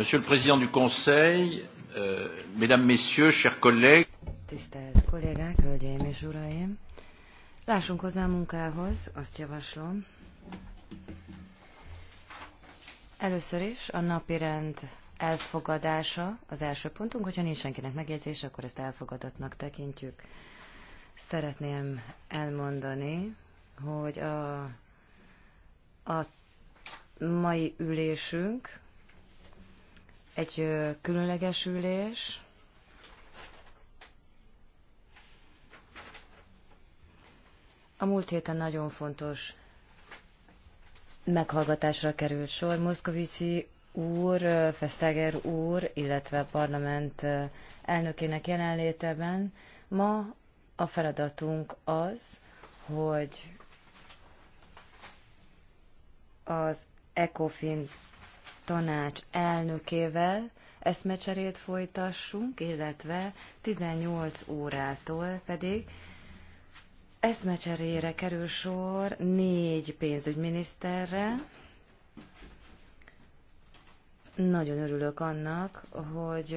Monsieur le Président du Conseil, euh, Mesdames, Messieurs, chers collègues. Tisztelt kollégák, hölgyeim és uraim! Lássunk hozzá a munkához, azt javaslom. Először is a napi rend elfogadása az első pontunk, hogyha nincs senkinek megjegyzése, akkor ezt elfogadatnak tekintjük. Szeretném elmondani, hogy a, a mai ülésünk egy különleges ülés. A múlt héten nagyon fontos meghallgatásra került sor. Moszkovici úr, Feszeger úr, illetve a parlament elnökének jelenléteben. Ma a feladatunk az, hogy az ECOFIN tanács elnökével eszmecserét folytassunk, illetve 18 órától pedig eszmecserére kerül sor négy pénzügyminiszterre. Nagyon örülök annak, hogy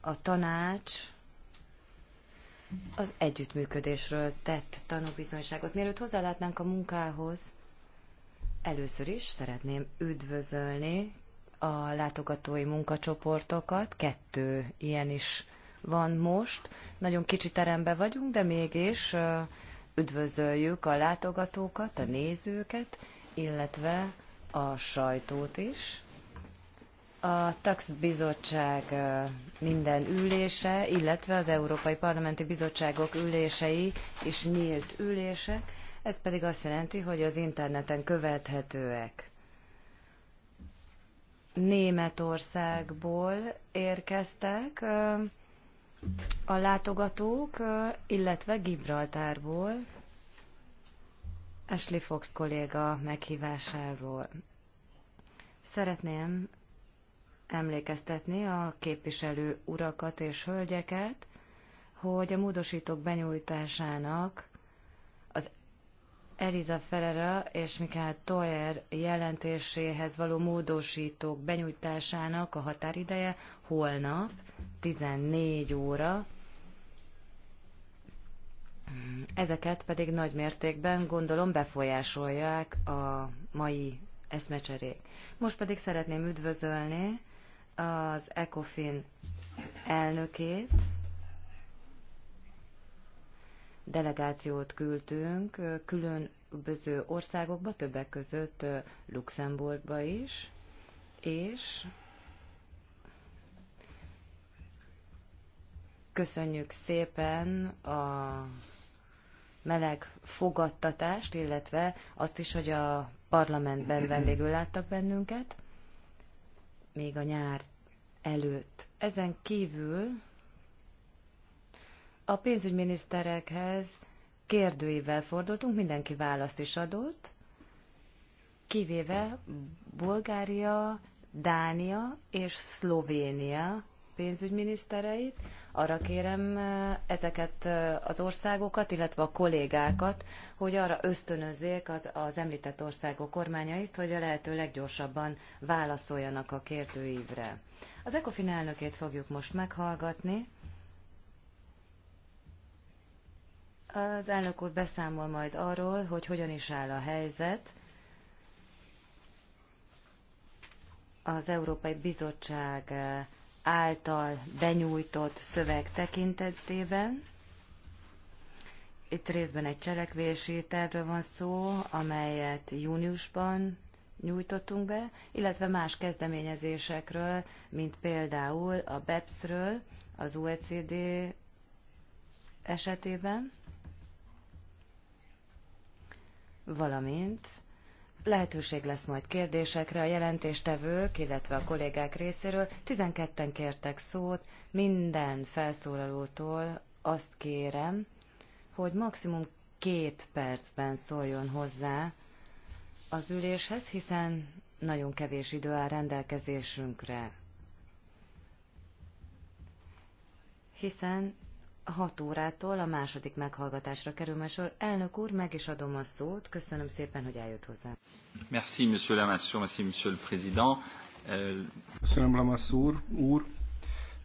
a tanács az együttműködésről tett tanúbizonyságot. Mielőtt hozzálátnánk a munkához, először is szeretném üdvözölni a látogatói munkacsoportokat, kettő ilyen is van most. Nagyon kicsi teremben vagyunk, de mégis üdvözöljük a látogatókat, a nézőket, illetve a sajtót is. A TAX bizottság minden ülése, illetve az Európai Parlamenti Bizottságok ülései is nyílt ülések, ez pedig azt jelenti, hogy az interneten követhetőek. Németországból érkeztek a látogatók, illetve Gibraltárból, Ashley Fox kolléga meghívásáról. Szeretném emlékeztetni a képviselő urakat és hölgyeket, hogy a módosítók benyújtásának Eliza Ferrera és Mikael Toyer jelentéséhez való módosítók benyújtásának a határideje holnap 14 óra. Ezeket pedig nagy mértékben gondolom befolyásolják a mai eszmecserék. Most pedig szeretném üdvözölni az ECOFIN elnökét, delegációt küldtünk különböző országokba, többek között Luxemburgba is, és köszönjük szépen a meleg fogadtatást, illetve azt is, hogy a parlamentben vendégül láttak bennünket, még a nyár előtt. Ezen kívül a pénzügyminiszterekhez kérdőivel fordultunk, mindenki választ is adott, kivéve Bulgária, Dánia és Szlovénia pénzügyminisztereit. Arra kérem eh, ezeket eh, az országokat, illetve a kollégákat, hogy arra ösztönözzék az, az említett országok kormányait, hogy a lehető leggyorsabban válaszoljanak a kérdőívre. Az ECOFIN elnökét fogjuk most meghallgatni. Az elnök úr beszámol majd arról, hogy hogyan is áll a helyzet az Európai Bizottság eh, által benyújtott szöveg tekintetében. Itt részben egy cselekvési tervről van szó, amelyet júniusban nyújtottunk be, illetve más kezdeményezésekről, mint például a BEPS-ről az OECD esetében. valamint lehetőség lesz majd kérdésekre a jelentéstevők, illetve a kollégák részéről. 12-en kértek szót, minden felszólalótól azt kérem, hogy maximum két percben szóljon hozzá az üléshez, hiszen nagyon kevés idő áll rendelkezésünkre. Hiszen 6 órától a második meghallgatásra kerül a sor. Elnök úr, meg is adom a szót. Köszönöm szépen, hogy eljött hozzá. Merci, monsieur Lamassou, merci, monsieur le président. Euh, Köszönöm, úr, úr.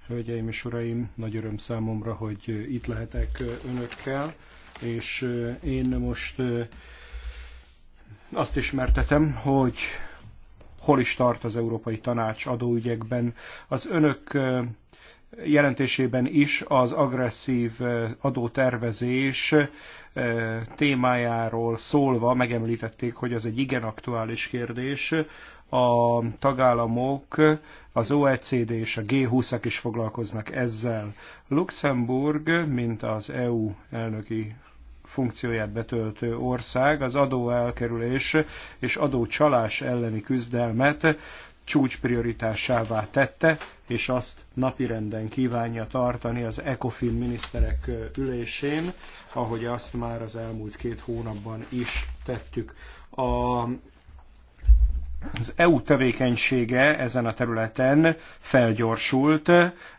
Hölgyeim és uraim, nagy öröm számomra, hogy itt lehetek önökkel, és én most azt ismertetem, hogy hol is tart az Európai Tanács adóügyekben. Az önök jelentésében is az agresszív adótervezés témájáról szólva megemlítették, hogy ez egy igen aktuális kérdés. A tagállamok, az OECD és a G20-ak is foglalkoznak ezzel. Luxemburg, mint az EU elnöki funkcióját betöltő ország az adóelkerülés és adócsalás elleni küzdelmet csúcsprioritásává tette, és azt napirenden kívánja tartani az ECOFIN miniszterek ülésén, ahogy azt már az elmúlt két hónapban is tettük. A, az EU tevékenysége ezen a területen felgyorsult,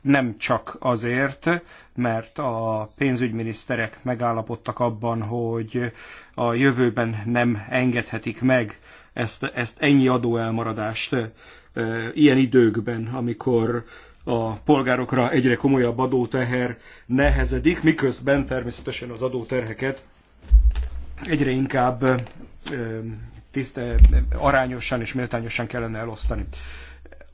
nem csak azért, mert a pénzügyminiszterek megállapodtak abban, hogy a jövőben nem engedhetik meg ezt, ezt ennyi adóelmaradást ilyen időkben, amikor a polgárokra egyre komolyabb adóteher nehezedik, miközben természetesen az adóterheket egyre inkább tiszte, arányosan és méltányosan kellene elosztani.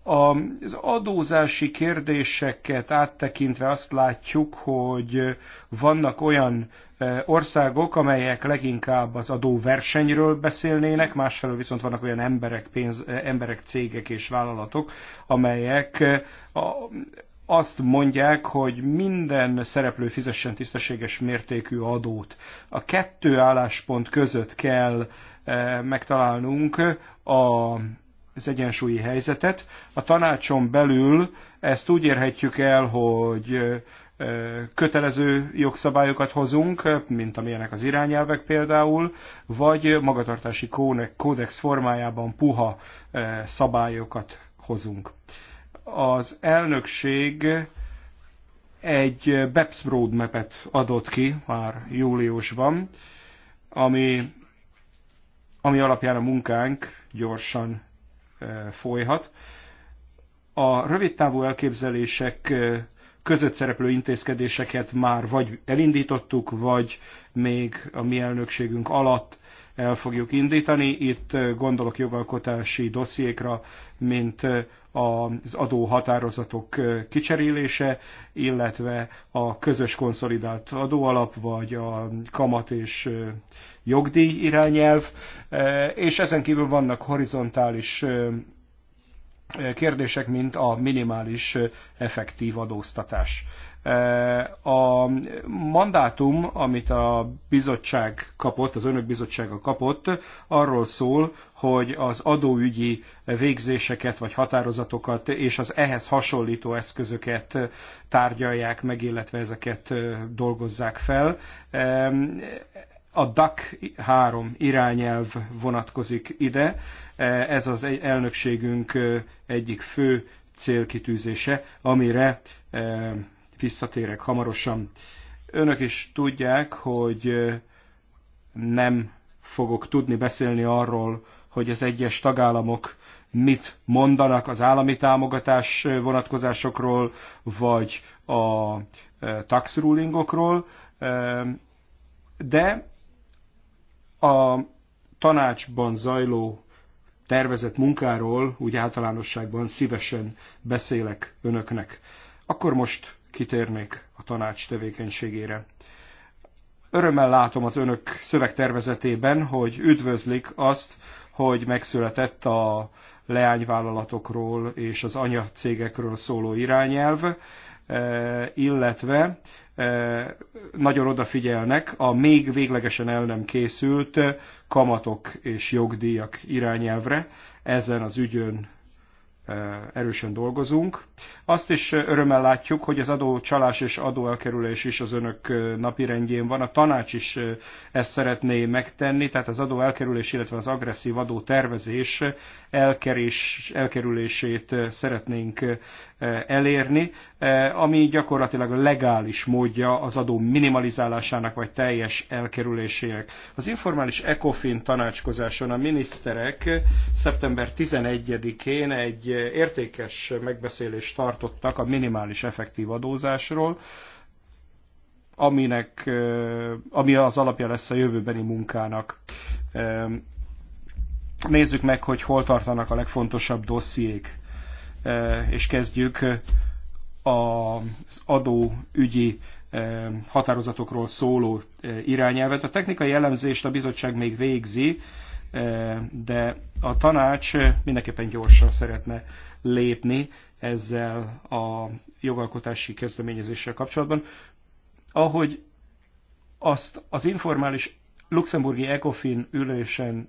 Az adózási kérdéseket áttekintve azt látjuk, hogy vannak olyan e, országok, amelyek leginkább az adóversenyről beszélnének, másfelől viszont vannak olyan emberek, pénz, e, emberek cégek és vállalatok, amelyek e, a, azt mondják, hogy minden szereplő fizessen tisztességes mértékű adót. A kettő álláspont között kell megtalálnunk a az egyensúlyi helyzetet. A tanácson belül ezt úgy érhetjük el, hogy kötelező jogszabályokat hozunk, mint amilyenek az irányelvek például, vagy magatartási kódex formájában puha szabályokat hozunk. Az elnökség egy BEPS roadmap-et adott ki már júliusban, ami, ami alapján a munkánk gyorsan folyhat. A rövidtávú elképzelések között szereplő intézkedéseket már vagy elindítottuk, vagy még a mi elnökségünk alatt el fogjuk indítani. Itt gondolok jogalkotási dossziékra, mint az adóhatározatok kicserélése, illetve a közös konszolidált adóalap, vagy a kamat és jogdíj irányelv, és ezen kívül vannak horizontális kérdések, mint a minimális effektív adóztatás. Eh, a mandátum, amit a bizottság kapott, az önök bizottsága kapott, arról szól, hogy az adóügyi végzéseket vagy határozatokat és az ehhez hasonlító eszközöket tárgyalják meg, illetve ezeket eh, dolgozzák fel. Eh, a DAC 3 irányelv vonatkozik ide, ez az elnökségünk egyik fő célkitűzése, amire visszatérek hamarosan. Önök is tudják, hogy nem fogok tudni beszélni arról, hogy az egyes tagállamok mit mondanak az állami támogatás vonatkozásokról, vagy a tax rulingokról, de a tanácsban zajló tervezett munkáról úgy általánosságban szívesen beszélek önöknek. Akkor most kitérnék a tanács tevékenységére. Örömmel látom az önök szövegtervezetében, hogy üdvözlik azt, hogy megszületett a leányvállalatokról és az anyacégekről szóló irányelv, e, illetve e, nagyon odafigyelnek a még véglegesen el nem készült kamatok és jogdíjak irányelvre. Ezen az ügyön erősen dolgozunk. Azt is örömmel látjuk, hogy az adócsalás és adóelkerülés is az önök napi rendjén van. A tanács is ezt szeretné megtenni, tehát az adóelkerülés, illetve az agresszív adó tervezés elkerés, elkerülését szeretnénk Eh, elérni, eh, ami gyakorlatilag a legális módja az adó minimalizálásának vagy teljes elkerülésének. Az informális ECOFIN tanácskozáson a miniszterek szeptember 11-én egy értékes megbeszélést tartottak a minimális effektív adózásról, aminek, eh, ami az alapja lesz a jövőbeni munkának. Nézzük meg, hogy hol tartanak a legfontosabb dossziék. E, és kezdjük az adóügyi e, határozatokról szóló e, irányelvet. A technikai elemzést a bizottság még végzi, de a tanács mindenképpen gyorsan szeretne lépni ezzel a jogalkotási kezdeményezéssel kapcsolatban. Ahogy azt az informális luxemburgi ECOFIN ülésen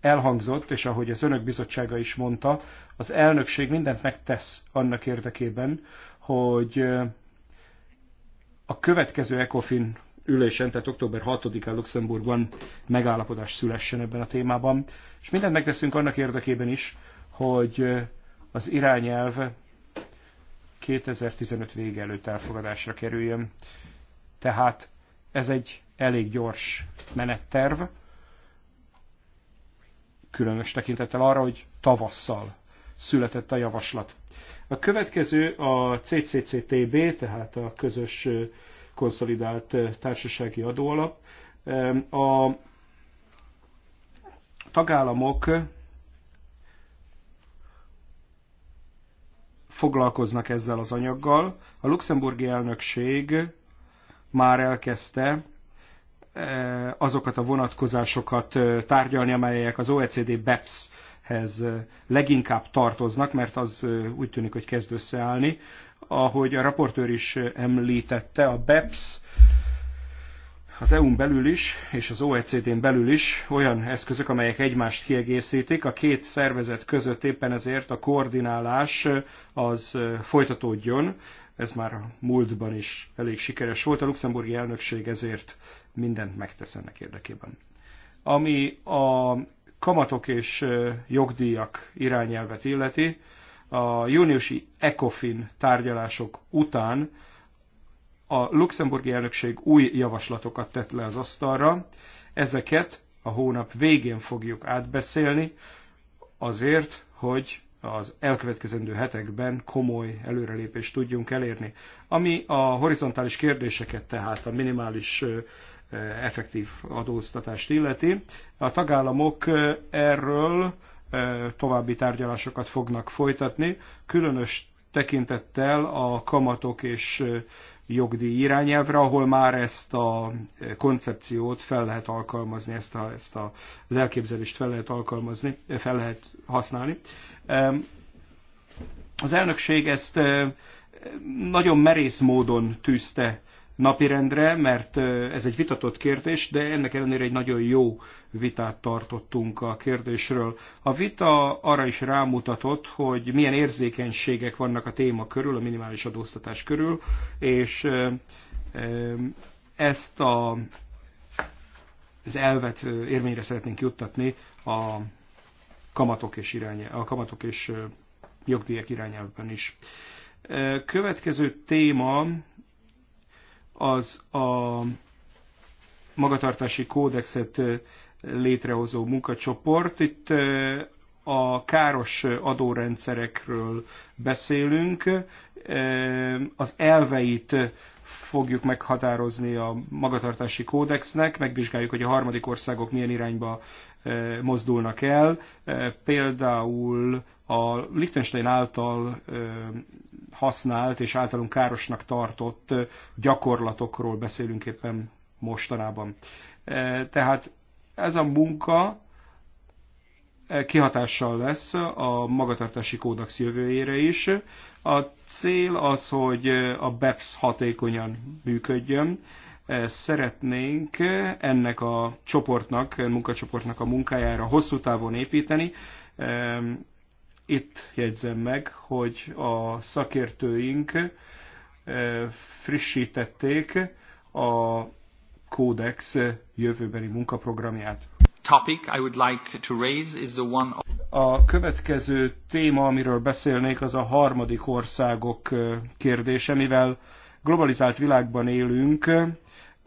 elhangzott, és ahogy az önök bizottsága is mondta, az elnökség mindent megtesz annak érdekében, hogy a következő ECOFIN ülésen, tehát október 6-án Luxemburgban megállapodás szülessen ebben a témában, és mindent megteszünk annak érdekében is, hogy az irányelv 2015 vége előtt elfogadásra kerüljön. Tehát ez egy elég gyors menetterv, különös tekintettel arra, hogy tavasszal született a javaslat. A következő a CCCTB, tehát a közös konszolidált társasági adóalap. A tagállamok foglalkoznak ezzel az anyaggal. A luxemburgi elnökség már elkezdte azokat a vonatkozásokat tárgyalni, amelyek az OECD BEPS-hez leginkább tartoznak, mert az úgy tűnik, hogy kezd összeállni. Ahogy a raportőr is említette, a BEPS az EU-n belül is, és az OECD-n belül is olyan eszközök, amelyek egymást kiegészítik. A két szervezet között éppen ezért a koordinálás az folytatódjon. Ez már a múltban is elég sikeres volt. A luxemburgi elnökség ezért mindent megtesz ennek érdekében. Ami a kamatok és jogdíjak irányelvet illeti, a júniusi ECOFIN tárgyalások után a luxemburgi elnökség új javaslatokat tett le az asztalra. Ezeket a hónap végén fogjuk átbeszélni, azért, hogy az elkövetkezendő hetekben komoly előrelépést tudjunk elérni. Ami a horizontális kérdéseket, tehát a minimális effektív adóztatást illeti. A tagállamok erről további tárgyalásokat fognak folytatni, különös tekintettel a kamatok és jogdíj irányelvre, ahol már ezt a koncepciót fel lehet alkalmazni, ezt, a, ezt a, az elképzelést fel lehet alkalmazni, fel lehet használni. Az elnökség ezt nagyon merész módon tűzte napirendre, mert ez egy vitatott kérdés, de ennek ellenére egy nagyon jó vitát tartottunk a kérdésről. A vita arra is rámutatott, hogy milyen érzékenységek vannak a téma körül, a minimális adóztatás körül, és ezt a, az elvet érvényre szeretnénk juttatni a kamatok és, irány, a kamatok és jogdíjak irányelvben is. Következő téma az a magatartási kódexet létrehozó munkacsoport. Itt a káros adórendszerekről beszélünk, az elveit fogjuk meghatározni a magatartási kódexnek, megvizsgáljuk, hogy a harmadik országok milyen irányba e, mozdulnak el. E, például a Liechtenstein által e, használt és általunk károsnak tartott gyakorlatokról beszélünk éppen mostanában. Tehát ez a munka kihatással lesz a magatartási kódax jövőjére is. A cél az, hogy a BEPS hatékonyan működjön. Szeretnénk ennek a csoportnak, munkacsoportnak a munkájára hosszú távon építeni. Itt jegyzem meg, hogy a szakértőink frissítették a kódex jövőbeli munkaprogramját topic I would like to raise is the one of... A következő téma, amiről beszélnék, az a harmadik országok kérdése, mivel globalizált világban élünk,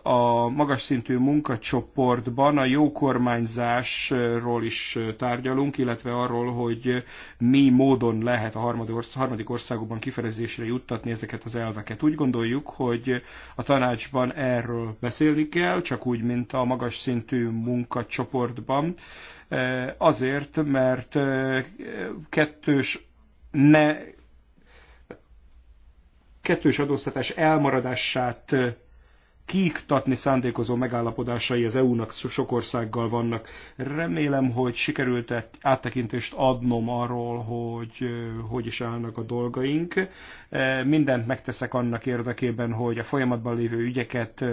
a magas szintű munkacsoportban a jó kormányzásról is tárgyalunk, illetve arról, hogy mi módon lehet a harmadik országokban kifejezésre juttatni ezeket az elveket. Úgy gondoljuk, hogy a tanácsban erről beszélni kell, csak úgy, mint a magas szintű munkacsoportban, azért, mert kettős ne kettős adóztatás elmaradását kiiktatni szándékozó megállapodásai az EU-nak sok országgal vannak. Remélem, hogy sikerült áttekintést adnom arról, hogy hogy is állnak a dolgaink. Mindent megteszek annak érdekében, hogy a folyamatban lévő ügyeket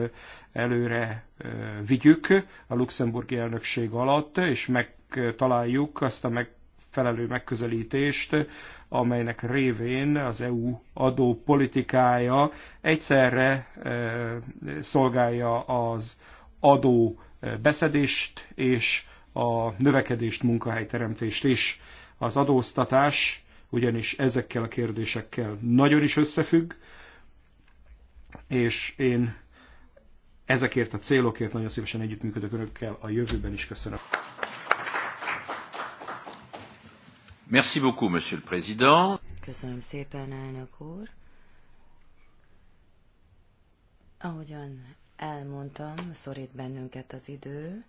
előre vigyük a luxemburgi elnökség alatt, és meg találjuk azt a meg megfelelő megközelítést, amelynek révén az EU adó politikája egyszerre e, szolgálja az adó e, beszedést és a növekedést, munkahelyteremtést is. Az adóztatás ugyanis ezekkel a kérdésekkel nagyon is összefügg, és én ezekért a célokért nagyon szívesen együttműködök önökkel a jövőben is. Köszönöm. Merci beaucoup, Monsieur le Président. Köszönöm szépen, elnök úr. Ahogyan elmondtam, szorít bennünket az idő.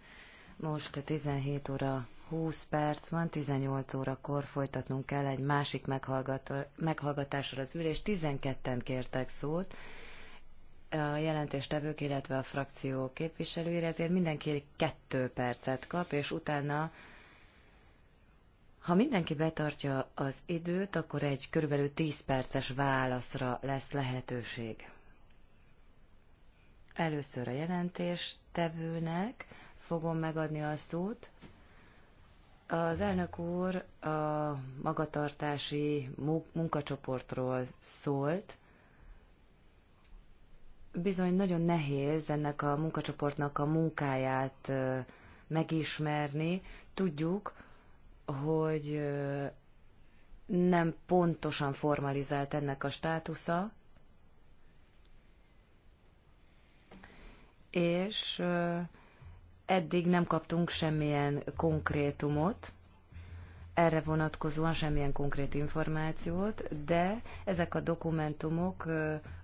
Most 17 óra 20 perc van, 18 órakor folytatnunk kell egy másik meghallgatásra az ülés. 12-en kértek szót a jelentéstevők, illetve a frakció képviselőire, ezért mindenki kettő percet kap, és utána ha mindenki betartja az időt, akkor egy körülbelül 10 perces válaszra lesz lehetőség. Először a jelentéstevőnek fogom megadni a szót. Az elnök úr a magatartási munkacsoportról szólt. Bizony nagyon nehéz ennek a munkacsoportnak a munkáját megismerni. Tudjuk, hogy nem pontosan formalizált ennek a státusza, és eddig nem kaptunk semmilyen konkrétumot, erre vonatkozóan semmilyen konkrét információt, de ezek a dokumentumok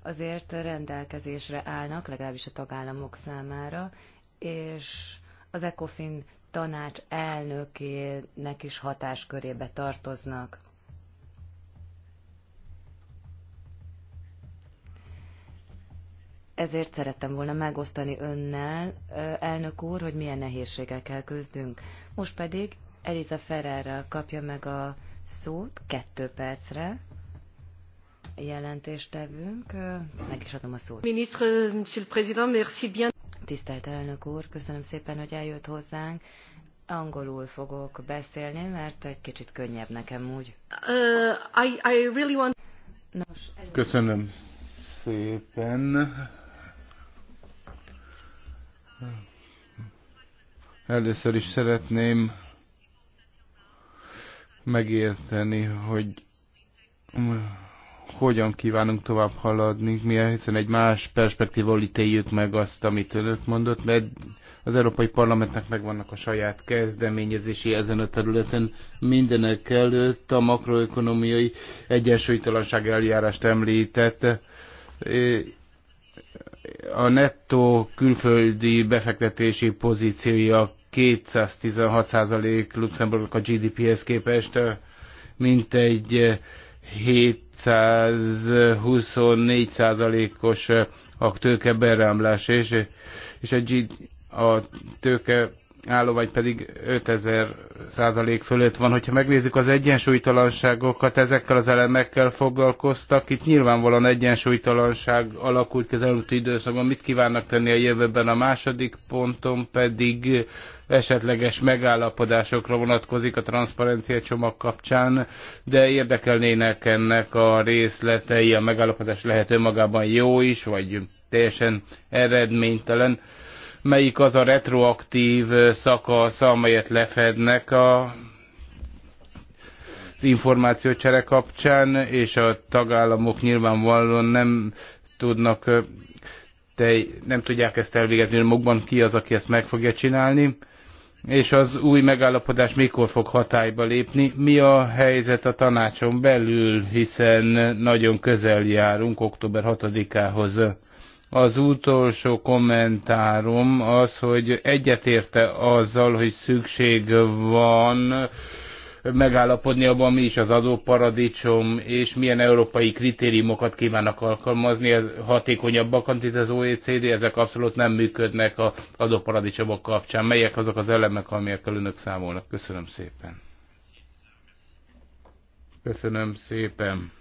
azért rendelkezésre állnak, legalábbis a tagállamok számára, és az ECOFIN tanács elnökének is hatáskörébe tartoznak. Ezért szerettem volna megosztani önnel, elnök úr, hogy milyen nehézségekkel küzdünk. Most pedig Eliza Ferrerrel kapja meg a szót kettő percre. Jelentéstevünk, meg is adom a szót. Ministre, monsieur le président, merci bien. Tisztelt elnök úr, köszönöm szépen, hogy eljött hozzánk. Angolul fogok beszélni, mert egy kicsit könnyebb nekem úgy. Uh, I, I really want... Nos, Köszönöm szépen. Először is szeretném megérteni, hogy hogyan kívánunk tovább haladni, mi hiszen egy más perspektívól ítéljük meg azt, amit önök mondott, mert az Európai Parlamentnek megvannak a saját kezdeményezési ezen a területen. Mindenek előtt a makroekonomiai egyensúlytalanság eljárást említette. A nettó külföldi befektetési pozíciója 216% Luxemburgnak a GDP-hez képest, mint egy 724%-os a tőke berámlás, és, és a, G, a tőke állomány pedig 5000 százalék fölött van. Hogyha megnézzük az egyensúlytalanságokat, ezekkel az elemekkel foglalkoztak, itt nyilvánvalóan egyensúlytalanság alakult ki az előtti időszakban. Mit kívánnak tenni a jövőben? A második ponton pedig esetleges megállapodásokra vonatkozik a transzparencia csomag kapcsán, de érdekelnének ennek a részletei, a megállapodás lehet önmagában jó is, vagy teljesen eredménytelen melyik az a retroaktív szakasz, amelyet lefednek a, az információcsere kapcsán, és a tagállamok nyilvánvalóan nem tudnak, te, nem tudják ezt elvégezni magukban, ki az, aki ezt meg fogja csinálni és az új megállapodás mikor fog hatályba lépni. Mi a helyzet a tanácson belül, hiszen nagyon közel járunk október 6-ához. Az utolsó kommentárom az, hogy egyetérte azzal, hogy szükség van megállapodni abban, mi is az adóparadicsom, és milyen európai kritériumokat kívánnak alkalmazni, ez hatékonyabbak, mint az OECD, ezek abszolút nem működnek az adóparadicsomok kapcsán. Melyek azok az elemek, amelyekkel önök számolnak? Köszönöm szépen. Köszönöm szépen.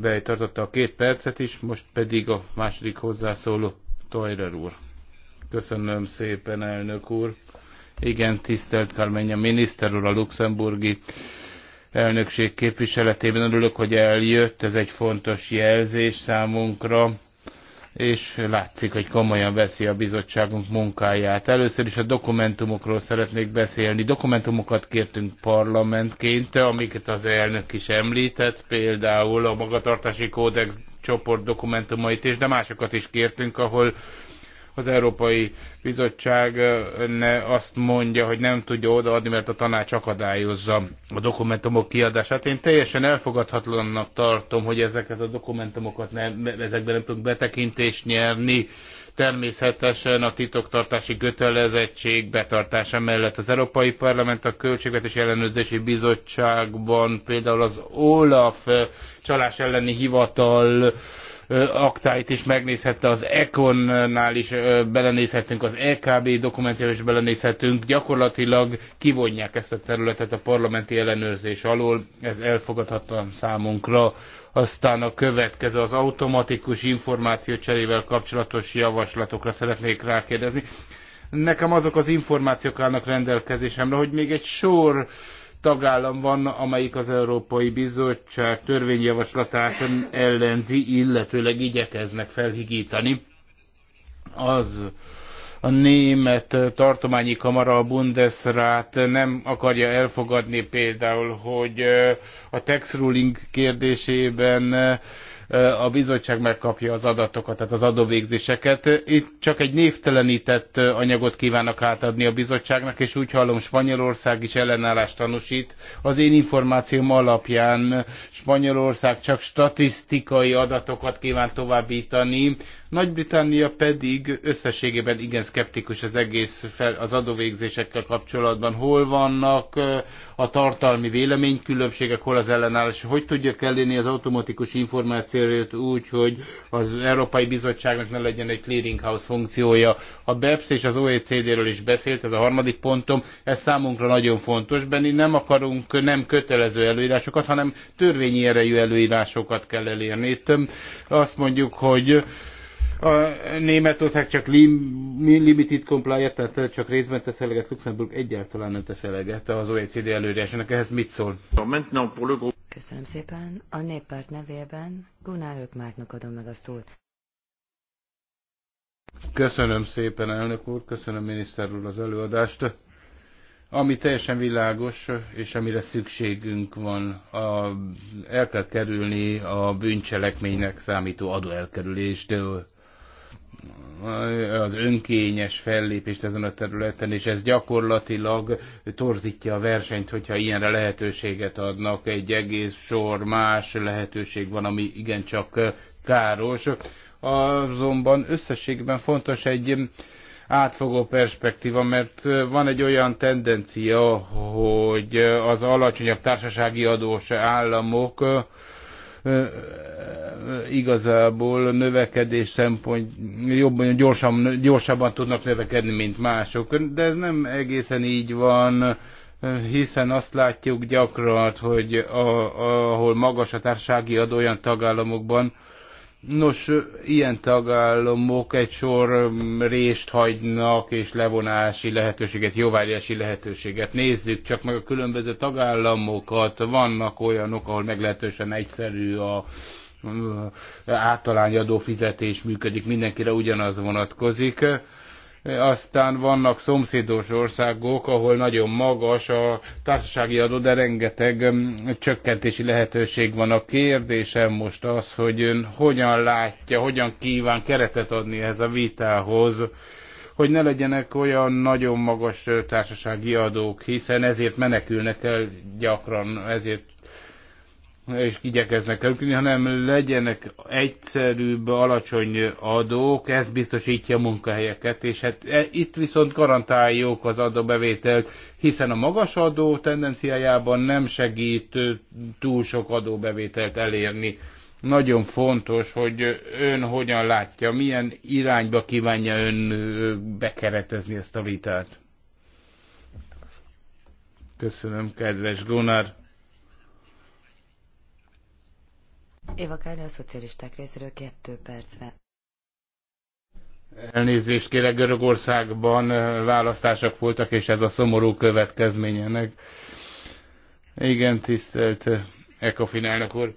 Bejtartotta a két percet is, most pedig a második hozzászóló Toyler úr. Köszönöm szépen, elnök úr. Igen, tisztelt Kármennyi, miniszter úr a luxemburgi elnökség képviseletében. Örülök, hogy eljött, ez egy fontos jelzés számunkra, és látszik, hogy komolyan veszi a bizottságunk munkáját. Először is a dokumentumokról szeretnék beszélni. Dokumentumokat kértünk parlamentként, amiket az elnök is említett, például a magatartási kódex csoport dokumentumait is, de másokat is kértünk, ahol az Európai Bizottság ne azt mondja, hogy nem tudja odaadni, mert a tanács akadályozza a dokumentumok kiadását. Én teljesen elfogadhatatlannak tartom, hogy ezeket a dokumentumokat nem, ezekben nem tudunk betekintést nyerni. Természetesen a titoktartási kötelezettség betartása mellett az Európai Parlament a Költségvetési Ellenőrzési Bizottságban például az OLAF csalás elleni hivatal aktáit is megnézhette, az Econnál is belenézhetünk, az EKB dokumentumjára is belenézhetünk. Gyakorlatilag kivonják ezt a területet a parlamenti ellenőrzés alól, ez elfogadhatatlan számunkra. Aztán a következő az automatikus információcserével kapcsolatos javaslatokra szeretnék rákérdezni. Nekem azok az információk állnak rendelkezésemre, hogy még egy sor tagállam van, amelyik az Európai Bizottság törvényjavaslatát ellenzi, illetőleg igyekeznek felhigítani. Az a német tartományi kamara, a Bundesrat nem akarja elfogadni például, hogy a tax ruling kérdésében a bizottság megkapja az adatokat, tehát az adóvégzéseket. Itt csak egy névtelenített anyagot kívánnak átadni a bizottságnak, és úgy hallom, Spanyolország is ellenállást tanúsít. Az én információm alapján Spanyolország csak statisztikai adatokat kíván továbbítani, nagy-Britannia pedig összességében igen szkeptikus az egész fel, az adóvégzésekkel kapcsolatban. Hol vannak a tartalmi véleménykülönbségek, hol az ellenállás, hogy tudja elérni az automatikus információt úgy, hogy az Európai Bizottságnak ne legyen egy clearinghouse funkciója. A BEPS és az OECD-ről is beszélt, ez a harmadik pontom, ez számunkra nagyon fontos. Benni nem akarunk nem kötelező előírásokat, hanem törvényi erejű előírásokat kell elérni. Itt azt mondjuk, hogy a Németország csak lim, limited compliant, tehát csak részben tesz eleget, Luxemburg egyáltalán nem tesz eleget az OECD előírásának. Ehhez mit szól? Köszönöm szépen. A néppárt nevében Gunnar Ökmártnak adom meg a szót. Köszönöm szépen, elnök úr, köszönöm miniszter úr az előadást. Ami teljesen világos, és amire szükségünk van, a, el kell kerülni a bűncselekménynek számító adóelkerülést, az önkényes fellépést ezen a területen, és ez gyakorlatilag torzítja a versenyt, hogyha ilyenre lehetőséget adnak. Egy egész sor más lehetőség van, ami igencsak káros. Azonban összességben fontos egy átfogó perspektíva, mert van egy olyan tendencia, hogy az alacsonyabb társasági adós államok igazából a növekedés szempont jobban, gyorsan, gyorsabban tudnak növekedni, mint mások. De ez nem egészen így van, hiszen azt látjuk gyakran, hogy a, a, ahol magas a társasági adó olyan tagállamokban, Nos, ilyen tagállamok egy sor rést hagynak, és levonási lehetőséget, jóvágyási lehetőséget. Nézzük csak meg a különböző tagállamokat. Vannak olyanok, ahol meglehetősen egyszerű a általányadó fizetés működik, mindenkire ugyanaz vonatkozik. Aztán vannak szomszédos országok, ahol nagyon magas a társasági adó, de rengeteg mm, csökkentési lehetőség van. A kérdésem most az, hogy ön hogyan látja, hogyan kíván keretet adni ehhez a vitához, hogy ne legyenek olyan nagyon magas társasági adók, hiszen ezért menekülnek el gyakran, ezért és igyekeznek elkülni, hanem legyenek egyszerűbb, alacsony adók, ez biztosítja a munkahelyeket, és hát e, itt viszont garantáljuk az adóbevételt, hiszen a magas adó tendenciájában nem segít túl sok adóbevételt elérni. Nagyon fontos, hogy ön hogyan látja, milyen irányba kívánja ön bekeretezni ezt a vitát. Köszönöm, kedves Gunnar Éva Káli a szocialisták részéről kettő percre. Elnézést kérek, Görögországban választások voltak, és ez a szomorú következményenek. Igen, tisztelt Ekofin elnök úr.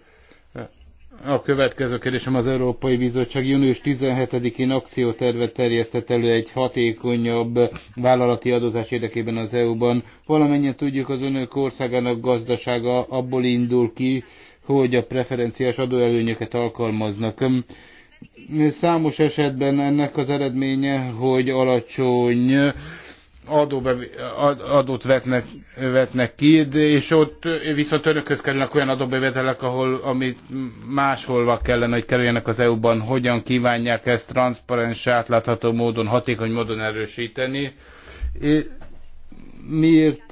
A következő kérdésem az Európai Bizottság június 17-én akciótervet terjesztett elő egy hatékonyabb vállalati adózás érdekében az EU-ban. Valamennyien tudjuk, az önök országának gazdasága abból indul ki, hogy a preferenciás adóelőnyöket alkalmaznak. Számos esetben ennek az eredménye, hogy alacsony adóbe, adót vetnek, vetnek ki, és ott viszont örökhöz kerülnek olyan adóbevételek, ahol, amit máshol kellene, hogy kerüljenek az EU-ban, hogyan kívánják ezt transzparens, átlátható módon, hatékony módon erősíteni miért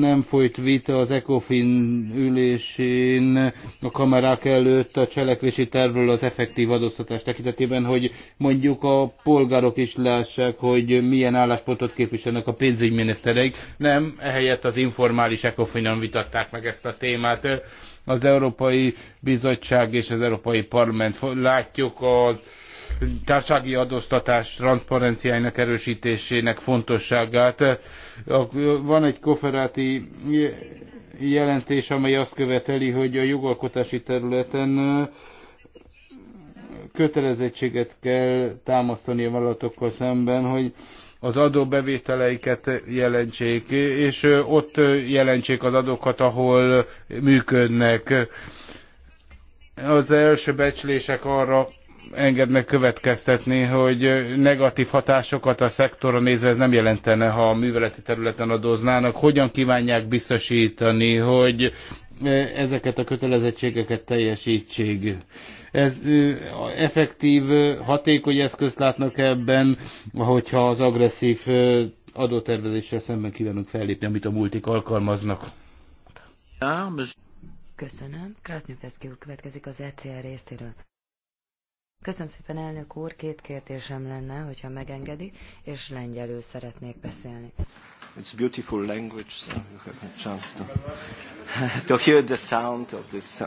nem folyt vita az ECOFIN ülésén a kamerák előtt a cselekvési tervről az effektív adóztatás tekintetében, hogy mondjuk a polgárok is lássák, hogy milyen álláspontot képviselnek a pénzügyminisztereik. Nem, ehelyett az informális ECOFIN-on vitatták meg ezt a témát. Az Európai Bizottság és az Európai Parlament látjuk az társági adóztatás transzparenciájának erősítésének fontosságát van egy koferáti jelentés, amely azt követeli, hogy a jogalkotási területen kötelezettséget kell támasztani a vállalatokkal szemben, hogy az adóbevételeiket jelentsék, és ott jelentsék az adókat, ahol működnek. Az első becslések arra engednek következtetni, hogy negatív hatásokat a szektorra nézve ez nem jelentene, ha a műveleti területen adóznának. Hogyan kívánják biztosítani, hogy e, ezeket a kötelezettségeket teljesítsék? Ez e, effektív, e, hatékony eszközt látnak ebben, hogyha az agresszív adótervezéssel szemben kívánunk fellépni, amit a multik alkalmaznak. Köszönöm. Krasznyúveszki következik az ECR részéről. Köszönöm szépen, elnök úr. Két kérdésem lenne, hogyha megengedi, és lengyelül szeretnék beszélni. It's beautiful language, so you have a chance to, to hear the sound of this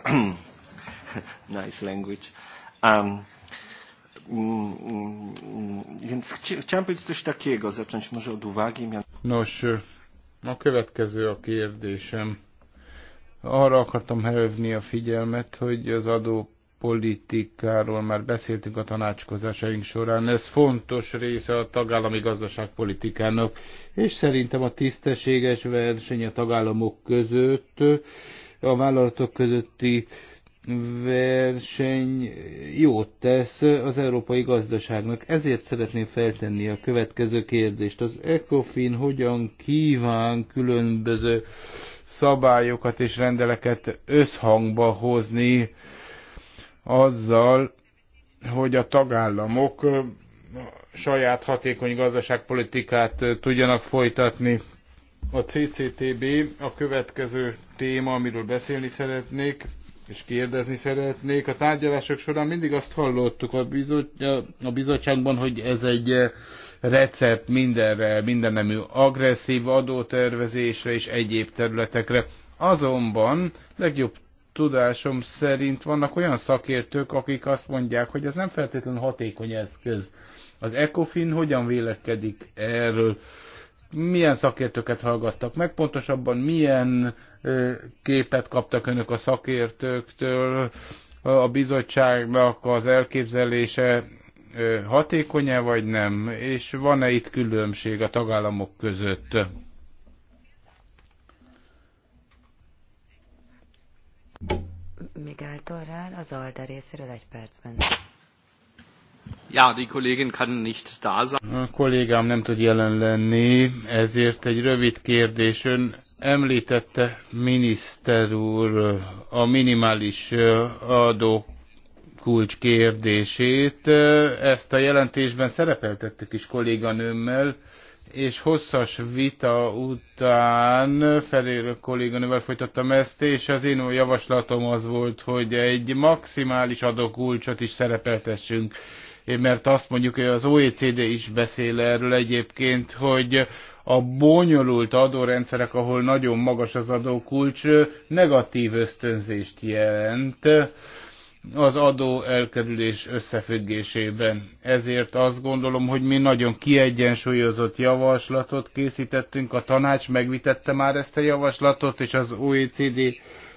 nice language. Um, mm, mm, mm, więc chci, chciałem powiedzieć coś takiego, zacząć może od uwagi. Nos, a következő a kérdésem. Arra akartam helyezni a figyelmet, hogy az adó politikáról már beszéltünk a tanácskozásaink során, ez fontos része a tagállami gazdaságpolitikának, és szerintem a tisztességes verseny a tagállamok között, a vállalatok közötti verseny jót tesz az európai gazdaságnak. Ezért szeretném feltenni a következő kérdést. Az ECOFIN hogyan kíván különböző szabályokat és rendeleket összhangba hozni, azzal, hogy a tagállamok saját hatékony gazdaságpolitikát tudjanak folytatni. A CCTB a következő téma, amiről beszélni szeretnék, és kérdezni szeretnék. A tárgyalások során mindig azt hallottuk a, bizot, a bizottságban, hogy ez egy recept mindenre, mindennemű agresszív adótervezésre és egyéb területekre. Azonban legjobb tudásom szerint vannak olyan szakértők, akik azt mondják, hogy ez nem feltétlenül hatékony eszköz. Az ECOFIN hogyan vélekedik erről? Milyen szakértőket hallgattak meg? Pontosabban milyen képet kaptak önök a szakértőktől? A bizottságnak az elképzelése hatékony-e vagy nem? És van-e itt különbség a tagállamok között? Miguel Torrál az Alda részéről egy percben. Ja, die Kollegin kann nicht da sein. A kollégám nem tud jelen lenni, ezért egy rövid kérdés. Ön említette, miniszter úr, a minimális adó kulcs kérdését. Ezt a jelentésben szerepeltettek is kolléganőmmel és hosszas vita után felérő kolléganővel folytattam ezt, és az én javaslatom az volt, hogy egy maximális adókulcsot is szerepeltessünk, mert azt mondjuk, hogy az OECD is beszél erről egyébként, hogy a bonyolult adórendszerek, ahol nagyon magas az adókulcs, negatív ösztönzést jelent, az adó elkerülés összefüggésében. Ezért azt gondolom, hogy mi nagyon kiegyensúlyozott javaslatot készítettünk. A tanács megvitette már ezt a javaslatot, és az OECD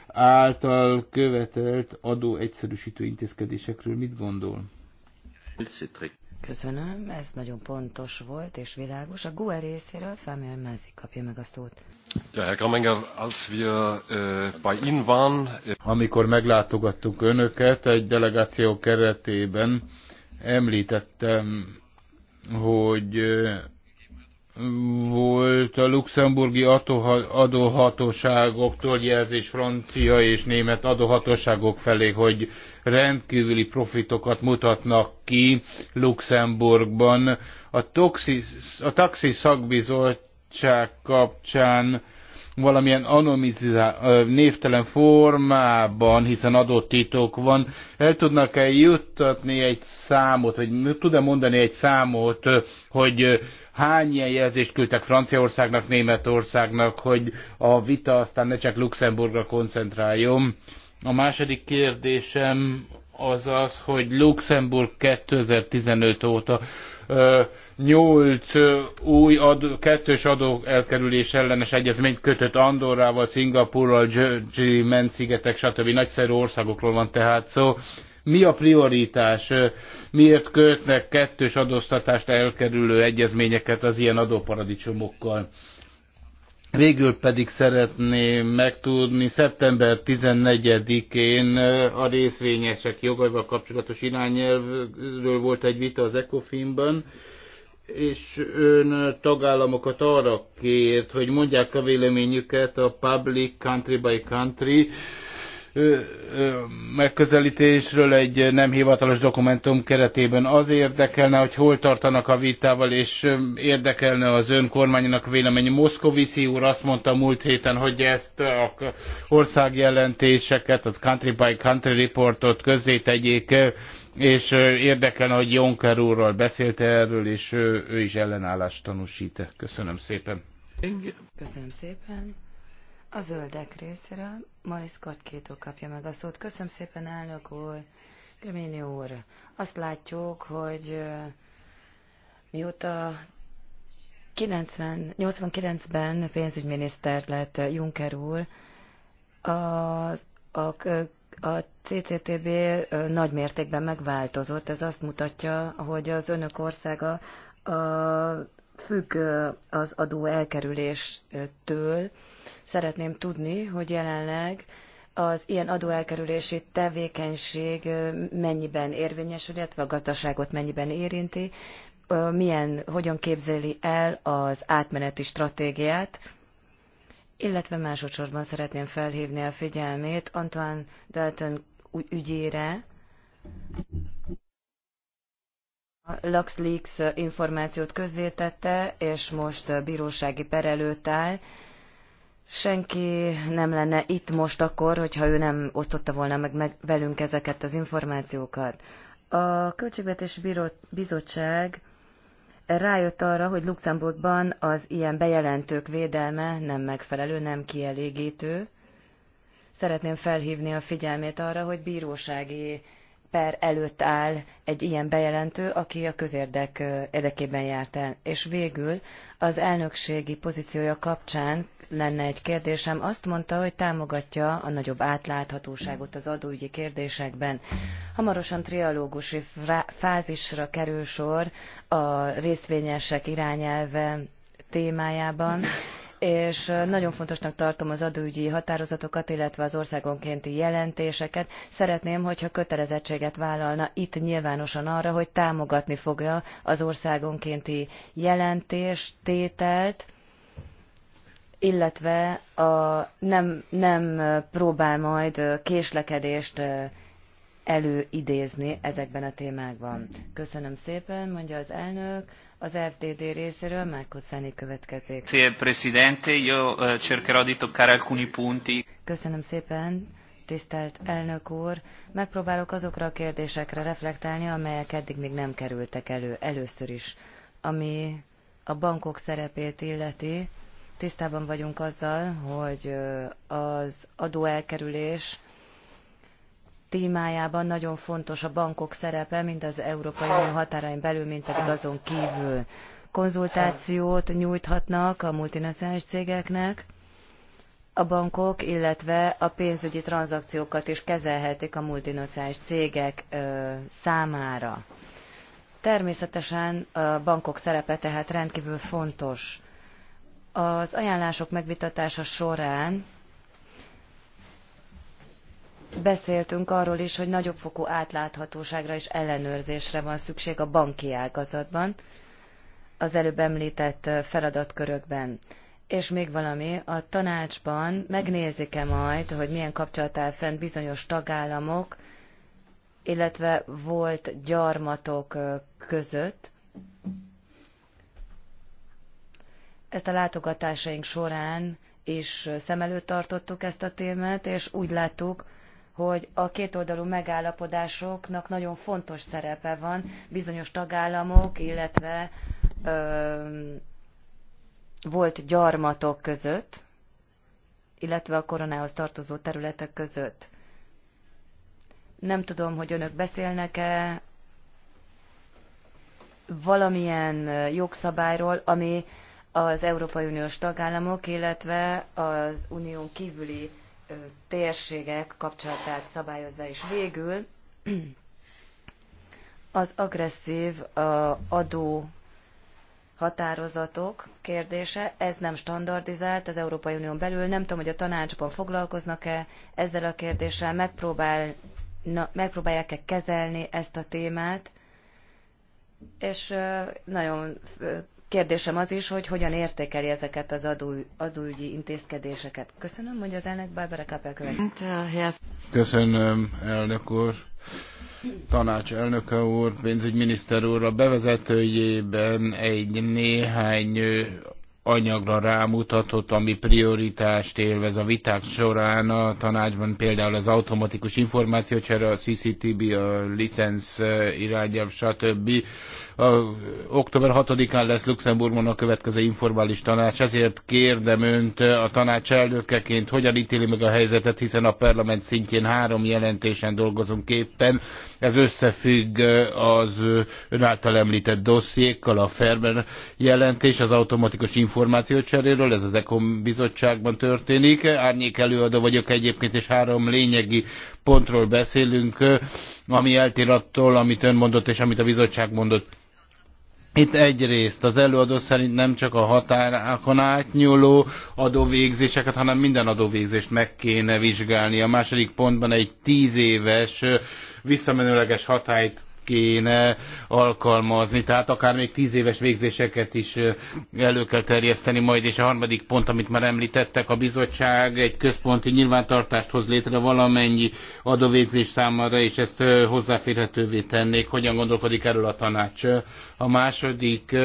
által követelt adó egyszerűsítő intézkedésekről mit gondol? Köszönöm, ez nagyon pontos volt és világos. A GUE részéről Fámián Mázi kapja meg a szót. Ja, Herr Kamenger, als wir äh, bei Ihnen waren... Äh, Amikor meglátogattuk Önöket egy delegáció keretében, említettem, hogy volt a luxemburgi adóhatóságoktól jelzés francia és német adóhatóságok felé, hogy rendkívüli profitokat mutatnak ki Luxemburgban. A, toxis, a taxi szakbizottság kapcsán valamilyen anomizá, névtelen formában, hiszen adott titok van, el tudnak-e juttatni egy számot, vagy tud-e mondani egy számot, hogy hány ilyen jelzést küldtek Franciaországnak, Németországnak, hogy a vita aztán ne csak Luxemburgra koncentráljon. A második kérdésem az az, hogy Luxemburg 2015 óta nyolc új adó, kettős adó elkerülés ellenes egyezményt kötött Andorrával, Szingapurral, Menc szigetek, stb. nagyszerű országokról van tehát szó. Mi a prioritás? Miért kötnek kettős adóztatást elkerülő egyezményeket az ilyen adóparadicsomokkal? Végül pedig szeretném megtudni, szeptember 14-én a részvényesek jogaival kapcsolatos irányelvről volt egy vita az ecofin ben és ön tagállamokat arra kért, hogy mondják a véleményüket a public country by country megközelítésről egy nem hivatalos dokumentum keretében. Az érdekelne, hogy hol tartanak a vitával, és érdekelne az ön kormányának véleménye. Moszkoviszi úr azt mondta múlt héten, hogy ezt a országjelentéseket, az country by country reportot közzétegyék, és érdekelne, hogy Jonker úrral beszélt erről, és ő, ő is ellenállást tanúsít. Köszönöm szépen. Köszönöm szépen. A zöldek részéről Maris Kortkétó kapja meg a szót. Köszönöm szépen, elnök úr, Grimini úr. Azt látjuk, hogy mióta 90, 89-ben pénzügyminiszter lett Juncker úr, a a, a CCTB nagy mértékben megváltozott. Ez azt mutatja, hogy az önök országa a, függ az adó elkerüléstől, Szeretném tudni, hogy jelenleg az ilyen adóelkerülési tevékenység mennyiben érvényes, illetve a gazdaságot mennyiben érinti, milyen, hogyan képzeli el az átmeneti stratégiát, illetve másodszorban szeretném felhívni a figyelmét Antoine Dalton ügyére, a LuxLeaks információt közzétette, és most bírósági per előtt áll senki nem lenne itt most akkor, hogyha ő nem osztotta volna meg, meg velünk ezeket az információkat. A Költségvetési Bizottság rájött arra, hogy Luxemburgban az ilyen bejelentők védelme nem megfelelő, nem kielégítő. Szeretném felhívni a figyelmét arra, hogy bírósági per előtt áll egy ilyen bejelentő, aki a közérdek érdekében járt el. És végül az elnökségi pozíciója kapcsán lenne egy kérdésem. Azt mondta, hogy támogatja a nagyobb átláthatóságot az adóügyi kérdésekben. Hamarosan trialógusi fázisra kerül sor a részvényesek irányelve témájában, és nagyon fontosnak tartom az adóügyi határozatokat, illetve az országonkénti jelentéseket. Szeretném, hogyha kötelezettséget vállalna itt nyilvánosan arra, hogy támogatni fogja az országonkénti jelentést, tételt, illetve a nem, nem próbál majd késlekedést előidézni ezekben a témákban. Köszönöm szépen, mondja az elnök az FDD részéről Márkó Száni következik. Eh, Köszönöm szépen, tisztelt elnök úr. Megpróbálok azokra a kérdésekre reflektálni, amelyek eddig még nem kerültek elő először is, ami a bankok szerepét illeti. Tisztában vagyunk azzal, hogy eh, az adóelkerülés témájában nagyon fontos a bankok szerepe, mind az Európai Unió határain belül, mint pedig azon kívül. Konzultációt nyújthatnak a multinacionális cégeknek, a bankok, illetve a pénzügyi tranzakciókat is kezelhetik a multinacionális cégek számára. Természetesen a bankok szerepe tehát rendkívül fontos. Az ajánlások megvitatása során beszéltünk arról is, hogy nagyobb fokú átláthatóságra és ellenőrzésre van szükség a banki ágazatban, az előbb említett feladatkörökben. És még valami, a tanácsban megnézik-e majd, hogy milyen kapcsolat áll fent bizonyos tagállamok, illetve volt gyarmatok között. Ezt a látogatásaink során is szem előtt tartottuk ezt a témát, és úgy láttuk, hogy a kétoldalú megállapodásoknak nagyon fontos szerepe van bizonyos tagállamok, illetve ö, volt gyarmatok között, illetve a koronához tartozó területek között. Nem tudom, hogy önök beszélnek-e valamilyen jogszabályról, ami az Európai Uniós tagállamok, illetve az unión kívüli térségek kapcsolatát szabályozza, és végül az agresszív adó határozatok kérdése, ez nem standardizált az Európai Unión belül, nem tudom, hogy a tanácsban foglalkoznak-e ezzel a kérdéssel, megpróbál, megpróbálják-e kezelni ezt a témát, és nagyon Kérdésem az is, hogy hogyan értékeli ezeket az adó, adóügyi intézkedéseket. Köszönöm, hogy az elnök Barbara Kapel uh, Köszönöm, elnök úr tanács elnöke úr, pénzügyminiszter úr a bevezetőjében egy néhány anyagra rámutatott, ami prioritást élvez a viták során a tanácsban, például az automatikus információcsere, a CCTB, a licenc uh, irányelv, stb. A, október 6-án lesz Luxemburgban a következő informális tanács, ezért kérdem önt a tanács elnökeként, hogyan ítéli meg a helyzetet, hiszen a parlament szintjén három jelentésen dolgozunk éppen, ez összefügg az ön által említett dossziékkal, a Ferber jelentés, az automatikus információcseréről, ez az ECOM bizottságban történik. Árnyék előadó vagyok egyébként, és három lényegi pontról beszélünk, ami eltér attól, amit ön mondott, és amit a bizottság mondott itt egyrészt az előadó szerint nem csak a határákon átnyúló adóvégzéseket, hanem minden adóvégzést meg kéne vizsgálni. A második pontban egy tíz éves visszamenőleges hatályt kéne alkalmazni, tehát akár még tíz éves végzéseket is elő kell terjeszteni majd, és a harmadik pont, amit már említettek, a bizottság egy központi nyilvántartást hoz létre valamennyi adóvégzés számára, és ezt hozzáférhetővé tennék. Hogyan gondolkodik erről a tanács? A második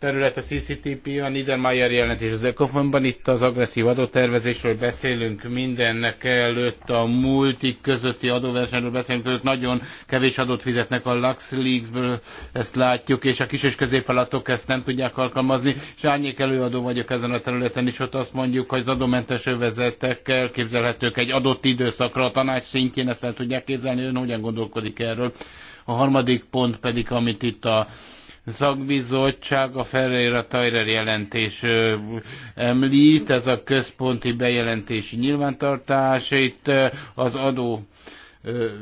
terület a CCTP, a Niedermayer jelentés az Ecofonban. Itt az agresszív adótervezésről beszélünk mindennek előtt, a multik közötti adóversenyről beszélünk, ők nagyon kevés adót fizetnek a LuxLeaks-ből, ezt látjuk, és a kis és középfeladatok ezt nem tudják alkalmazni. És árnyék előadó vagyok ezen a területen is, ott azt mondjuk, hogy az adómentes övezetek elképzelhetők egy adott időszakra a tanács szintjén, ezt el tudják képzelni, ön hogyan gondolkodik erről. A harmadik pont pedig, amit itt a szakbizottság a Ferreira Tajrer jelentés említ, ez a központi bejelentési nyilvántartás, itt az adó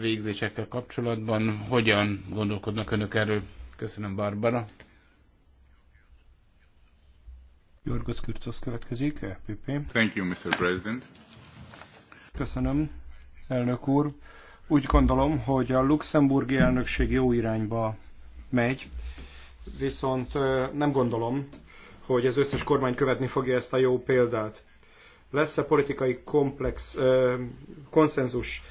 végzésekkel kapcsolatban hogyan gondolkodnak önök erről? Köszönöm, Barbara. Jorgos Kürtosz következik, FPP. E Thank you, Mr. President. Köszönöm, elnök úr. Úgy gondolom, hogy a luxemburgi elnökség jó irányba megy viszont nem gondolom, hogy az összes kormány követni fogja ezt a jó példát. Lesz-e politikai komplex, konszenzus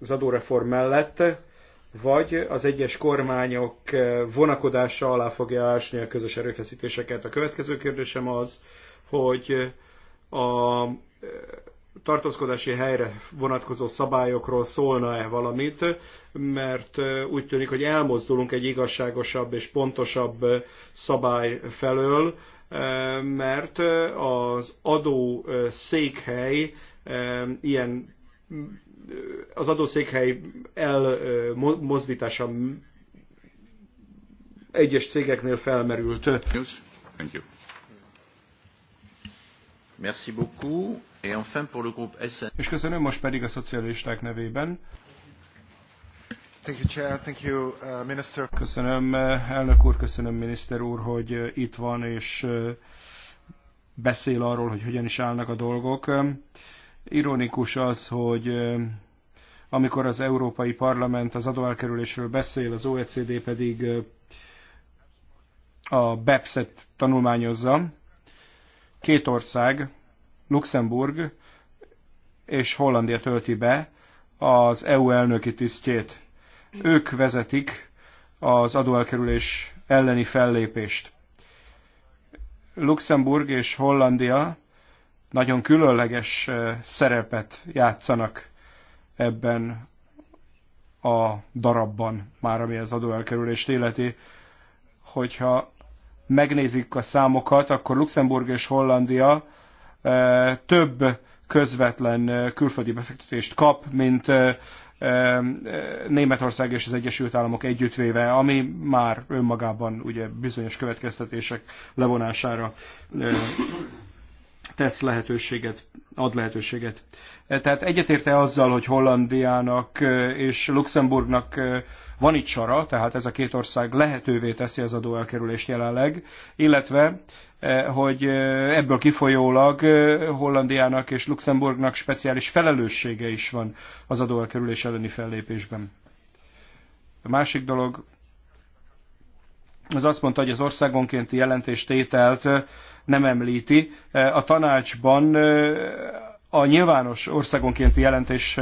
az adóreform mellett, vagy az egyes kormányok vonakodása alá fogja ásni a közös erőfeszítéseket. A következő kérdésem az, hogy a tartózkodási helyre vonatkozó szabályokról szólna-e valamit, mert úgy tűnik, hogy elmozdulunk egy igazságosabb és pontosabb szabály felől, mert az adó székhely ilyen az adószékhely elmozdítása egyes cégeknél felmerült. Thank you. Merci beaucoup. Et enfin pour le groupe SN... És köszönöm most pedig a szocialisták nevében. Thank you, Chair. Thank you, uh, Minister. Köszönöm, uh, elnök úr, köszönöm, miniszter úr, hogy uh, itt van, és uh, beszél arról, hogy hogyan is állnak a dolgok. Um, ironikus az, hogy um, amikor az Európai Parlament az adóelkerülésről beszél, az OECD pedig a BEPS-et tanulmányozza. Két ország, Luxemburg és Hollandia tölti be az EU elnöki tisztjét. Ők vezetik az adóelkerülés elleni fellépést. Luxemburg és Hollandia nagyon különleges szerepet játszanak ebben a darabban, már ami az adóelkerülést illeti, hogyha megnézik a számokat, akkor Luxemburg és Hollandia több közvetlen külföldi befektetést kap, mint Németország és az Egyesült Államok együttvéve, ami már önmagában ugye bizonyos következtetések levonására tesz lehetőséget, ad lehetőséget. Tehát egyetérte azzal, hogy Hollandiának és Luxemburgnak van itt sara, tehát ez a két ország lehetővé teszi az adóelkerülést jelenleg, illetve eh, hogy eh, ebből kifolyólag eh, Hollandiának és Luxemburgnak speciális felelőssége is van az adóelkerülés elleni fellépésben. A másik dolog, az azt mondta, hogy az országonkénti jelentéstételt nem említi. A tanácsban a nyilvános országonkénti jelentés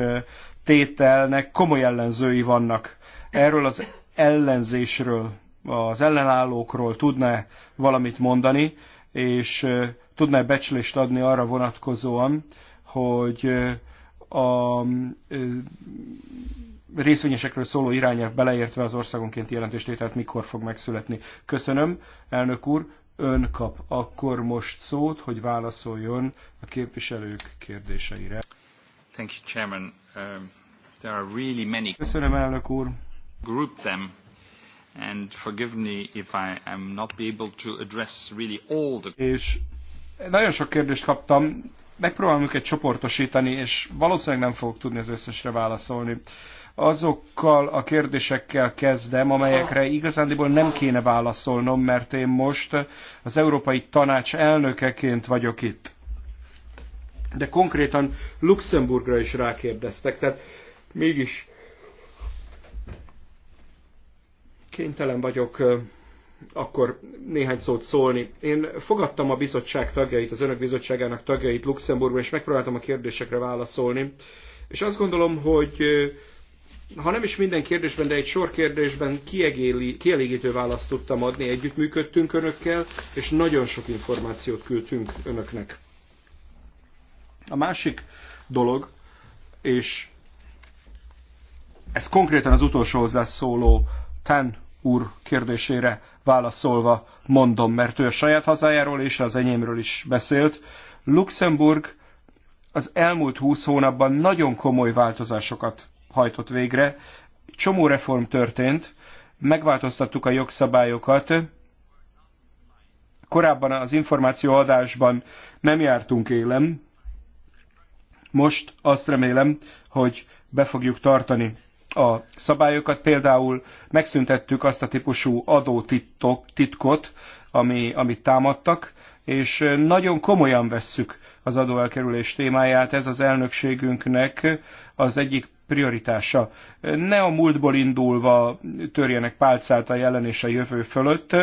komoly ellenzői vannak. Erről az ellenzésről, az ellenállókról tudná valamit mondani, és tudná becslést adni arra vonatkozóan, hogy a részvényesekről szóló irányelv beleértve az országonkénti jelentéstételt mikor fog megszületni. Köszönöm, elnök úr, ön kap akkor most szót, hogy válaszoljon a képviselők kérdéseire. Thank you, Chairman. Um, there are really many... Köszönöm, elnök úr group them and forgive me if I am not be able to address really all the... És nagyon sok kérdést kaptam, megpróbálom őket csoportosítani, és valószínűleg nem fogok tudni az összesre válaszolni. Azokkal a kérdésekkel kezdem, amelyekre igazándiból nem kéne válaszolnom, mert én most az Európai Tanács elnökeként vagyok itt. De konkrétan Luxemburgra is rákérdeztek, tehát mégis kénytelen vagyok akkor néhány szót szólni. Én fogadtam a bizottság tagjait, az önök bizottságának tagjait Luxemburgban, és megpróbáltam a kérdésekre válaszolni. És azt gondolom, hogy ha nem is minden kérdésben, de egy sor kérdésben kiegéli, kielégítő választ tudtam adni, együttműködtünk önökkel, és nagyon sok információt küldtünk önöknek. A másik dolog, és ez konkrétan az utolsó hozzászóló Tan úr kérdésére válaszolva mondom, mert ő a saját hazájáról és az enyémről is beszélt. Luxemburg az elmúlt húsz hónapban nagyon komoly változásokat hajtott végre. Csomó reform történt, megváltoztattuk a jogszabályokat, korábban az információadásban nem jártunk élem, most azt remélem, hogy be fogjuk tartani a szabályokat. Például megszüntettük azt a típusú adótitkot, titkot, ami, amit támadtak, és nagyon komolyan vesszük az adóelkerülés témáját. Ez az elnökségünknek az egyik prioritása. Ne a múltból indulva törjenek pálcát a jelen és a jövő fölött.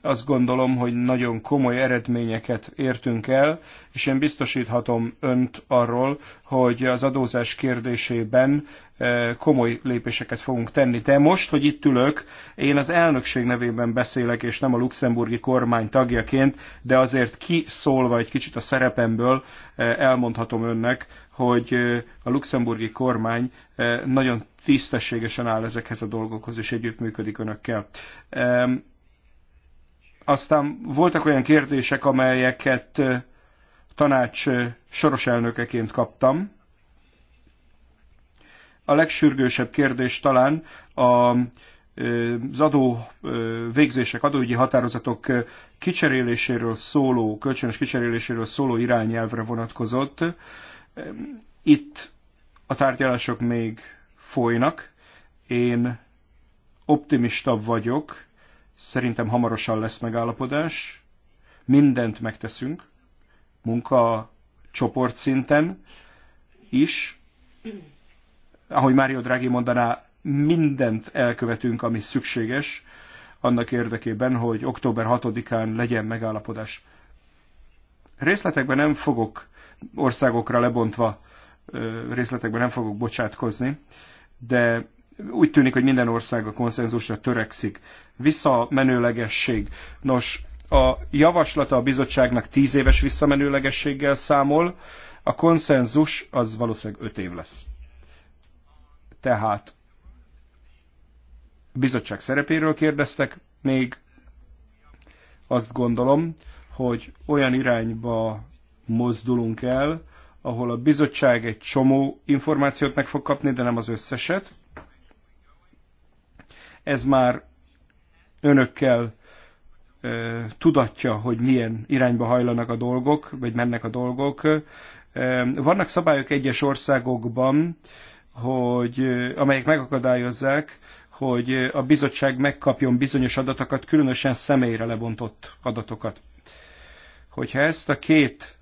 Azt gondolom, hogy nagyon komoly eredményeket értünk el, és én biztosíthatom önt arról, hogy az adózás kérdésében eh, komoly lépéseket fogunk tenni. De most, hogy itt ülök, én az elnökség nevében beszélek, és nem a luxemburgi kormány tagjaként, de azért kiszólva egy kicsit a szerepemből eh, elmondhatom önnek, hogy a luxemburgi kormány nagyon tisztességesen áll ezekhez a dolgokhoz, és együttműködik önökkel. Aztán voltak olyan kérdések, amelyeket tanács soros elnökeként kaptam. A legsürgősebb kérdés talán a az adó végzések, adóügyi határozatok kicseréléséről szóló, kölcsönös kicseréléséről szóló irányelvre vonatkozott. Itt a tárgyalások még folynak. Én optimista vagyok, szerintem hamarosan lesz megállapodás. Mindent megteszünk, munka csoport szinten is. Ahogy Mário Draghi mondaná, mindent elkövetünk, ami szükséges, annak érdekében, hogy október 6-án legyen megállapodás. Részletekben nem fogok országokra lebontva részletekben nem fogok bocsátkozni, de úgy tűnik, hogy minden ország a konszenzusra törekszik. Visszamenőlegesség. Nos, a javaslata a bizottságnak tíz éves visszamenőlegességgel számol, a konszenzus az valószínűleg öt év lesz. Tehát a bizottság szerepéről kérdeztek, még azt gondolom, hogy olyan irányba mozdulunk el, ahol a bizottság egy csomó információt meg fog kapni, de nem az összeset. Ez már önökkel tudatja, hogy milyen irányba hajlanak a dolgok, vagy mennek a dolgok. vannak szabályok egyes országokban, hogy, amelyek megakadályozzák, hogy a bizottság megkapjon bizonyos adatokat, különösen személyre lebontott adatokat. Hogyha ezt a két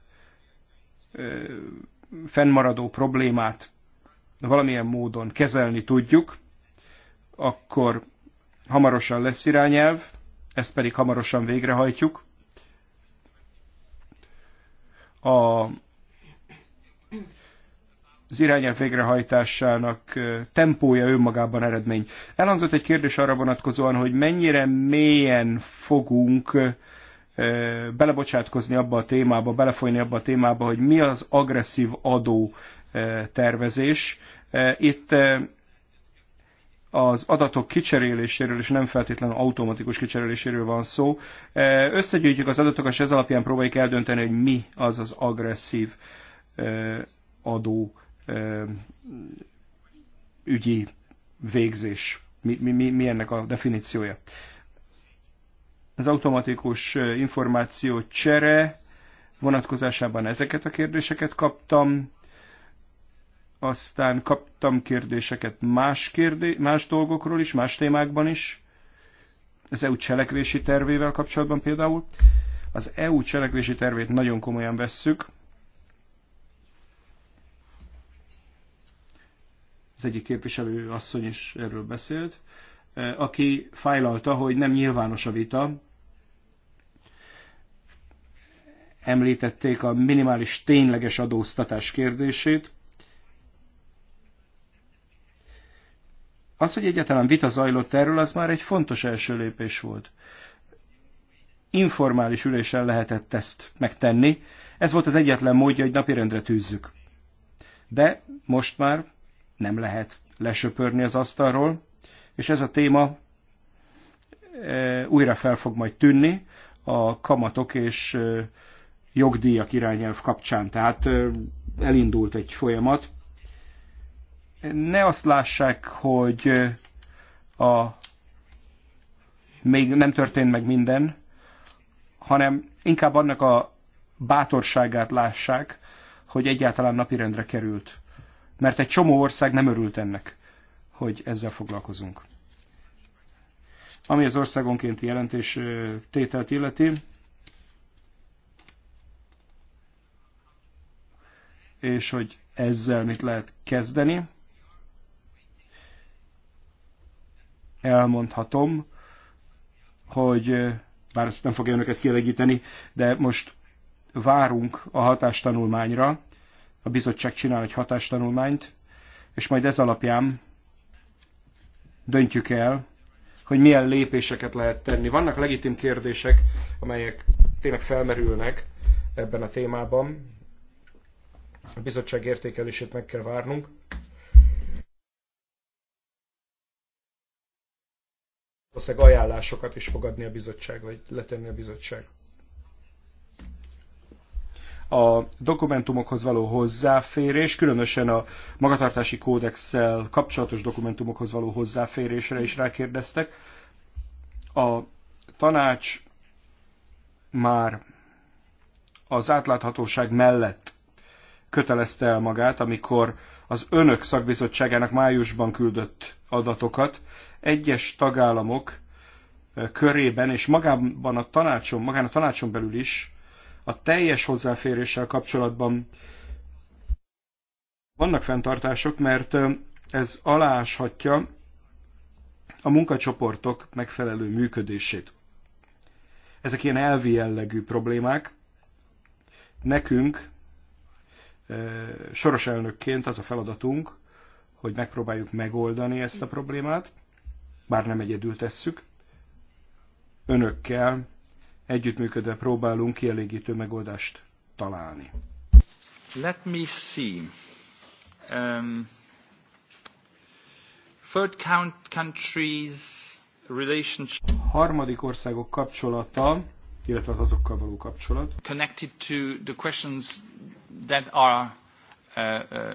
fennmaradó problémát valamilyen módon kezelni tudjuk, akkor hamarosan lesz irányelv, ezt pedig hamarosan végrehajtjuk. A, az irányelv végrehajtásának tempója önmagában eredmény. Elhangzott egy kérdés arra vonatkozóan, hogy mennyire mélyen fogunk belebocsátkozni abba a témába, belefolyni abba a témába, hogy mi az agresszív adó tervezés. Itt az adatok kicseréléséről, és nem feltétlenül automatikus kicseréléséről van szó. Összegyűjtjük az adatokat, és ez alapján próbáljuk eldönteni, hogy mi az az agresszív adó ügyi végzés, mi, mi, mi ennek a definíciója az automatikus információ csere vonatkozásában ezeket a kérdéseket kaptam, aztán kaptam kérdéseket más, kérdé más dolgokról is, más témákban is, az EU cselekvési tervével kapcsolatban például. Az EU cselekvési tervét nagyon komolyan vesszük. Az egyik képviselő asszony is erről beszélt. Eh, aki fájlalta, hogy nem nyilvános a vita, említették a minimális tényleges adóztatás kérdését. Az, hogy egyáltalán vita zajlott erről, az már egy fontos első lépés volt. Informális ülésen lehetett ezt megtenni. Ez volt az egyetlen módja, hogy napirendre tűzzük. De most már nem lehet lesöpörni az asztalról, és ez a téma e, újra fel fog majd tűnni a kamatok és e, jogdíjak irányelv kapcsán. Tehát e, elindult egy folyamat. Ne azt lássák, hogy a, még nem történt meg minden, hanem inkább annak a bátorságát lássák, hogy egyáltalán napirendre került. Mert egy csomó ország nem örült ennek hogy ezzel foglalkozunk. Ami az országonkénti jelentés tételt illeti, és hogy ezzel mit lehet kezdeni, elmondhatom, hogy bár ezt nem fogja önöket kielégíteni, de most várunk a hatástanulmányra, a bizottság csinál egy hatástanulmányt, és majd ez alapján döntjük el, hogy milyen lépéseket lehet tenni. Vannak legitim kérdések, amelyek tényleg felmerülnek ebben a témában. A bizottság értékelését meg kell várnunk. Aztán ajánlásokat is fogadni a bizottság, vagy letenni a bizottság a dokumentumokhoz való hozzáférés, különösen a magatartási kódexsel kapcsolatos dokumentumokhoz való hozzáférésre is rákérdeztek. A tanács már az átláthatóság mellett kötelezte el magát, amikor az önök szakbizottságának májusban küldött adatokat. Egyes tagállamok eh, körében és magában a tanácson, magán a tanácson belül is a teljes hozzáféréssel kapcsolatban vannak fenntartások, mert ez aláshatja a munkacsoportok megfelelő működését. Ezek ilyen elvi jellegű problémák. Nekünk soros elnökként az a feladatunk, hogy megpróbáljuk megoldani ezt a problémát, bár nem egyedül tesszük, önökkel, együttműködve próbálunk kielégítő megoldást találni. Let me see. Um, third countries relationship. Harmadik országok kapcsolata, illetve az azokkal való kapcsolat. Connected to the questions that are uh, uh,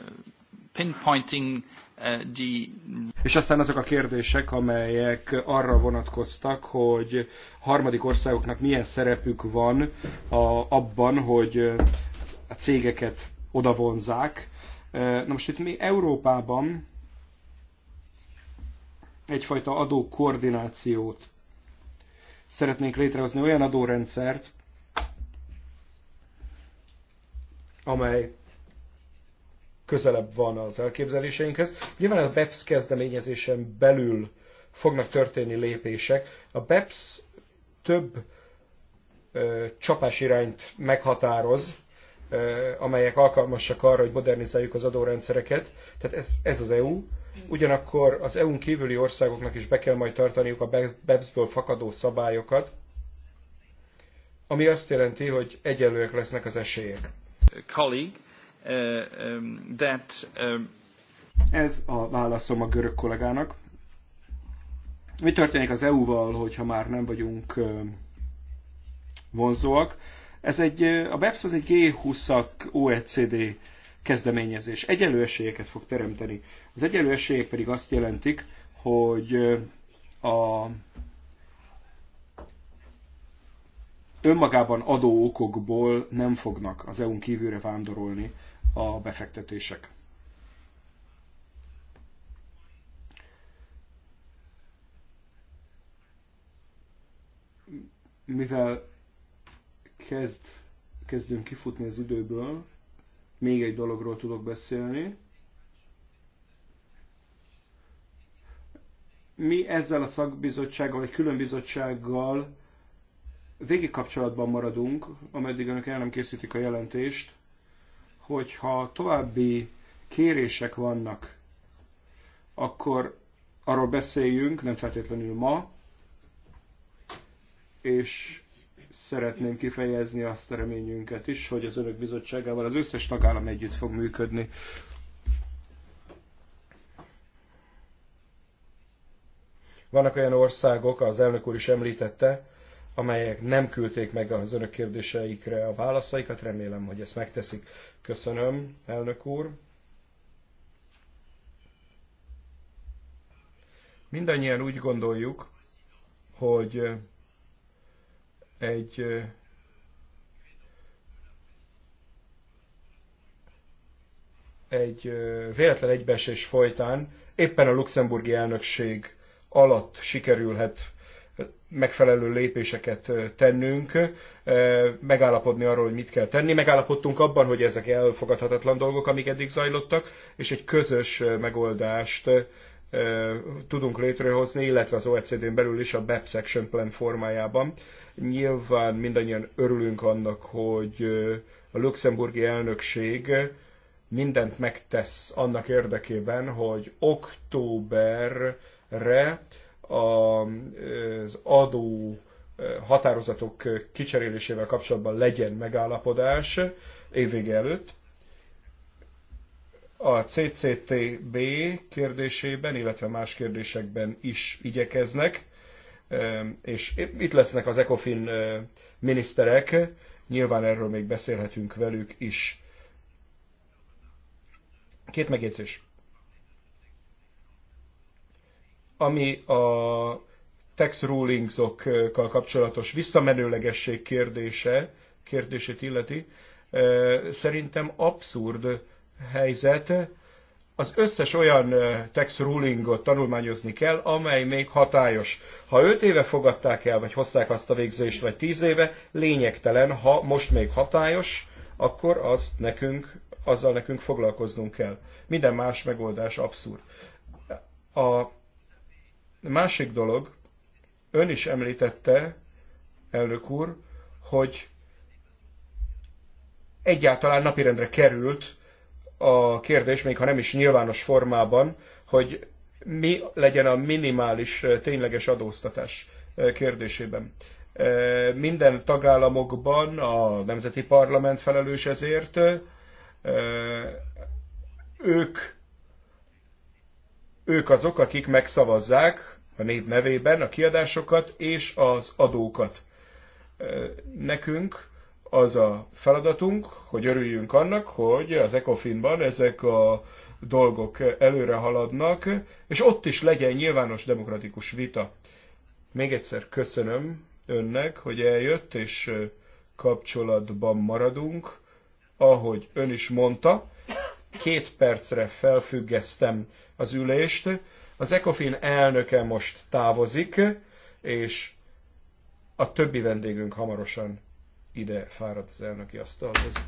pinpointing uh, és aztán azok a kérdések, amelyek arra vonatkoztak, hogy harmadik országoknak milyen szerepük van a, abban, hogy uh, a cégeket odavonzák. Uh, na most itt mi Európában egyfajta adókoordinációt szeretnénk létrehozni, olyan adórendszert, amely közelebb van az elképzeléseinkhez. Nyilván a BEPS kezdeményezésen belül fognak történni lépések. A BEPS több ö, csapásirányt meghatároz, ö, amelyek alkalmasak arra, hogy modernizáljuk az adórendszereket. Tehát ez, ez az EU. Ugyanakkor az EU-n kívüli országoknak is be kell majd tartaniuk a BEPS-ből fakadó szabályokat, ami azt jelenti, hogy egyenlőek lesznek az esélyek. colleague Uh, um, that... Um... Ez a válaszom a görög kollégának. Mi történik az EU-val, hogyha már nem vagyunk vonzóak? Ez egy, a BEPS az egy G20-ak OECD kezdeményezés. Egyelő esélyeket fog teremteni. Az egyelő esélyek pedig azt jelentik, hogy a önmagában adó okokból nem fognak az EU-n kívülre vándorolni a befektetések. Mivel kezd, kezdünk kifutni az időből, még egy dologról tudok beszélni. Mi ezzel a szakbizottsággal, vagy külön bizottsággal végig kapcsolatban maradunk, ameddig önök el nem készítik a jelentést, hogyha további kérések vannak, akkor arról beszéljünk, nem feltétlenül ma, és szeretném kifejezni azt a reményünket is, hogy az Önök Bizottságával az összes tagállam együtt fog működni. Vannak olyan országok, az elnök úr is említette, amelyek nem küldték meg az önök kérdéseikre a válaszaikat. Remélem, hogy ezt megteszik. Köszönöm, elnök úr. Mindannyian úgy gondoljuk, hogy egy egy véletlen egybeesés folytán éppen a luxemburgi elnökség alatt sikerülhet megfelelő lépéseket tennünk, megállapodni arról, hogy mit kell tenni. Megállapodtunk abban, hogy ezek elfogadhatatlan dolgok, amik eddig zajlottak, és egy közös megoldást tudunk létrehozni, illetve az OECD-n belül is a BEPS Action Plan formájában. Nyilván mindannyian örülünk annak, hogy a luxemburgi elnökség mindent megtesz annak érdekében, hogy októberre az adó határozatok kicserélésével kapcsolatban legyen megállapodás évvége előtt. A CCTB kérdésében, illetve más kérdésekben is igyekeznek, és itt lesznek az ECOFIN miniszterek, nyilván erről még beszélhetünk velük is. Két megjegyzés. Ami a tax rulingsokkal kapcsolatos visszamenőlegesség kérdése, kérdését illeti, szerintem abszurd helyzet. Az összes olyan tax rulingot tanulmányozni kell, amely még hatályos. Ha 5 éve fogadták el, vagy hozták azt a végzést, vagy 10 éve, lényegtelen, ha most még hatályos, akkor azt nekünk, azzal nekünk foglalkoznunk kell. Minden más megoldás abszurd. A Másik dolog, ön is említette, elnök úr, hogy egyáltalán napirendre került a kérdés, még ha nem is nyilvános formában, hogy mi legyen a minimális tényleges adóztatás kérdésében. Minden tagállamokban a nemzeti parlament felelős ezért, ők ők azok, akik megszavazzák a nép nevében a kiadásokat és az adókat. Nekünk az a feladatunk, hogy örüljünk annak, hogy az ECOFIN-ban ezek a dolgok előre haladnak, és ott is legyen nyilvános demokratikus vita. Még egyszer köszönöm önnek, hogy eljött, és kapcsolatban maradunk. Ahogy ön is mondta, két percre felfüggesztem az ülést. Az ECOFIN elnöke most távozik, és a többi vendégünk hamarosan ide fárad az elnöki asztalhoz.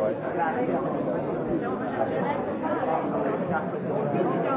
Thank you.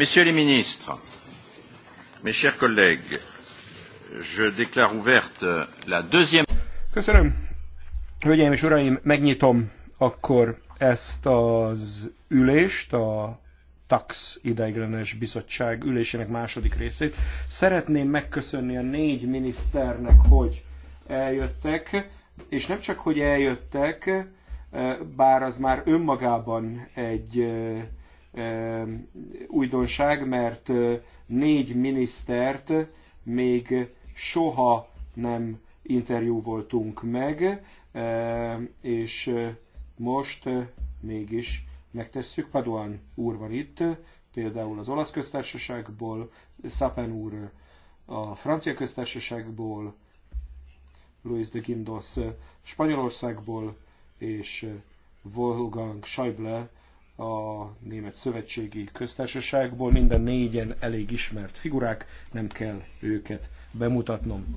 Messieurs les ministres, mes chers collègues, je déclare ouverte la deuxième. Köszönöm. Hölgyeim és uraim, megnyitom akkor ezt az ülést, a TAX ideiglenes bizottság ülésének második részét. Szeretném megköszönni a négy miniszternek, hogy eljöttek, és nem csak, hogy eljöttek, bár az már önmagában egy újdonság, mert négy minisztert még soha nem interjú voltunk meg, és most mégis megtesszük. Padoan úr van itt, például az olasz köztársaságból, Szapen úr a francia köztársaságból, Luis de Guindos Spanyolországból, és Wolfgang Schäuble a Német Szövetségi Köztársaságból. Minden négyen elég ismert figurák, nem kell őket bemutatnom.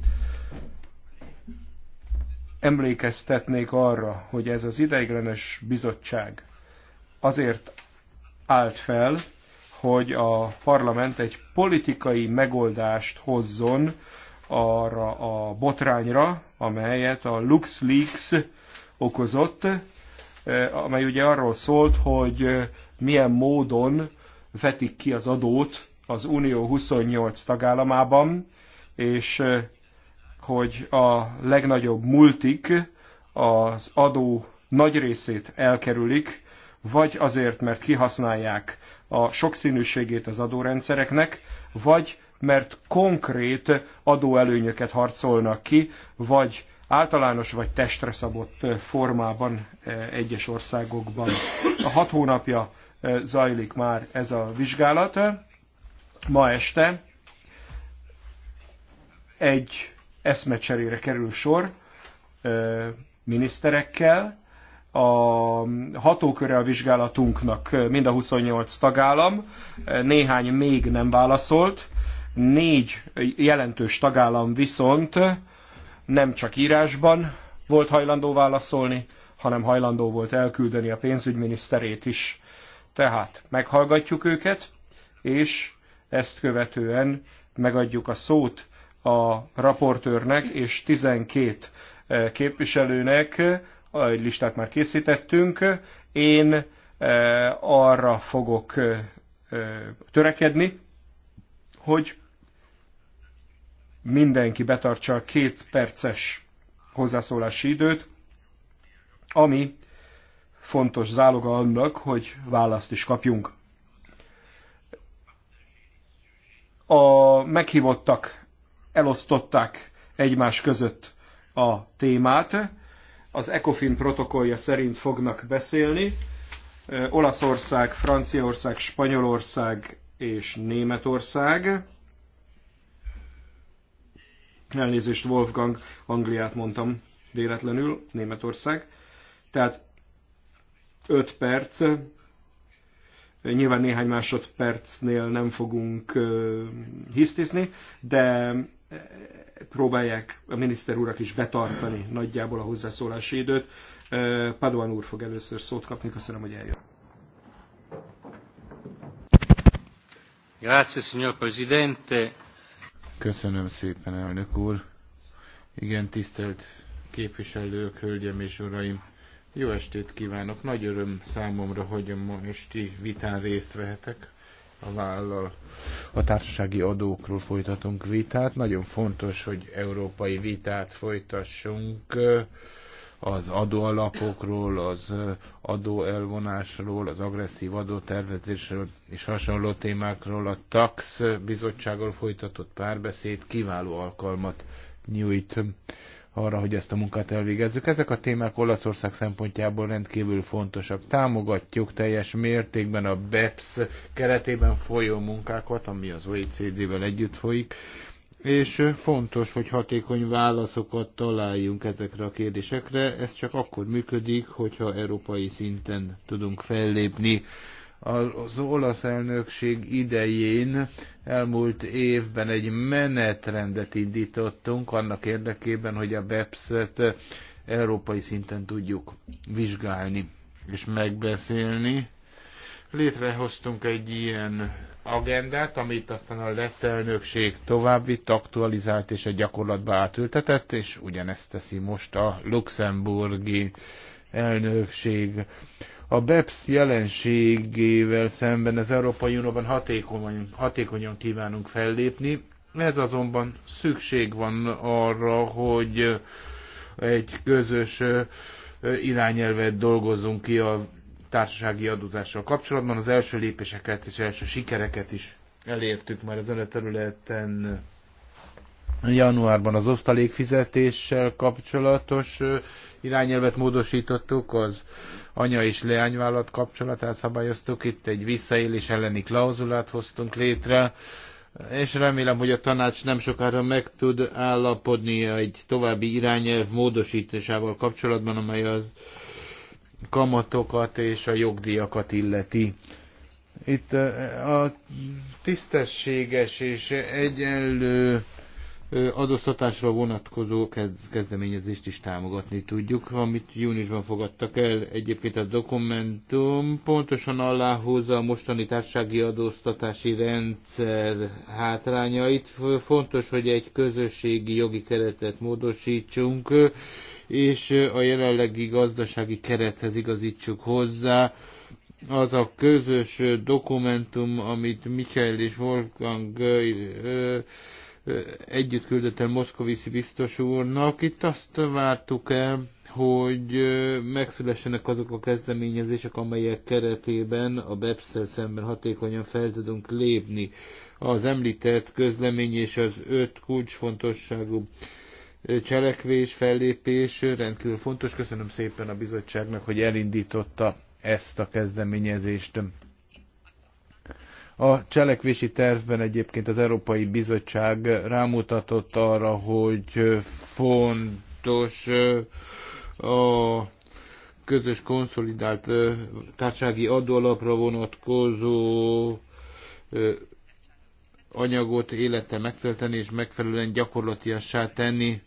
Emlékeztetnék arra, hogy ez az ideiglenes bizottság azért állt fel, hogy a parlament egy politikai megoldást hozzon arra a botrányra, amelyet a LuxLeaks okozott, Eh, amely ugye arról szólt, hogy eh, milyen módon vetik ki az adót az Unió 28 tagállamában, és eh, hogy a legnagyobb multik az adó nagy részét elkerülik, vagy azért, mert kihasználják a sokszínűségét az adórendszereknek, vagy mert konkrét adóelőnyöket harcolnak ki, vagy általános vagy testre szabott formában egyes országokban. A hat hónapja zajlik már ez a vizsgálat. Ma este egy eszmecserére kerül sor miniszterekkel. A hatóköre a vizsgálatunknak mind a 28 tagállam, néhány még nem válaszolt, négy jelentős tagállam viszont nem csak írásban volt hajlandó válaszolni, hanem hajlandó volt elküldeni a pénzügyminiszterét is. Tehát meghallgatjuk őket, és ezt követően megadjuk a szót a raportőrnek és 12 e, képviselőnek, egy listát már készítettünk, én e, arra fogok e, törekedni, hogy mindenki betartsa a két perces hozzászólási időt, ami fontos záloga annak, hogy választ is kapjunk. A meghívottak elosztották egymás között a témát, az ECOFIN protokollja szerint fognak beszélni. Olaszország, Franciaország, Spanyolország és Németország Elnézést, Wolfgang, Angliát mondtam véletlenül, Németország. Tehát 5 perc, nyilván néhány másodpercnél nem fogunk hisztizni, de próbálják a miniszter urak is betartani nagyjából a hozzászólási időt. Padoan úr fog először szót kapni, köszönöm, hogy eljön. Grazie, signor Presidente. Köszönöm szépen, elnök úr. Igen, tisztelt képviselők, hölgyem és uraim. Jó estét kívánok! Nagy öröm számomra, hogy a esti vitán részt vehetek a vállal. A társasági adókról folytatunk vitát. Nagyon fontos, hogy európai vitát folytassunk az adóalapokról, az adóelvonásról, az agresszív adótervezésről és hasonló témákról a TAX bizottsággal folytatott párbeszéd kiváló alkalmat nyújt arra, hogy ezt a munkát elvégezzük. Ezek a témák Olaszország szempontjából rendkívül fontosak. Támogatjuk teljes mértékben a BEPS keretében folyó munkákat, ami az OECD-vel együtt folyik, és fontos, hogy hatékony válaszokat találjunk ezekre a kérdésekre. Ez csak akkor működik, hogyha európai szinten tudunk fellépni. Az olasz elnökség idején elmúlt évben egy menetrendet indítottunk annak érdekében, hogy a BEPS-et európai szinten tudjuk vizsgálni és megbeszélni létrehoztunk egy ilyen agendát, amit aztán a lett elnökség továbbvitt, aktualizált és a gyakorlatba átültetett, és ugyanezt teszi most a luxemburgi elnökség. A BEPS jelenségével szemben az Európai Unióban hatékonyan, hatékonyan kívánunk fellépni, ez azonban szükség van arra, hogy egy közös irányelvet dolgozzunk ki a társasági adózással kapcsolatban. Az első lépéseket és első sikereket is elértük már ezen a területen. Januárban az osztalékfizetéssel kapcsolatos irányelvet módosítottuk, az anya és leányvállalat kapcsolatát szabályoztuk, itt egy visszaélés elleni klauzulát hoztunk létre, és remélem, hogy a tanács nem sokára meg tud állapodni egy további irányelv módosításával kapcsolatban, amely az kamatokat és a jogdíjakat illeti. Itt a tisztességes és egyenlő adóztatásra vonatkozó kezdeményezést is támogatni tudjuk, amit júniusban fogadtak el. Egyébként a dokumentum pontosan aláhúzza a mostani társági adóztatási rendszer hátrányait. Fontos, hogy egy közösségi jogi keretet módosítsunk, és a jelenlegi gazdasági kerethez igazítsuk hozzá. Az a közös dokumentum, amit Michael és Wolfgang együtt küldött el Moszkoviszi biztos úrnak, itt azt vártuk el, hogy megszülessenek azok a kezdeményezések, amelyek keretében a beps szemben hatékonyan fel tudunk lépni. Az említett közlemény és az öt kulcsfontosságú cselekvés, fellépés rendkívül fontos. Köszönöm szépen a bizottságnak, hogy elindította ezt a kezdeményezést. A cselekvési tervben egyébként az Európai Bizottság rámutatott arra, hogy fontos a közös konszolidált társági adóalapra vonatkozó anyagot élete megtölteni és megfelelően gyakorlatiassá tenni.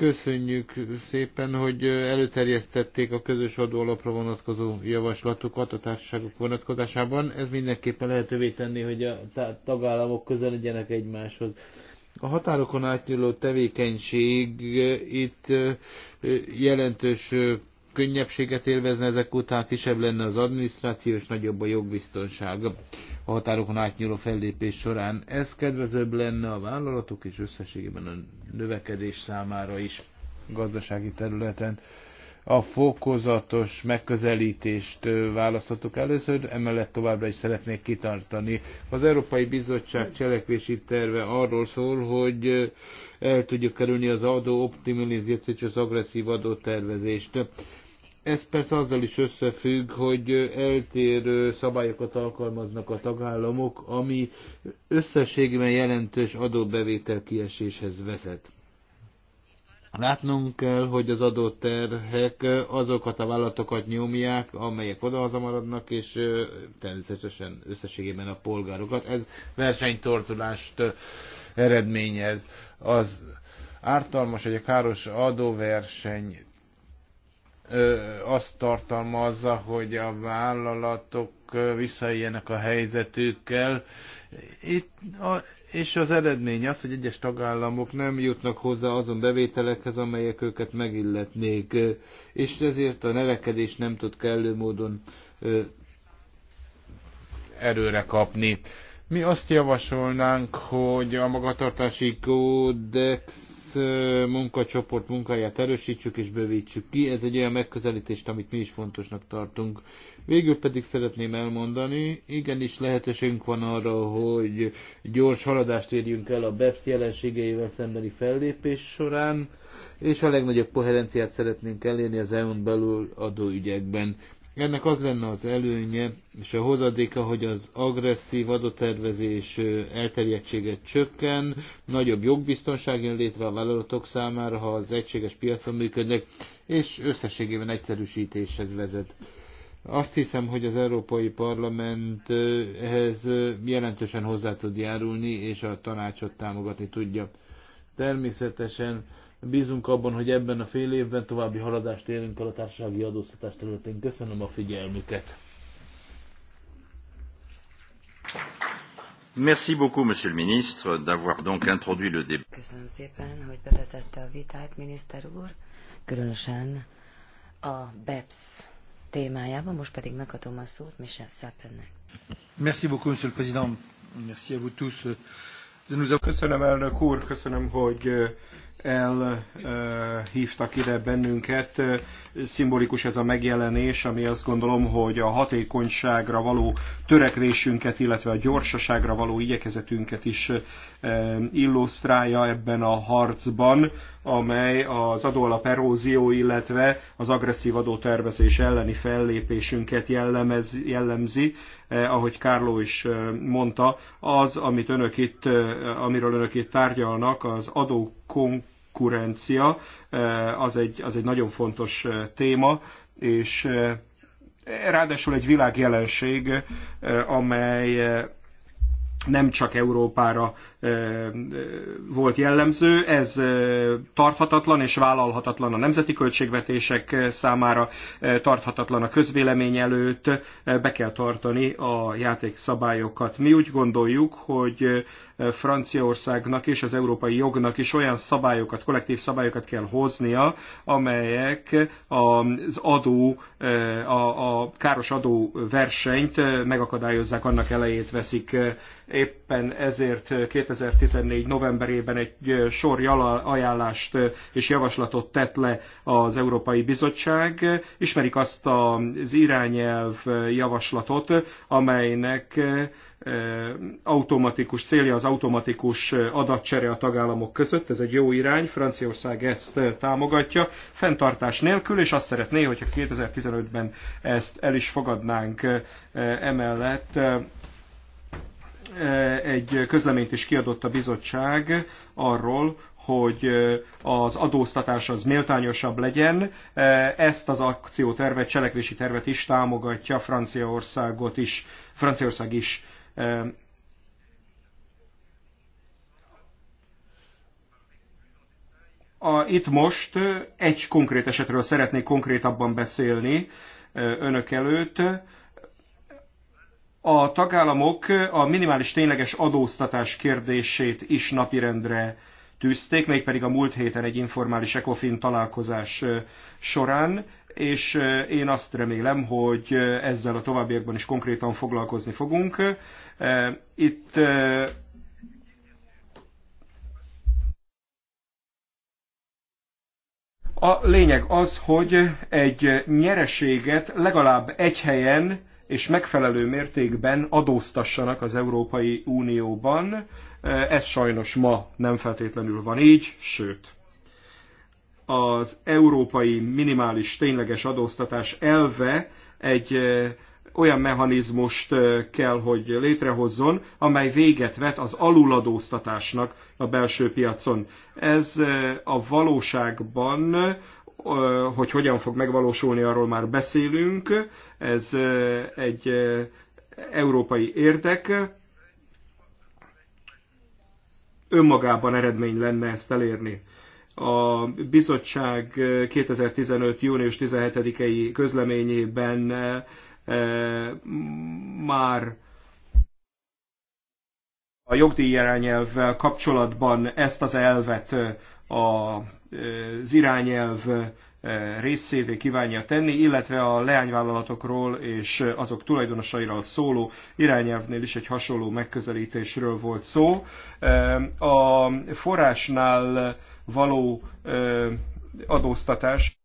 Köszönjük szépen, hogy előterjesztették a közös adóalapra vonatkozó javaslatokat a társaságok vonatkozásában. Ez mindenképpen lehetővé tenni, hogy a tagállamok közel legyenek egymáshoz. A határokon átnyúló tevékenység eh, itt eh, jelentős eh, könnyebbséget élvezne ezek után, kisebb lenne az adminisztráció és nagyobb a jogbiztonság a határokon átnyúló fellépés során. Ez kedvezőbb lenne a vállalatok és összességében a növekedés számára is gazdasági területen. A fokozatos megközelítést választottuk először, emellett továbbra is szeretnék kitartani. Az Európai Bizottság cselekvési terve arról szól, hogy el tudjuk kerülni az adó optimalizációt és az agresszív adótervezést. Ez persze azzal is összefügg, hogy eltérő szabályokat alkalmaznak a tagállamok, ami összességében jelentős adóbevétel kieséshez vezet. Látnunk kell, hogy az adóterhek azokat a vállalatokat nyomják, amelyek odahaza maradnak, és természetesen összességében a polgárokat. Ez versenytortulást eredményez. Az ártalmas, hogy a káros adóverseny azt tartalmazza, hogy a vállalatok visszaéljenek a helyzetükkel. Itt a, és az eredmény az, hogy egyes tagállamok nem jutnak hozzá azon bevételekhez, amelyek őket megilletnék, és ezért a nevekedés nem tud kellő módon erőre kapni. Mi azt javasolnánk, hogy a magatartási kódex egész munkacsoport munkáját erősítsük és bővítsük ki. Ez egy olyan megközelítést, amit mi is fontosnak tartunk. Végül pedig szeretném elmondani, igenis lehetőségünk van arra, hogy gyors haladást érjünk el a BEPS jelenségeivel szembeni fellépés során, és a legnagyobb koherenciát szeretnénk elérni az EU-n belül adóügyekben. Ennek az lenne az előnye és a hozadéka, hogy az agresszív adótervezés elterjedtséget csökken, nagyobb jogbiztonság jön létre a vállalatok számára, ha az egységes piacon működnek, és összességében egyszerűsítéshez vezet. Azt hiszem, hogy az Európai Parlament ehhez jelentősen hozzá tud járulni, és a tanácsot támogatni tudja. Természetesen Bízunk abban, hogy ebben a fél évben további haladást érünk el a társasági adóztatás területén. Köszönöm a figyelmüket. Merci beaucoup, Monsieur le Ministre, d'avoir donc introduit le débat. Köszönöm szépen, hogy bevezette a vitát, miniszter úr, különösen a BEPS témájában. Most pedig megadom a szót Michel Szápennek. Merci beaucoup, Monsieur le Président. Merci à vous tous. Köszönöm, elnök úr, köszönöm, hogy elhívtak ide bennünket. Szimbolikus ez a megjelenés, ami azt gondolom, hogy a hatékonyságra való törekvésünket, illetve a gyorsaságra való igyekezetünket is illusztrálja ebben a harcban, amely az adóalap erózió, illetve az agresszív adótervezés elleni fellépésünket jellemez, jellemzi, eh, ahogy Kárló is eh, mondta, az, amit önök itt, eh, amiről önök itt tárgyalnak, az adókonkurencia, eh, az, egy, az egy nagyon fontos eh, téma, és eh, ráadásul egy világjelenség, amely nem csak Európára volt jellemző, ez tarthatatlan és vállalhatatlan a nemzeti költségvetések számára, tarthatatlan a közvélemény előtt, be kell tartani a játékszabályokat. Mi úgy gondoljuk, hogy Franciaországnak és az európai jognak is olyan szabályokat, kollektív szabályokat kell hoznia, amelyek az adó, a, a káros adó versenyt megakadályozzák, annak elejét veszik Éppen ezért 2014 novemberében egy sor ajánlást és javaslatot tett le az Európai Bizottság. Ismerik azt az irányelv javaslatot, amelynek automatikus célja az automatikus adatcsere a tagállamok között. Ez egy jó irány, Franciaország ezt támogatja, fenntartás nélkül, és azt szeretné, hogyha 2015-ben ezt el is fogadnánk emellett Eh, egy közleményt is kiadott a bizottság arról, hogy eh, az adóztatás az méltányosabb legyen. Eh, ezt az akciótervet, cselekvési tervet is támogatja Franciaországot is, Franciaország is. A, itt most egy konkrét esetről szeretnék konkrétabban beszélni önök előtt a tagállamok a minimális tényleges adóztatás kérdését is napirendre tűzték, mégpedig a múlt héten egy informális ECOFIN találkozás során, és én azt remélem, hogy ezzel a továbbiakban is konkrétan foglalkozni fogunk. Itt a lényeg az, hogy egy nyereséget legalább egy helyen és megfelelő mértékben adóztassanak az Európai Unióban. Ez sajnos ma nem feltétlenül van így, sőt. Az európai minimális tényleges adóztatás elve egy olyan mechanizmust kell, hogy létrehozzon, amely véget vet az aluladóztatásnak a belső piacon. Ez a valóságban hogy hogyan fog megvalósulni, arról már beszélünk. Ez egy európai érdek. Önmagában eredmény lenne ezt elérni. A bizottság 2015. június 17-i közleményében már a jogdíj kapcsolatban ezt az elvet a az irányelv részévé kívánja tenni, illetve a leányvállalatokról és azok tulajdonosairól szóló irányelvnél is egy hasonló megközelítésről volt szó. A forrásnál való adóztatás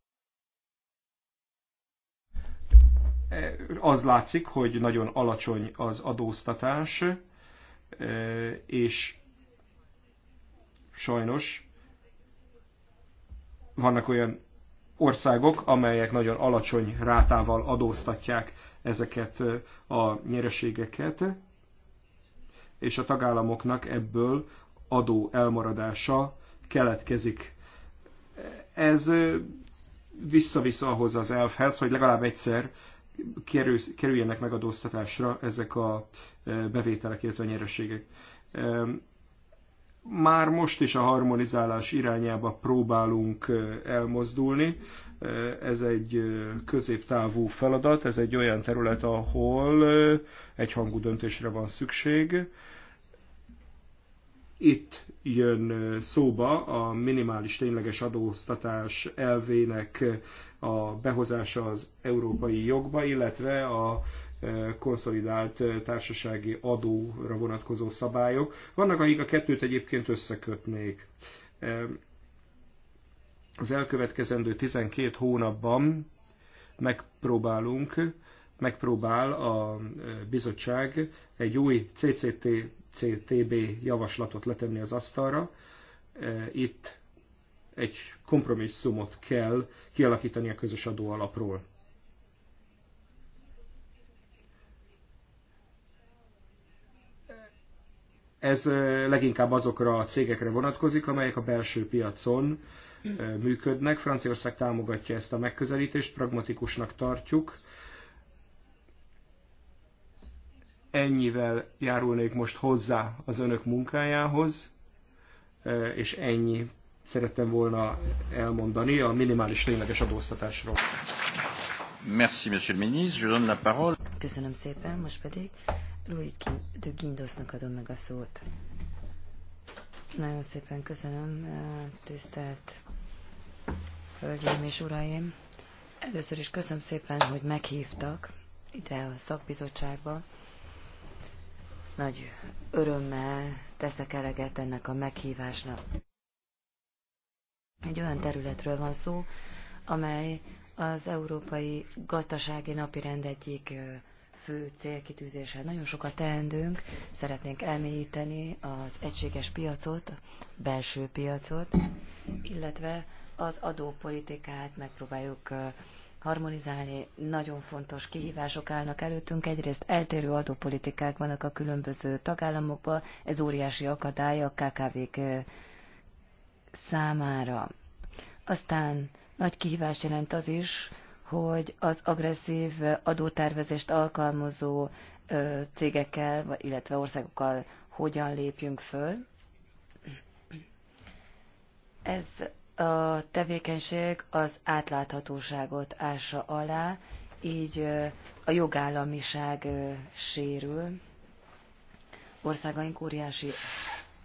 az látszik, hogy nagyon alacsony az adóztatás, és sajnos vannak olyan országok, amelyek nagyon alacsony rátával adóztatják ezeket a nyereségeket, és a tagállamoknak ebből adó elmaradása keletkezik. Ez visszavisz ahhoz az elfhez, hogy legalább egyszer kerüljenek megadóztatásra ezek a bevételek, illetve a nyereségek már most is a harmonizálás irányába próbálunk elmozdulni. Ez egy középtávú feladat, ez egy olyan terület, ahol egyhangú döntésre van szükség. Itt jön szóba a minimális tényleges adóztatás elvének a behozása az európai jogba, illetve a konszolidált társasági adóra vonatkozó szabályok. Vannak, akik a kettőt egyébként összekötnék. Az elkövetkezendő 12 hónapban megpróbálunk, megpróbál a bizottság egy új CCTB javaslatot letenni az asztalra. Itt egy kompromisszumot kell kialakítani a közös adóalapról. Ez leginkább azokra a cégekre vonatkozik, amelyek a belső piacon működnek. Franciaország támogatja ezt a megközelítést, pragmatikusnak tartjuk. Ennyivel járulnék most hozzá az önök munkájához, és ennyi szerettem volna elmondani a minimális tényleges adóztatásról. Merci, monsieur le ministre. Je donne la parole. Köszönöm szépen, most pedig Louis de Guindosnak adom meg a szót. Nagyon szépen köszönöm, eh, tisztelt Hölgyeim és Uraim! Először is köszönöm szépen, hogy meghívtak ide a szakbizottságba. Nagy örömmel teszek eleget ennek a meghívásnak. Egy olyan területről van szó, amely az európai gazdasági napirend egyik eh, fő célkitűzése. Nagyon sokat teendünk, szeretnénk elmélyíteni az egységes piacot, belső piacot, illetve az adópolitikát megpróbáljuk harmonizálni. Nagyon fontos kihívások állnak előttünk. Egyrészt eltérő adópolitikák vannak a különböző tagállamokban, ez óriási akadály a KKV-k számára. Aztán nagy kihívást jelent az is, hogy az agresszív adótervezést alkalmazó cégekkel, illetve országokkal hogyan lépjünk föl. Ez a tevékenység az átláthatóságot ássa alá, így a jogállamiság sérül. Országaink óriási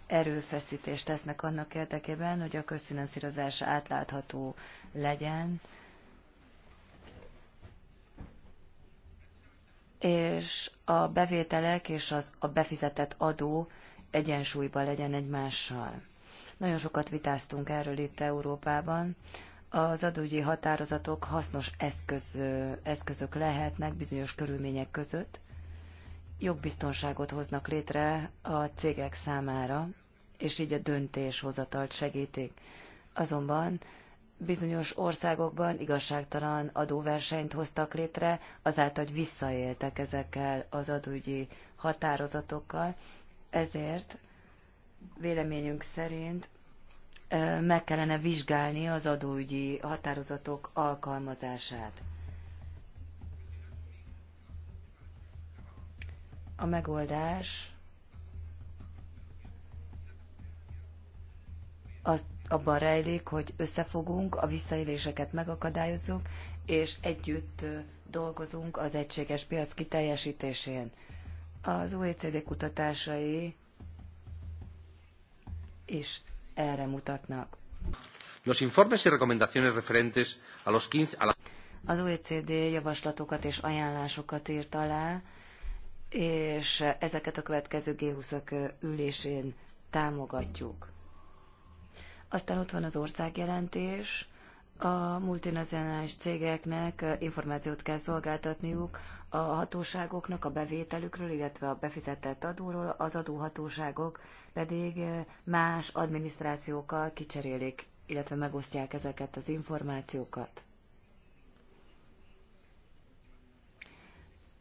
erőfeszítést tesznek annak érdekében, hogy a közfinanszírozás átlátható legyen, és a bevételek és az, a befizetett adó egyensúlyban legyen egymással. Nagyon sokat vitáztunk erről itt Európában. Az adógyi határozatok hasznos eszköz, eszközök lehetnek bizonyos körülmények között. Jogbiztonságot hoznak létre a cégek számára, és így a döntéshozatalt segítik. Azonban bizonyos országokban igazságtalan adóversenyt hoztak létre, azáltal, hogy visszaéltek ezekkel az adógyi határozatokkal. Ezért véleményünk szerint meg kellene vizsgálni az adóügyi határozatok alkalmazását. A megoldás azt abban rejlik, hogy összefogunk, a visszaéléseket megakadályozunk, és együtt dolgozunk az egységes piac kiteljesítésén. Az OECD kutatásai is erre mutatnak. Los informes y recomendaciones referentes a los 15 a la... Az OECD javaslatokat és ajánlásokat írt alá, és ezeket a következő G20-ak ülésén támogatjuk. Aztán ott van az országjelentés, a multinacionális cégeknek információt kell szolgáltatniuk a hatóságoknak a bevételükről, illetve a befizetett adóról, az adóhatóságok pedig más adminisztrációkkal kicserélik, illetve megosztják ezeket az információkat.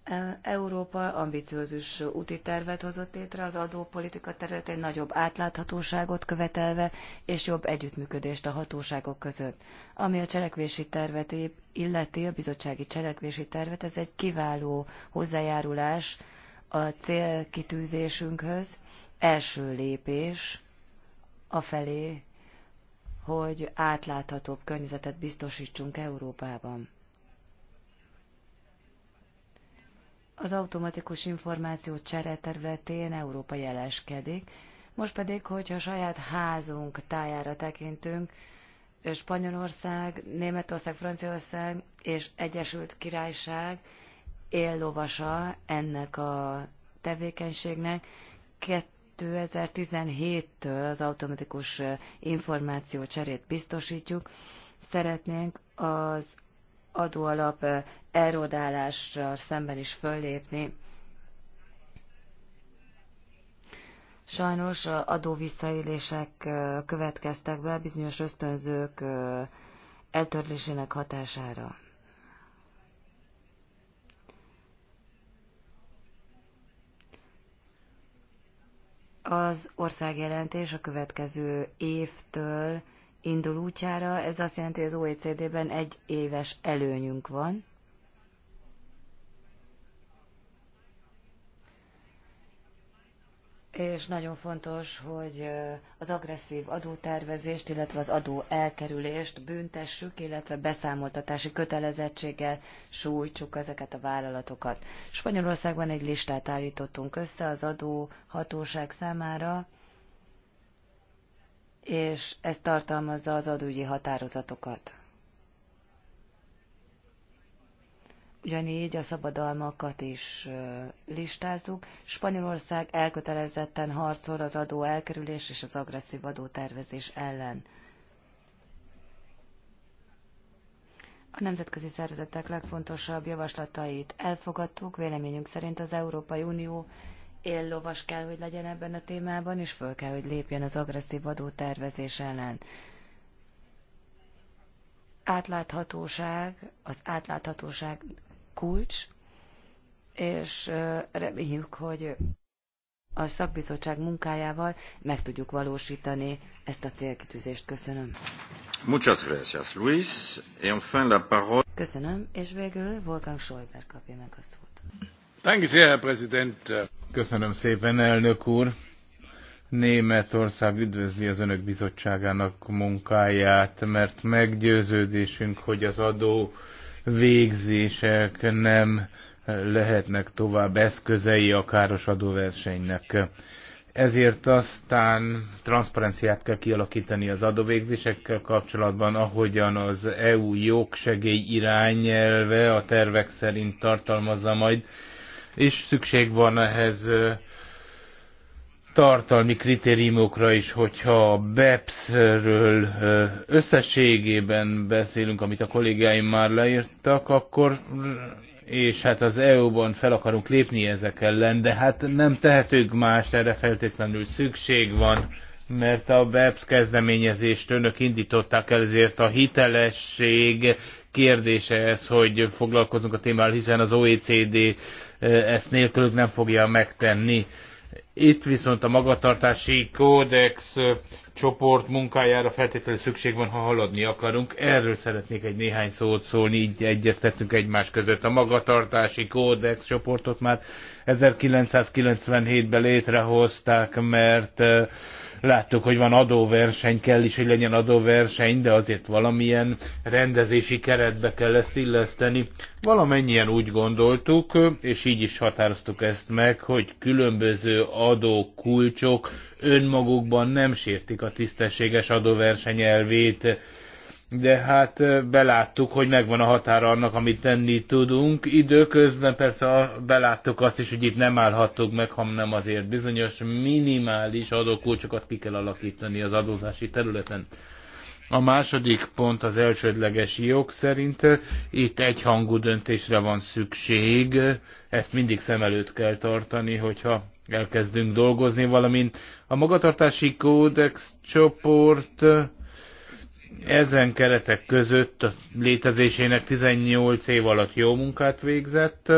E, Európa ambiciózus úti tervet hozott létre az adópolitika területén, nagyobb átláthatóságot követelve és jobb együttműködést a hatóságok között. Ami a cselekvési tervet illeti, a bizottsági cselekvési tervet, ez egy kiváló hozzájárulás a célkitűzésünkhöz, első lépés a felé, hogy átláthatóbb környezetet biztosítsunk Európában. az automatikus információ csere területén Európa jeleskedik, most pedig, hogyha a saját házunk tájára tekintünk, Spanyolország, Németország, Franciaország és Egyesült Királyság éllovasa ennek a tevékenységnek. 2017-től az automatikus információ cserét biztosítjuk. Szeretnénk az adóalap eh, erodálásra szemben is föllépni. Sajnos adóvisszaélések eh, következtek be bizonyos ösztönzők eh, eltörlésének hatására. Az országjelentés a következő évtől indul útjára, ez azt jelenti, hogy az OECD-ben egy éves előnyünk van. És nagyon fontos, hogy az agresszív adótervezést, illetve az adó elkerülést büntessük, illetve beszámoltatási kötelezettséggel sújtsuk ezeket a vállalatokat. Spanyolországban egy listát állítottunk össze az adóhatóság számára, és ez tartalmazza az adógyi határozatokat. Ugyanígy a szabadalmakat is listázzuk. Spanyolország elkötelezetten harcol az adó elkerülés és az agresszív adótervezés ellen. A nemzetközi szervezetek legfontosabb javaslatait elfogadtuk, véleményünk szerint az Európai Unió éllovas kell, hogy legyen ebben a témában, és föl kell, hogy lépjen az agresszív adótervezés ellen. Átláthatóság, az átláthatóság kulcs, és reméljük, hogy a szakbizottság munkájával meg tudjuk valósítani ezt a célkitűzést. Köszönöm. Muchas gracias, Luis. Et enfin la parole... Köszönöm, és végül Wolfgang Schäuble kapja meg a szót. Danke sehr, Herr Präsident. Köszönöm szépen, elnök úr. Németország üdvözli az Önök bizottságának munkáját, mert meggyőződésünk, hogy az adó végzések nem lehetnek tovább eszközei a káros adóversenynek. Ezért aztán transzparenciát kell kialakítani az adóvégzésekkel kapcsolatban, ahogyan az EU jogsegély irányelve a tervek szerint tartalmazza majd és szükség van ehhez tartalmi kritériumokra is, hogyha a BEPS-ről összességében beszélünk, amit a kollégáim már leírtak, akkor és hát az EU-ban fel akarunk lépni ezek ellen, de hát nem tehetünk más, erre feltétlenül szükség van, mert a BEPS kezdeményezést önök indították el, ezért a hitelesség kérdése ez, hogy foglalkozunk a témával, hiszen az OECD ezt nélkülük nem fogja megtenni. Itt viszont a magatartási kódex csoport munkájára feltétlenül szükség van, ha haladni akarunk. Erről szeretnék egy néhány szót szólni, így egyeztettünk egymás között. A magatartási kódex csoportot már 1997-ben létrehozták, mert Láttuk, hogy van adóverseny, kell is, hogy legyen adóverseny, de azért valamilyen rendezési keretbe kell ezt illeszteni. Valamennyien úgy gondoltuk, és így is határoztuk ezt meg, hogy különböző adókulcsok önmagukban nem sértik a tisztességes adóverseny elvét, de hát beláttuk, hogy megvan a határa annak, amit tenni tudunk. Időközben persze beláttuk azt is, hogy itt nem állhatunk meg, ha nem azért bizonyos minimális adókulcsokat ki kell alakítani az adózási területen. A második pont az elsődleges jog szerint itt egyhangú döntésre van szükség, ezt mindig szem előtt kell tartani, hogyha elkezdünk dolgozni, valamint a magatartási kódex csoport ezen keretek között a létezésének 18 év alatt jó munkát végzett,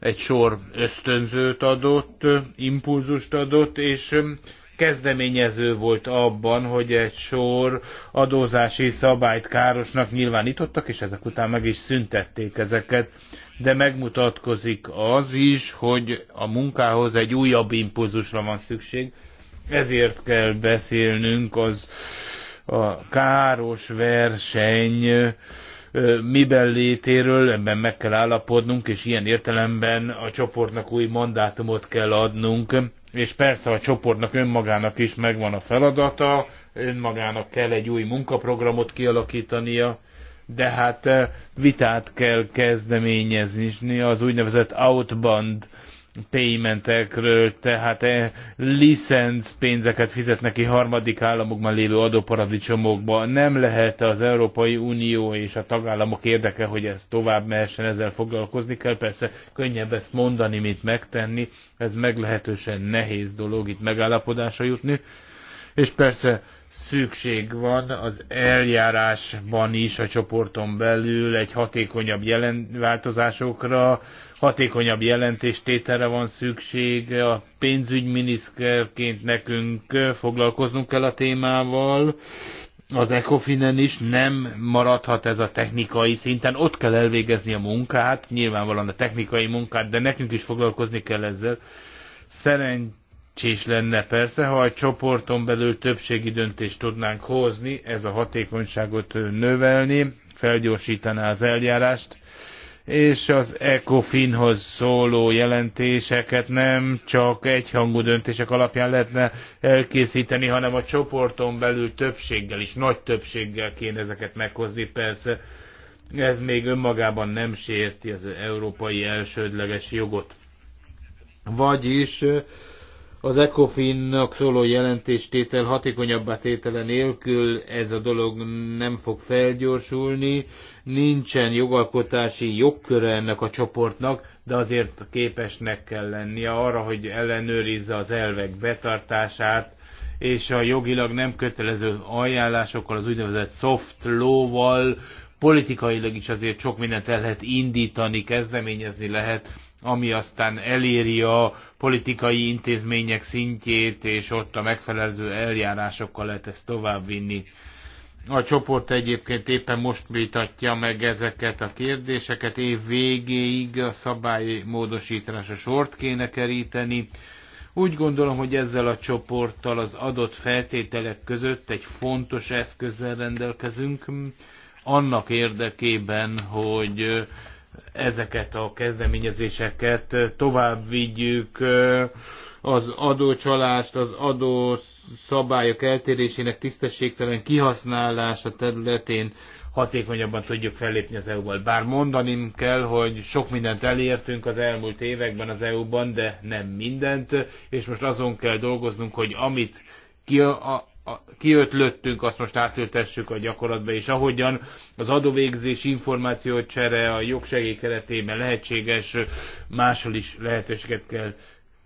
egy sor ösztönzőt adott, impulzust adott, és kezdeményező volt abban, hogy egy sor adózási szabályt károsnak nyilvánítottak, és ezek után meg is szüntették ezeket. De megmutatkozik az is, hogy a munkához egy újabb impulzusra van szükség, ezért kell beszélnünk az a káros verseny miben létéről, ebben meg kell állapodnunk, és ilyen értelemben a csoportnak új mandátumot kell adnunk, és persze a csoportnak önmagának is megvan a feladata, önmagának kell egy új munkaprogramot kialakítania, de hát vitát kell kezdeményezni az úgynevezett outbound paymentekről, tehát e, licenc pénzeket fizetnek ki harmadik államokban lévő adóparadicsomokba. Nem lehet az Európai Unió és a tagállamok érdeke, hogy ez tovább mehessen, ezzel foglalkozni kell. Persze könnyebb ezt mondani, mint megtenni. Ez meglehetősen nehéz dolog itt megállapodásra jutni. És persze szükség van az eljárásban is a csoporton belül egy hatékonyabb jelen változásokra, hatékonyabb jelentéstételre van szükség, a pénzügyminiszterként nekünk foglalkoznunk kell a témával, az ECOFIN-en is nem maradhat ez a technikai szinten, ott kell elvégezni a munkát, nyilvánvalóan a technikai munkát, de nekünk is foglalkozni kell ezzel. Szerencsés lenne persze, ha a csoporton belül többségi döntést tudnánk hozni, ez a hatékonyságot növelni, felgyorsítaná az eljárást, és az ECOFIN-hoz szóló jelentéseket nem csak egyhangú döntések alapján lehetne elkészíteni, hanem a csoporton belül többséggel is, nagy többséggel kéne ezeket meghozni. Persze ez még önmagában nem sérti az európai elsődleges jogot. Vagyis az ECOFIN-nak szóló jelentéstétel hatékonyabbá tétele nélkül ez a dolog nem fog felgyorsulni, nincsen jogalkotási jogköre ennek a csoportnak, de azért képesnek kell lennie arra, hogy ellenőrizze az elvek betartását, és a jogilag nem kötelező ajánlásokkal, az úgynevezett soft law-val, politikailag is azért sok mindent el lehet indítani, kezdeményezni lehet, ami aztán eléri a politikai intézmények szintjét, és ott a megfelelő eljárásokkal lehet ezt továbbvinni. A csoport egyébként éppen most vitatja meg ezeket a kérdéseket. Év végéig a szabály módosításra sort kéne keríteni. Úgy gondolom, hogy ezzel a csoporttal az adott feltételek között egy fontos eszközzel rendelkezünk, annak érdekében, hogy ezeket a kezdeményezéseket tovább vigyük, az adócsalást, az adó szabályok eltérésének tisztességtelen kihasználása területén hatékonyabban tudjuk fellépni az EU-val. Bár mondanim kell, hogy sok mindent elértünk az elmúlt években az EU-ban, de nem mindent, és most azon kell dolgoznunk, hogy amit ki a, a, kiötlöttünk, azt most átültessük a gyakorlatba, és ahogyan az adóvégzés csere a jogsegély keretében lehetséges, máshol is lehetőséget kell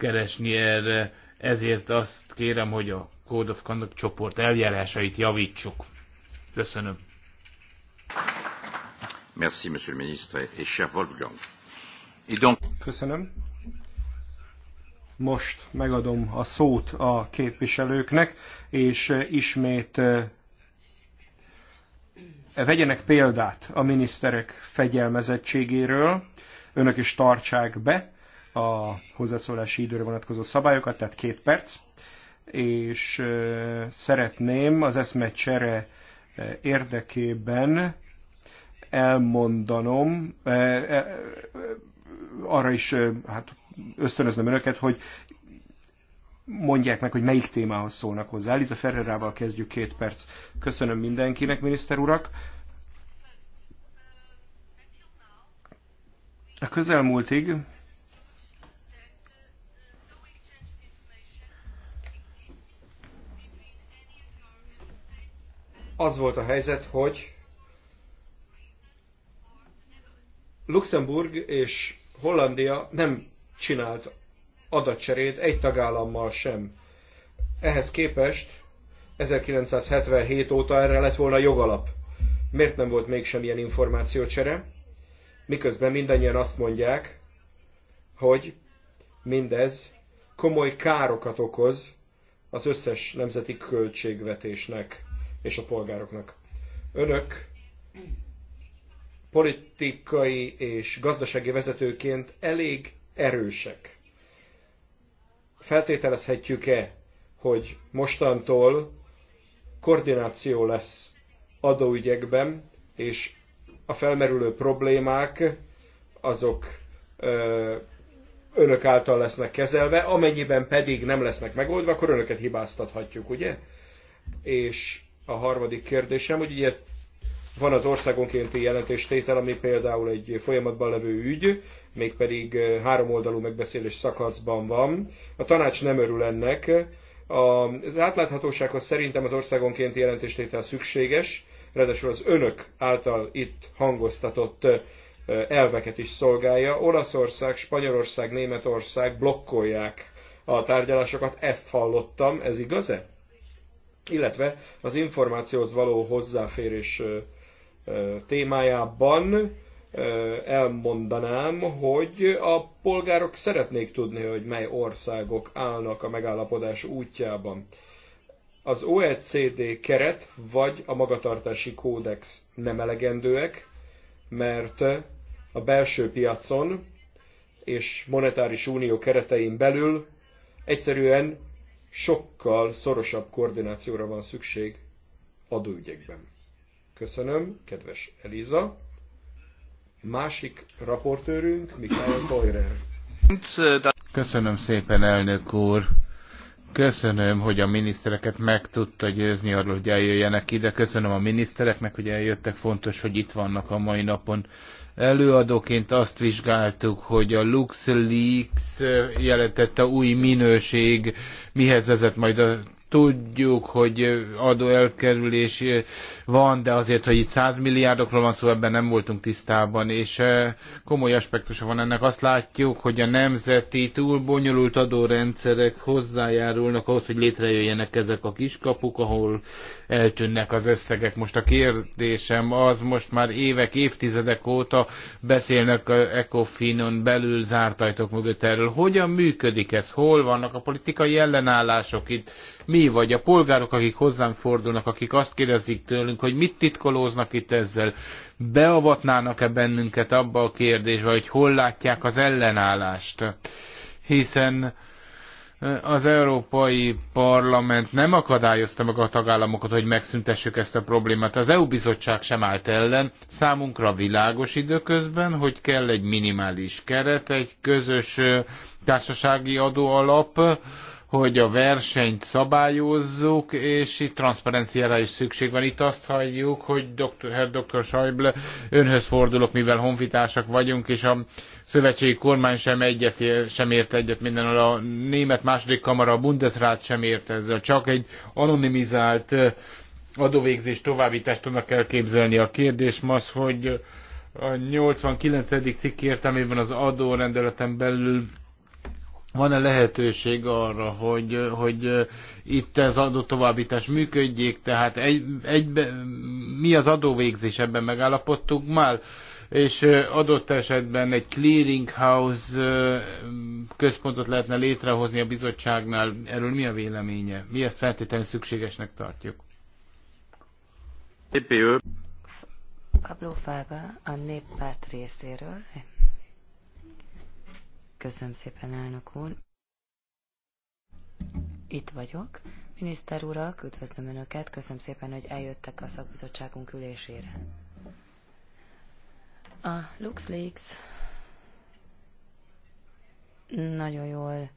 keresni erre, ezért azt kérem, hogy a Code of Conduct csoport eljárásait javítsuk. Köszönöm. Merci, monsieur le ministre, et cher Wolfgang. Et donc... Köszönöm. Most megadom a szót a képviselőknek, és eh, ismét eh, vegyenek példát a miniszterek fegyelmezettségéről, önök is tartsák be a hozzászólási időre vonatkozó szabályokat, tehát két perc, és szeretném az eszmecsere érdekében elmondanom, arra is hát, ösztönöznöm önöket, hogy mondják meg, hogy melyik témához szólnak hozzá. Liza Ferrerával kezdjük két perc. Köszönöm mindenkinek, miniszter urak. A közelmúltig az volt a helyzet, hogy Luxemburg és Hollandia nem csinált adatcserét egy tagállammal sem. Ehhez képest 1977 óta erre lett volna jogalap. Miért nem volt mégsem ilyen információcsere? Miközben mindannyian azt mondják, hogy mindez komoly károkat okoz az összes nemzeti költségvetésnek és a polgároknak. Önök politikai és gazdasági vezetőként elég erősek. Feltételezhetjük-e, hogy mostantól koordináció lesz adóügyekben, és a felmerülő problémák azok ö, önök által lesznek kezelve, amennyiben pedig nem lesznek megoldva, akkor önöket hibáztathatjuk, ugye? És a harmadik kérdésem, hogy ilyet van az országonkénti jelentéstétel, ami például egy folyamatban levő ügy, mégpedig eh, oldalú megbeszélés szakaszban van. A tanács nem örül ennek. Az átláthatósághoz szerintem az országonkénti jelentéstétel szükséges, ráadásul az önök által itt hangoztatott eh, elveket is szolgálja. Olaszország, Spanyolország, Németország blokkolják a tárgyalásokat, ezt hallottam, ez igaz-e? illetve az információhoz való hozzáférés témájában elmondanám, hogy a polgárok szeretnék tudni, hogy mely országok állnak a megállapodás útjában. Az OECD keret vagy a magatartási kódex nem elegendőek, mert a belső piacon és monetáris unió keretein belül egyszerűen sokkal szorosabb koordinációra van szükség adóügyekben. Köszönöm, kedves Eliza. Másik raportőrünk, Mikael Teurer. Köszönöm szépen, elnök úr. Köszönöm, hogy a minisztereket meg tudta győzni arról, hogy eljöjjenek ide. Köszönöm a minisztereknek, hogy eljöttek. Fontos, hogy itt vannak a mai napon előadóként azt vizsgáltuk, hogy a LuxLeaks jelentette új minőség mihez vezet majd a tudjuk, hogy adóelkerülés van, de azért, hogy itt 100 milliárdokról van szó, ebben nem voltunk tisztában, és eh, komoly aspektusa van ennek. Azt látjuk, hogy a nemzeti túl bonyolult adórendszerek hozzájárulnak ahhoz, hogy létrejöjjenek ezek a kiskapuk, ahol eltűnnek az összegek. Most a kérdésem az, most már évek, évtizedek óta beszélnek a eh, Ecofinon belül zárt ajtók mögött erről. Hogyan működik ez? Hol vannak a politikai ellenállások itt? mi vagy a polgárok, akik hozzánk fordulnak, akik azt kérdezik tőlünk, hogy mit titkolóznak itt ezzel, beavatnának-e bennünket abba a kérdésbe, hogy hol látják az ellenállást. Hiszen az Európai Parlament nem akadályozta meg a tagállamokat, hogy megszüntessük ezt a problémát. Az EU bizottság sem állt ellen. Számunkra világos időközben, hogy kell egy minimális keret, egy közös társasági adóalap, hogy a versenyt szabályozzuk, és itt transzparenciára is szükség van. Itt azt halljuk, hogy dr. Herr Dr. Schäuble, önhöz fordulok, mivel honfitársak vagyunk, és a szövetségi kormány sem, egyet, sem ért egyet minden, a német második kamara, a Bundesrat sem ért ezzel, csak egy anonimizált adóvégzés továbbítást tudnak elképzelni. A kérdés az, hogy a 89. cikk értelmében az adórendeleten belül van-e lehetőség arra, hogy, hogy itt az adótovábbítás működjék, tehát egy, egybe, mi az adóvégzés, ebben megállapodtunk már, és adott esetben egy clearinghouse központot lehetne létrehozni a bizottságnál. Erről mi a véleménye? Mi ezt feltétlenül szükségesnek tartjuk? Pablo Fába a néppárt részéről egy Köszönöm szépen, elnök úr. Itt vagyok. Miniszter urak, üdvözlöm Önöket, köszönöm szépen, hogy eljöttek a szakbizottságunk ülésére. A LuxLeaks nagyon jól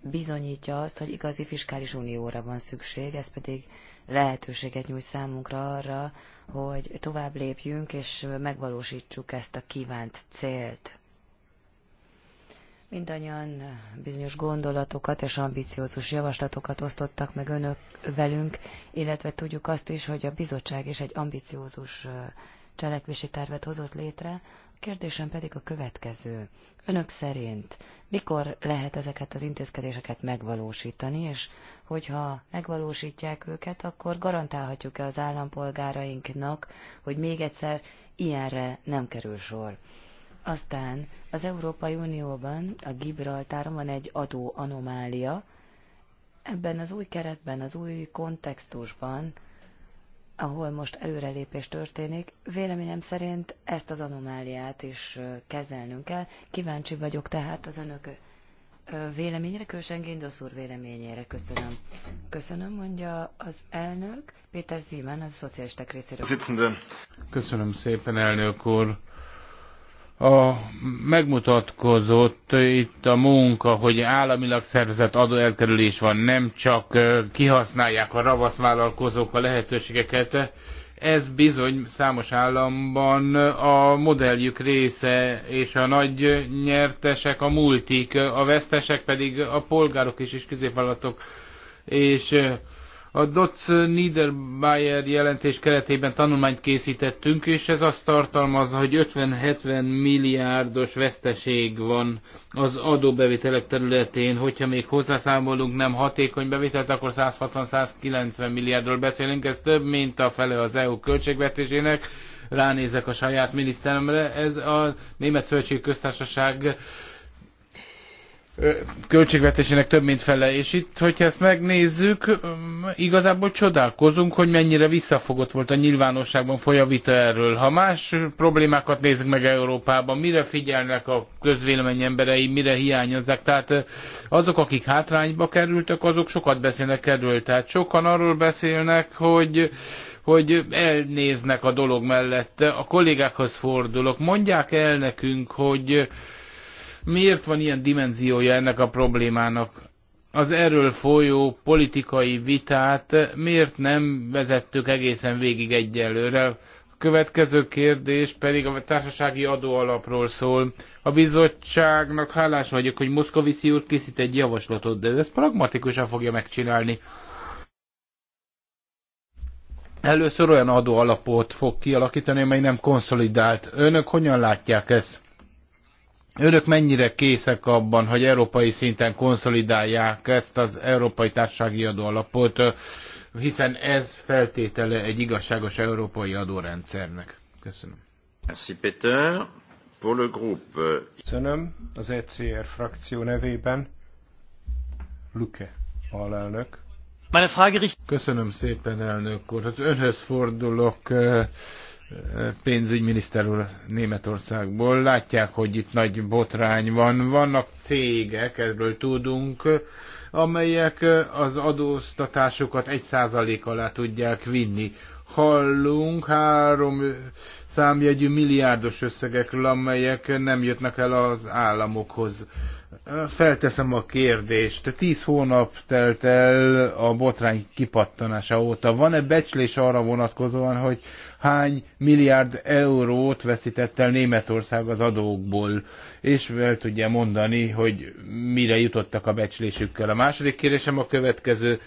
bizonyítja azt, hogy igazi fiskális unióra van szükség, ez pedig lehetőséget nyújt számunkra arra, hogy tovább lépjünk és megvalósítsuk ezt a kívánt célt. Mindannyian bizonyos gondolatokat és ambiciózus javaslatokat osztottak meg önök velünk, illetve tudjuk azt is, hogy a bizottság is egy ambiciózus cselekvési tervet hozott létre. A kérdésem pedig a következő. Önök szerint mikor lehet ezeket az intézkedéseket megvalósítani, és hogyha megvalósítják őket, akkor garantálhatjuk-e az állampolgárainknak, hogy még egyszer ilyenre nem kerül sor? Aztán az Európai Unióban, a Gibraltáron van egy adó anomália. Ebben az új keretben, az új kontextusban, ahol most előrelépés történik, véleményem szerint ezt az anomáliát is kezelnünk kell. Kíváncsi vagyok tehát az önök véleményre, különösen Gindosz úr véleményére. Köszönöm. Köszönöm, mondja az elnök, Péter az a szocialisták részéről. Köszönöm szépen, elnök úr a, megmutatkozott itt a munka, hogy államilag szervezett adóelkerülés van, nem csak kihasználják a ravaszvállalkozók a lehetőségeket, ez bizony számos államban a modelljük része, és a nagy nyertesek a multik, a vesztesek pedig a polgárok is, és középvállalatok. És a Dotz Niederbayer jelentés keretében tanulmányt készítettünk, és ez azt tartalmazza, hogy 50-70 milliárdos veszteség van az adóbevételek területén. Hogyha még hozzászámolunk nem hatékony bevételt, akkor 160-190 milliárdról beszélünk. Ez több, mint a fele az EU költségvetésének. Ránézek a saját miniszteremre. Ez a Német szövetségi Köztársaság költségvetésének több mint fele, és itt, hogyha ezt megnézzük, igazából csodálkozunk, hogy mennyire visszafogott volt a nyilvánosságban foly vita erről. Ha más problémákat nézzük meg Európában, mire figyelnek a közvélemény emberei, mire hiányozzák, tehát azok, akik hátrányba kerültek, azok sokat beszélnek erről, tehát sokan arról beszélnek, hogy hogy elnéznek a dolog mellett. A kollégákhoz fordulok, mondják el nekünk, hogy Miért van ilyen dimenziója ennek a problémának? Az erről folyó politikai vitát miért nem vezettük egészen végig egyelőre? A következő kérdés pedig a társasági adóalapról szól. A bizottságnak hálás vagyok, hogy Moszkovici úr készít egy javaslatot, de ezt pragmatikusan fogja megcsinálni először olyan adóalapot fog kialakítani, amely nem konszolidált. Önök hogyan látják ezt? Önök mennyire készek abban, hogy európai szinten konszolidálják ezt az európai társasági adóalapot, hiszen ez feltétele egy igazságos európai adórendszernek. Köszönöm. Merci Peter. Pour le groupe. Euh, Köszönöm az ECR frakció nevében. Luke, alelnök. Köszönöm szépen, elnök úr. Hát önhöz fordulok pénzügyminiszter úr Németországból. Látják, hogy itt nagy botrány van. Vannak cégek, erről tudunk, amelyek az adóztatásukat százalék alá tudják vinni. Hallunk három számjegyű milliárdos összegekről, amelyek nem jutnak el az államokhoz. Felteszem a kérdést. Tíz hónap telt el a botrány kipattanása óta. Van-e becslés arra vonatkozóan, hogy hány milliárd eurót veszített el Németország az adókból, és el tudja mondani, hogy mire jutottak a becslésükkel. A második kérdésem a következő.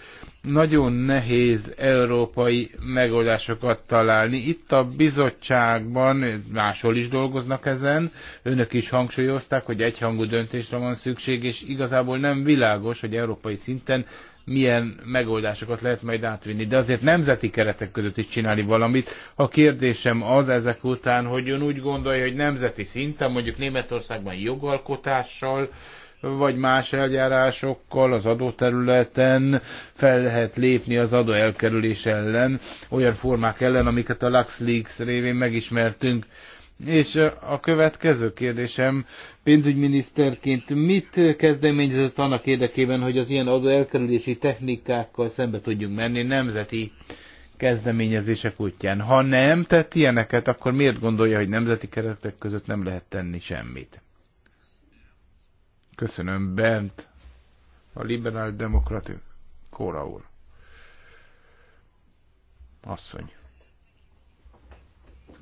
Nagyon nehéz európai megoldásokat találni. Itt a bizottságban máshol is dolgoznak ezen. Önök is hangsúlyozták, hogy egyhangú döntésre van szükség, és igazából nem világos, hogy európai szinten milyen megoldásokat lehet majd átvinni, de azért nemzeti keretek között is csinálni valamit. A kérdésem az ezek után, hogy ön úgy gondolja, hogy nemzeti szinten, mondjuk Németországban jogalkotással, vagy más eljárásokkal az adóterületen fel lehet lépni az adó elkerülés ellen, olyan formák ellen, amiket a LuxLeaks révén megismertünk. És a következő kérdésem, pénzügyminiszterként mit kezdeményezett annak érdekében, hogy az ilyen adóelkerülési technikákkal szembe tudjunk menni nemzeti kezdeményezések útján? Ha nem tett ilyeneket, akkor miért gondolja, hogy nemzeti keretek között nem lehet tenni semmit? Köszönöm, Bent, a liberál demokratik Kóra úr. Asszony.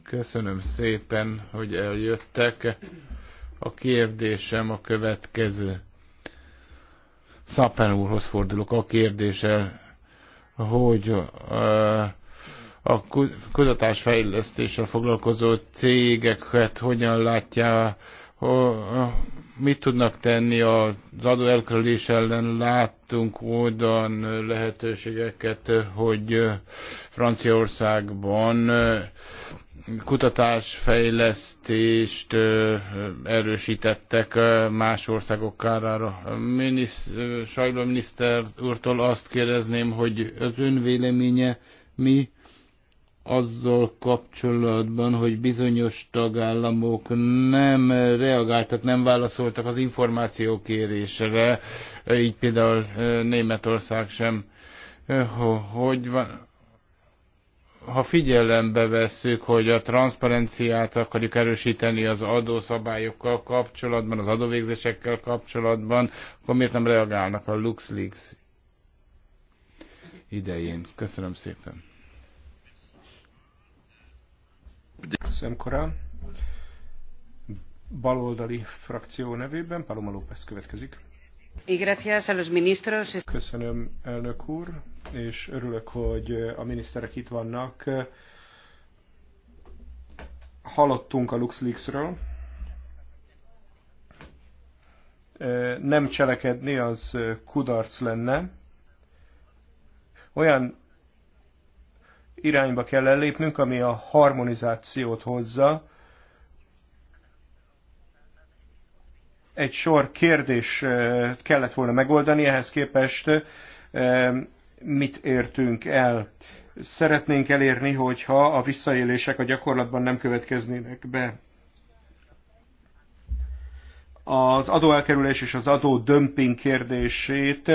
Köszönöm szépen, hogy eljöttek. A kérdésem a következő. Szappen úrhoz fordulok a kérdéssel, hogy uh, a kutatásfejlesztéssel foglalkozó cégeket hogyan látja, mit tudnak tenni az adóelkerülés ellen, láttunk olyan lehetőségeket, hogy Franciaországban kutatásfejlesztést erősítettek más országok kárára. Minisz, Sajló miniszter úrtól azt kérdezném, hogy az ön véleménye mi azzal kapcsolatban, hogy bizonyos tagállamok nem reagáltak, nem válaszoltak az információ kérésre, így például Németország sem. Hogy van, ha figyelembe vesszük, hogy a transzparenciát akarjuk erősíteni az adószabályokkal kapcsolatban, az adóvégzésekkel kapcsolatban, akkor miért nem reagálnak a LuxLeaks idején? Köszönöm szépen. Köszönöm korán. Baloldali frakció nevében Paloma López következik. Köszönöm, elnök úr, és örülök, hogy a miniszterek itt vannak. Hallottunk a LuxLeaks-ről. Nem cselekedni, az kudarc lenne. Olyan irányba kell ellépnünk, ami a harmonizációt hozza, egy sor kérdés kellett volna megoldani, ehhez képest mit értünk el. Szeretnénk elérni, hogyha a visszaélések a gyakorlatban nem következnének be. Az adóelkerülés és az adó dömping kérdését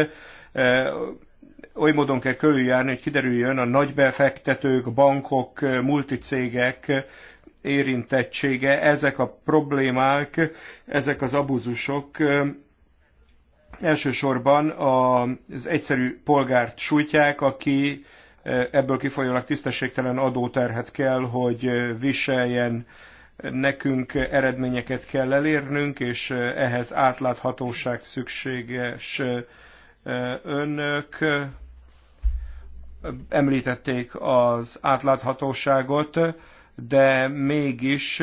oly módon kell körüljárni, hogy kiderüljön a nagy befektetők, bankok, multicégek érintettsége, ezek a problémák, ezek az abuzusok elsősorban az egyszerű polgárt sújtják, aki ebből kifolyólag tisztességtelen adóterhet kell, hogy viseljen, nekünk eredményeket kell elérnünk, és ehhez átláthatóság szükséges önök. Említették az átláthatóságot, de mégis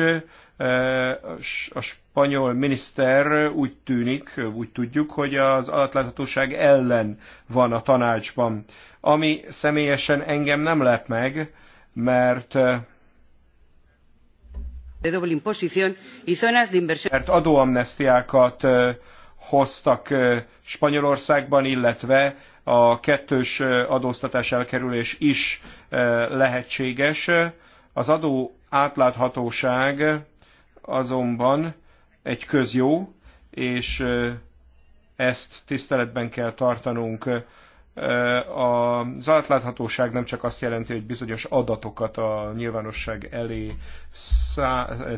a spanyol miniszter úgy tűnik, úgy tudjuk, hogy az alatláthatóság ellen van a tanácsban. Ami személyesen engem nem lep meg, mert de doble imposición y zonas de inversión. Mert adóamnestiákat hoztak Spanyolországban, illetve a kettős adóztatás elkerülés is lehetséges az adó átláthatóság azonban egy közjó, és ezt tiszteletben kell tartanunk. Az átláthatóság nem csak azt jelenti, hogy bizonyos adatokat a nyilvánosság elé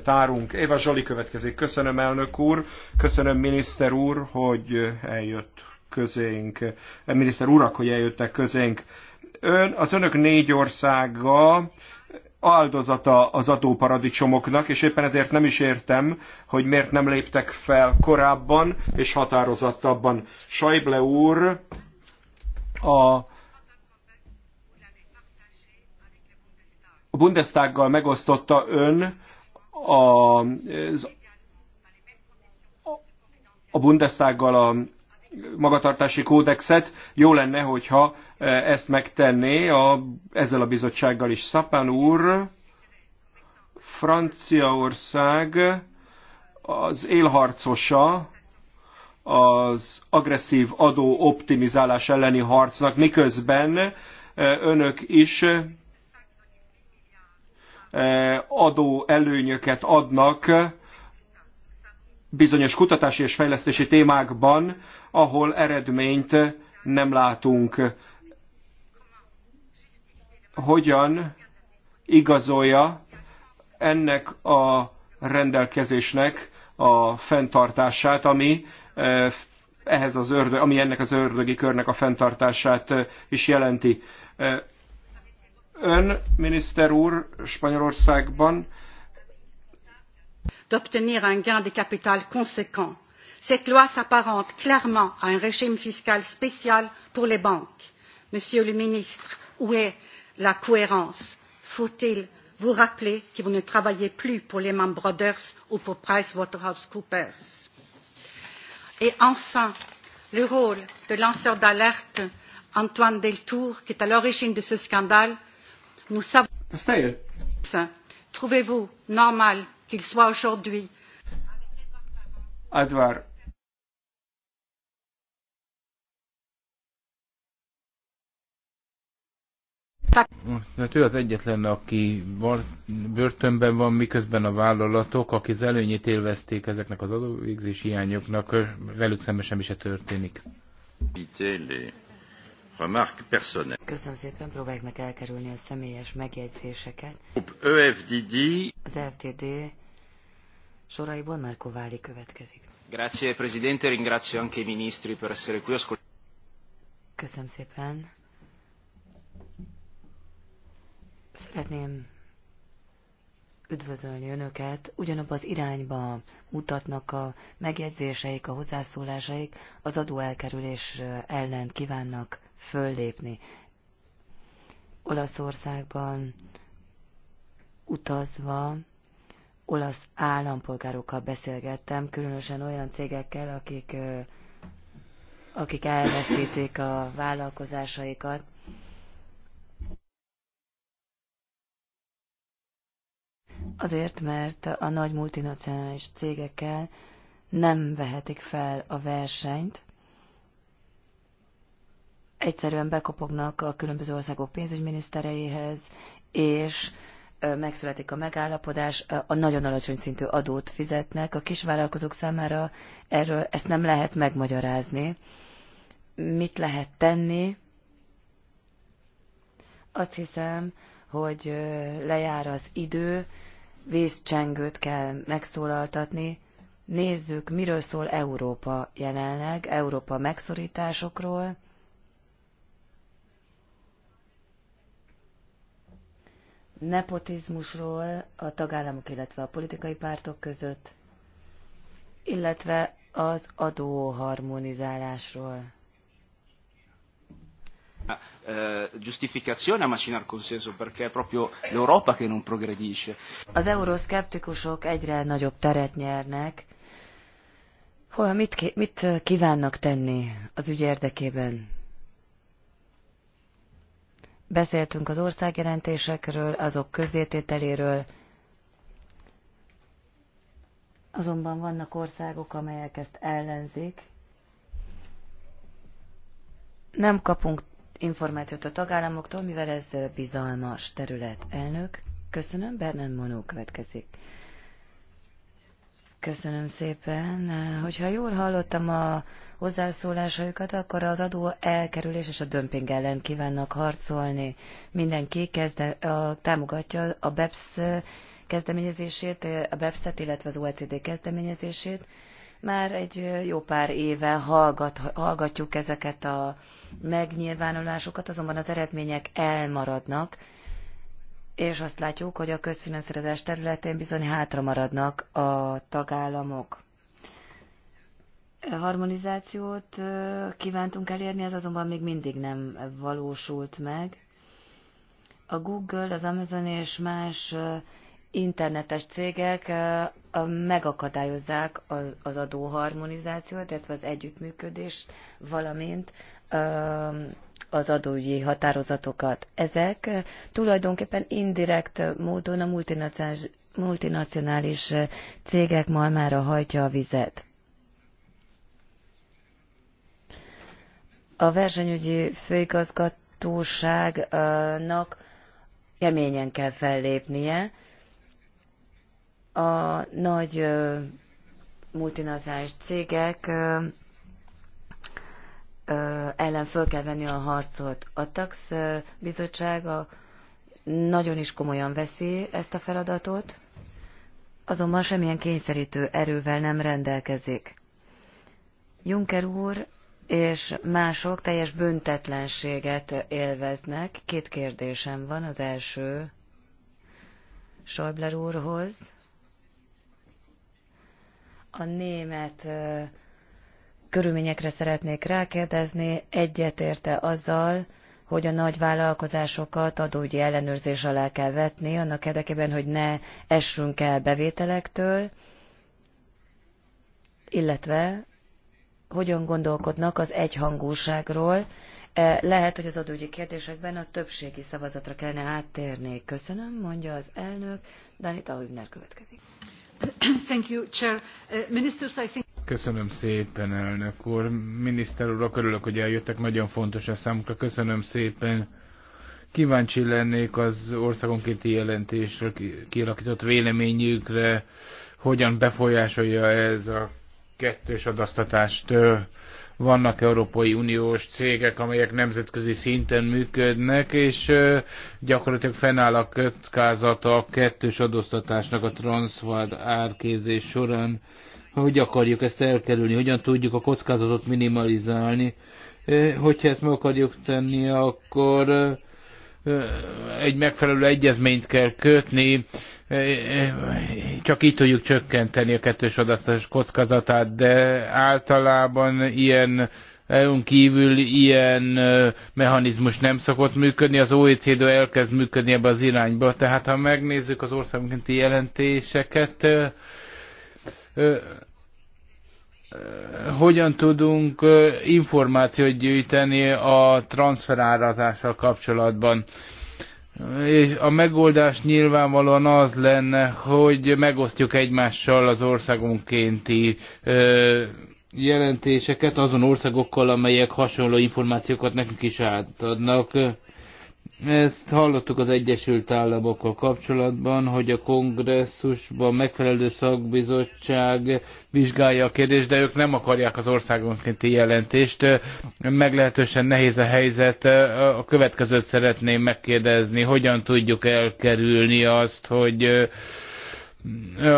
tárunk. Éva Zsoli következik. Köszönöm, elnök úr, köszönöm, miniszter úr, hogy eljött közénk, miniszter urak, hogy eljöttek közénk. Ön, az önök négy országa áldozata az adóparadicsomoknak, és éppen ezért nem is értem, hogy miért nem léptek fel korábban és határozottabban. Schäuble úr a a Bundestaggal megosztotta ön a, a Bundestaggal a magatartási kódexet. Jó lenne, hogyha e, ezt megtenné a, ezzel a bizottsággal is. Szapán úr, Franciaország az élharcosa az agresszív adó optimizálás elleni harcnak, miközben e, önök is e, adó előnyöket adnak bizonyos kutatási és fejlesztési témákban, ahol eredményt nem látunk. Hogyan igazolja ennek a rendelkezésnek a fenntartását, ami eh, ehhez az ördög, ami ennek az ördögi körnek a fenntartását eh, is jelenti. Eh, ön, miniszter úr, Spanyolországban d'obtenir un gain de capital conséquent. cette loi s'apparente clairement à un régime fiscal spécial pour les banques. monsieur le ministre où est la cohérence? faut il vous rappeler que vous ne travaillez plus pour lehman brothers ou pour pricewaterhousecoopers? et enfin le rôle du lanceur d'alerte antoine deltour qui est à l'origine de ce scandale nous savons trouvez vous normal qu'il soit aujourd'hui. Tehát ő az egyetlen, aki börtönben van, miközben a vállalatok, akik az előnyét élvezték ezeknek az adóvégzési hiányoknak, velük szemben semmi se történik. Köszönöm szépen, próbálják meg elkerülni a személyes megjegyzéseket. E az e FDD soraiból Márko Váli következik. Grazie, Presidente, ringrazio anche i ministri per essere qui. Köszönöm szépen. Szeretném üdvözölni önöket, Ugyanabban az irányba mutatnak a megjegyzéseik, a hozzászólásaik, az adóelkerülés ellen kívánnak föllépni. Olaszországban utazva olasz állampolgárokkal beszélgettem, különösen olyan cégekkel, akik, akik elvesztítik a vállalkozásaikat. Azért, mert a nagy multinacionális cégekkel nem vehetik fel a versenyt, egyszerűen bekopognak a különböző országok pénzügyminisztereihez, és megszületik a megállapodás, a nagyon alacsony szintű adót fizetnek. A kisvállalkozók számára erről ezt nem lehet megmagyarázni. Mit lehet tenni? Azt hiszem, hogy lejár az idő, vészcsengőt kell megszólaltatni. Nézzük, miről szól Európa jelenleg, Európa megszorításokról, nepotizmusról a tagállamok, illetve a politikai pártok között, illetve az adóharmonizálásról. Eh, giustificazione, ma c'è un consenso perché è proprio l'Europa che non progredisce. Az euroszkeptikusok egyre nagyobb teret nyernek. Hol, mit, mit kívánnak tenni az ügy érdekében? Beszéltünk az országjelentésekről, azok közzétételéről, azonban vannak országok, amelyek ezt ellenzik. Nem kapunk információt a tagállamoktól, mivel ez bizalmas terület. Elnök, köszönöm, Bernard Monó következik. Köszönöm szépen. Hogyha jól hallottam a hozzászólásaikat, akkor az adó elkerülés és a dömping ellen kívánnak harcolni. Mindenki kezde, a, támogatja a BEPS kezdeményezését, a beps illetve az OECD kezdeményezését. Már egy jó pár éve hallgat, hallgatjuk ezeket a megnyilvánulásokat, azonban az eredmények elmaradnak és azt látjuk, hogy a közfinanszírozás területén bizony hátra maradnak a tagállamok. harmonizációt kívántunk elérni, ez azonban még mindig nem valósult meg. A Google, az Amazon és más internetes cégek megakadályozzák az, az adóharmonizációt, illetve az együttműködést, valamint az adóügyi határozatokat. Ezek eh, tulajdonképpen indirekt módon a multinacionális eh, cégek malmára hajtja a vizet. A versenyügyi főigazgatóságnak eh, keményen kell fellépnie. A nagy multinacionális cégek ellen föl kell venni a harcot. A TAX bizottsága nagyon is komolyan veszi ezt a feladatot, azonban semmilyen kényszerítő erővel nem rendelkezik. Juncker úr és mások teljes büntetlenséget élveznek. Két kérdésem van. Az első Schäubler úrhoz. A német körülményekre szeretnék rákérdezni, egyetérte azzal, hogy a nagy vállalkozásokat adógyi ellenőrzés alá kell vetni, annak érdekében, hogy ne essünk el bevételektől, illetve hogyan gondolkodnak az egyhangúságról. E, lehet, hogy az adógyi kérdésekben a többségi szavazatra kellene áttérni. Köszönöm, mondja az elnök. Danita Hübner következik. Thank you, Chair. Uh, ministers, I think... Köszönöm szépen, elnök úr. Miniszter úr, örülök, hogy eljöttek, nagyon fontos a számukra. Köszönöm szépen. Kíváncsi lennék az országonkénti jelentésről kialakított véleményükre, hogyan befolyásolja ez a kettős adasztatást. Vannak Európai Uniós cégek, amelyek nemzetközi szinten működnek, és gyakorlatilag fennáll a kockázata a kettős adóztatásnak a transfer árképzés során hogy akarjuk ezt elkerülni, hogyan tudjuk a kockázatot minimalizálni. E, hogyha ezt meg akarjuk tenni, akkor e, e, egy megfelelő egyezményt kell kötni, csak így tudjuk csökkenteni a kettős adasztás kockázatát, de általában ilyen EU-n kívül ilyen mechanizmus nem szokott működni, az OECD elkezd működni ebbe az irányba. Tehát ha megnézzük az országunkénti jelentéseket, hogyan tudunk információt gyűjteni a transferáratással kapcsolatban. És a megoldás nyilvánvalóan az lenne, hogy megosztjuk egymással az országonkénti ö, jelentéseket azon országokkal, amelyek hasonló információkat nekünk is átadnak. Ezt hallottuk az Egyesült Államokkal kapcsolatban, hogy a kongresszusban megfelelő szakbizottság vizsgálja a kérdést, de ők nem akarják az országonkénti jelentést. Meglehetősen nehéz a helyzet. A következőt szeretném megkérdezni, hogyan tudjuk elkerülni azt, hogy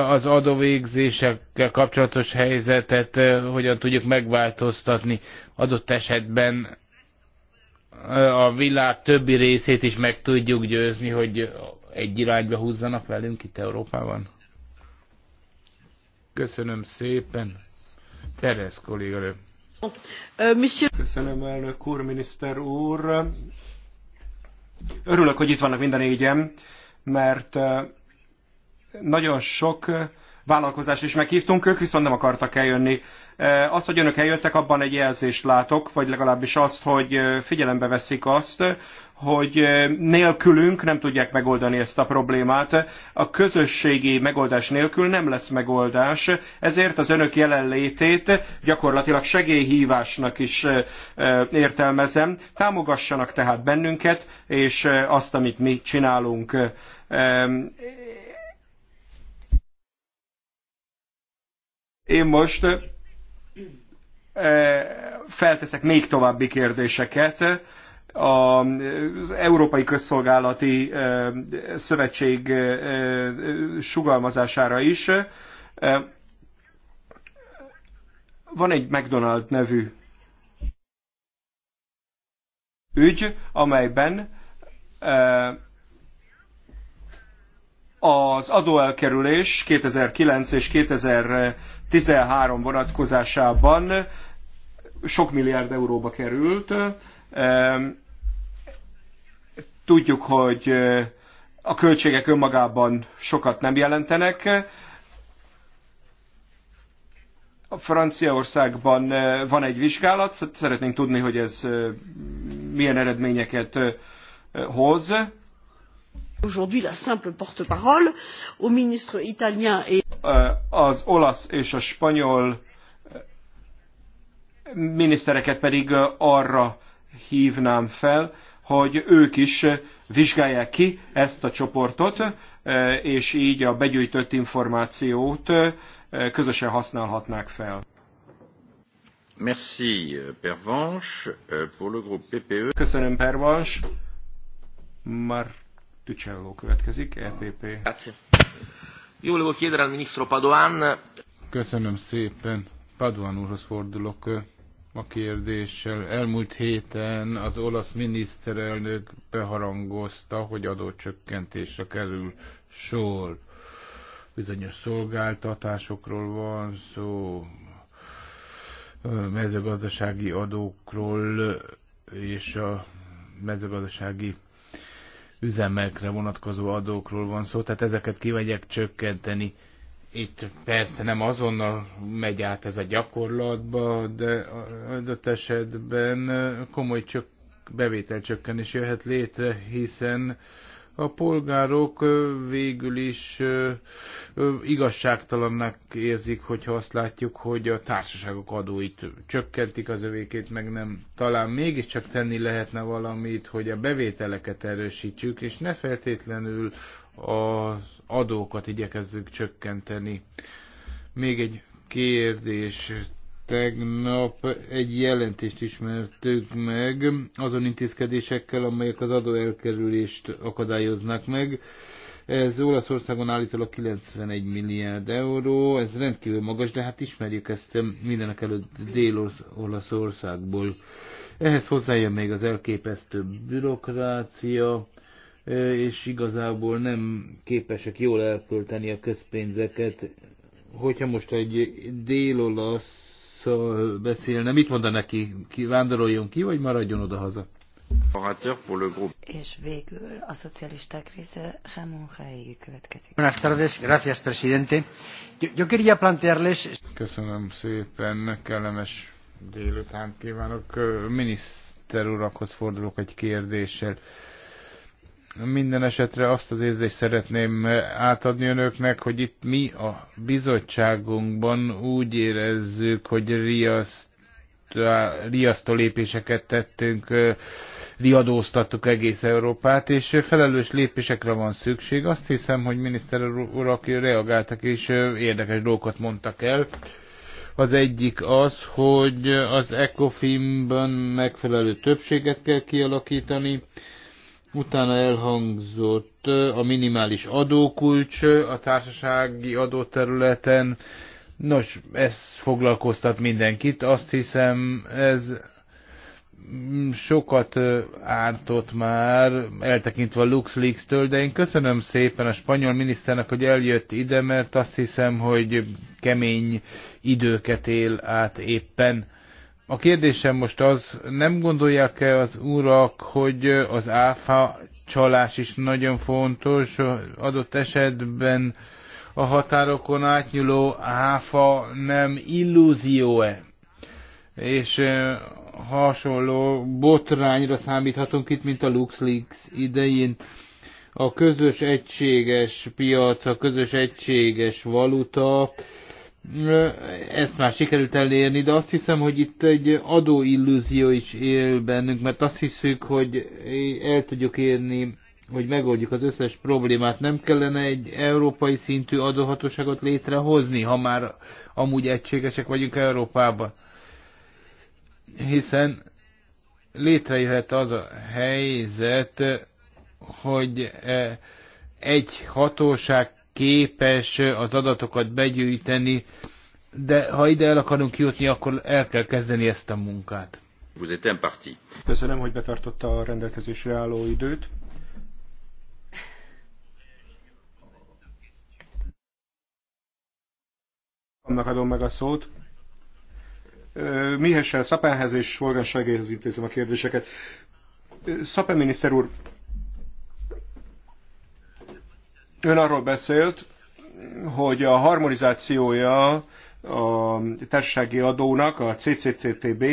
az adóvégzésekkel kapcsolatos helyzetet hogyan tudjuk megváltoztatni adott esetben a világ többi részét is meg tudjuk győzni, hogy egy irányba húzzanak velünk itt Európában? Köszönöm szépen. Perez kolléga. Köszönöm, elnök úr, miniszter úr. Örülök, hogy itt vannak minden négyen, mert nagyon sok vállalkozást is meghívtunk, ők viszont nem akartak eljönni az, hogy önök eljöttek, abban egy jelzést látok, vagy legalábbis azt, hogy figyelembe veszik azt, hogy nélkülünk nem tudják megoldani ezt a problémát. A közösségi megoldás nélkül nem lesz megoldás, ezért az önök jelenlétét gyakorlatilag segélyhívásnak is értelmezem. Támogassanak tehát bennünket, és azt, amit mi csinálunk. Én most felteszek még további kérdéseket. Az Európai Közszolgálati Szövetség sugalmazására is. Van egy McDonald nevű ügy, amelyben az adóelkerülés 2009 és 2013 vonatkozásában sok milliárd euróba került. Tudjuk, hogy eh, a költségek önmagában sokat nem jelentenek. A Franciaországban eh, van egy vizsgálat, szeretnénk tudni, hogy ez eh, milyen eredményeket hoz aujourd'hui la simple porte-parole au ministre italien et euh, az olasz és a spanyol euh, minisztereket pedig euh, arra hívnám fel, hogy ők is vizsgálják ki ezt a csoportot, és így a begyűjtött információt közösen használhatnák fel. Merci, Pervanche, pour le groupe PPE. Köszönöm, Pervanche. Mar Tücselló következik, EPP. Jó minisztro Padoan. Köszönöm szépen. Padoan úrhoz fordulok a kérdéssel. Elmúlt héten az olasz miniszterelnök beharangozta, hogy adócsökkentésre kerül sor. Bizonyos szolgáltatásokról van szó, mezőgazdasági adókról és a mezőgazdasági üzemekre vonatkozó adókról van szó, tehát ezeket kivegyek csökkenteni. Itt persze nem azonnal megy át ez a gyakorlatba, de adott esetben komoly csök, bevételcsökkenés jöhet létre, hiszen a polgárok végül is igazságtalannak érzik, hogyha azt látjuk, hogy a társaságok adóit csökkentik az övékét, meg nem. Talán mégiscsak tenni lehetne valamit, hogy a bevételeket erősítsük, és ne feltétlenül az adókat igyekezzük csökkenteni. Még egy kérdés Tegnap egy jelentést ismertük meg azon intézkedésekkel, amelyek az adóelkerülést akadályoznak meg. Ez Olaszországon állítólag 91 milliárd euró, ez rendkívül magas, de hát ismerjük ezt mindenek előtt Dél-Olaszországból. Ehhez hozzájön még az elképesztő bürokrácia, és igazából nem képesek jól elkölteni a közpénzeket. Hogyha most egy dél-olasz szó, beszélne. Mit mondna neki? Vándoroljon ki, vagy maradjon oda haza? És végül a szocialisták része Ramon Jaegi következik. Buenas tardes, gracias presidente. Yo, yo quería plantearles... Köszönöm szépen, kellemes délután kívánok. Miniszter urakhoz fordulok egy kérdéssel. Minden esetre azt az érzést szeretném átadni önöknek, hogy itt mi a bizottságunkban úgy érezzük, hogy riasztó lépéseket tettünk, riadóztattuk egész Európát, és felelős lépésekre van szükség. Azt hiszem, hogy miniszter urak reagáltak, és érdekes dolgokat mondtak el. Az egyik az, hogy az ecofim ben megfelelő többséget kell kialakítani, Utána elhangzott eh, a minimális adókulcs eh, a társasági adóterületen. Nos, ez foglalkoztat mindenkit. Azt hiszem, ez mm, sokat eh, ártott már, eltekintve a LuxLeaks-től, de én köszönöm szépen a spanyol miniszternek, hogy eljött ide, mert azt hiszem, hogy kemény időket él át éppen a kérdésem most az, nem gondolják-e az urak, hogy az áfa csalás is nagyon fontos, adott esetben a határokon átnyúló áfa nem illúzió-e? És eh, hasonló botrányra számíthatunk itt, mint a LuxLeaks idején. A közös egységes piac, a közös egységes valuta, ezt már sikerült elérni, de azt hiszem, hogy itt egy adóillúzió is él bennünk, mert azt hiszük, hogy el tudjuk érni, hogy megoldjuk az összes problémát. Nem kellene egy európai szintű adóhatóságot létrehozni, ha már amúgy egységesek vagyunk Európában. Hiszen létrejöhet az a helyzet, hogy eh, egy hatóság képes az adatokat begyűjteni, de ha ide el akarunk jutni, akkor el kell kezdeni ezt a munkát. Vous êtes imparti. Köszönöm, hogy betartotta a rendelkezésre álló időt. Annak adom meg a szót. Mihessel Szapánhez és Volgan Segélyhez intézem a kérdéseket. Szapen miniszter úr, Ön arról beszélt, hogy a harmonizációja a társasági adónak, a CCCTB,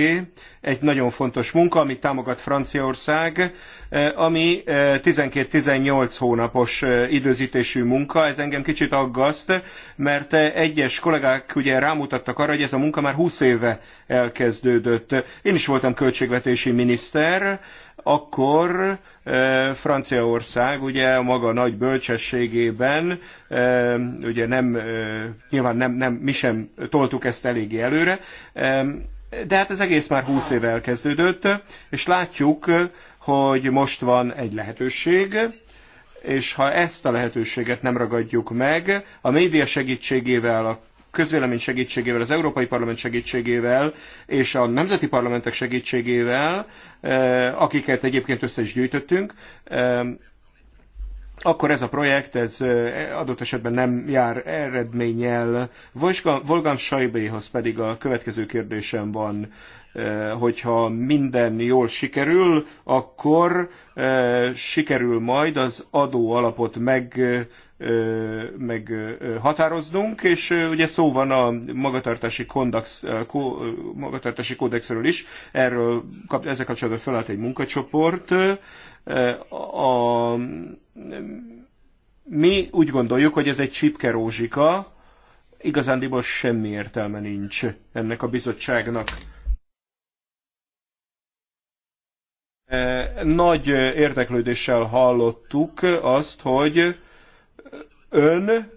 egy nagyon fontos munka, amit támogat Franciaország, eh, ami 12-18 eh, hónapos eh, időzítésű munka. Ez engem kicsit aggaszt, mert egyes kollégák ugye rámutattak arra, hogy ez a munka már 20 éve elkezdődött. Én is voltam költségvetési miniszter, akkor e, Franciaország ugye a maga nagy bölcsességében e, ugye nem, e, nyilván nem, nem, mi sem toltuk ezt eléggé előre, de hát ez egész már 20 éve elkezdődött, és látjuk, hogy most van egy lehetőség, és ha ezt a lehetőséget nem ragadjuk meg, a média segítségével, a közvélemény segítségével, az Európai Parlament segítségével és a nemzeti parlamentek segítségével, eh, akiket egyébként össze is gyűjtöttünk, eh, akkor ez a projekt, ez eh, adott esetben nem jár eredménnyel. Volgám Sajbéhoz pedig a következő kérdésem van. Eh, hogyha minden jól sikerül, akkor eh, sikerül majd az adóalapot meg eh, meghatároznunk, és ugye szó van a magatartási, kondax, kó, magatartási kódexről is, erről ezzel kapcsolatban felállt egy munkacsoport. A, mi úgy gondoljuk, hogy ez egy csipke rózsika, igazándiból semmi értelme nincs ennek a bizottságnak Eh, nagy eh, érdeklődéssel hallottuk azt, hogy ön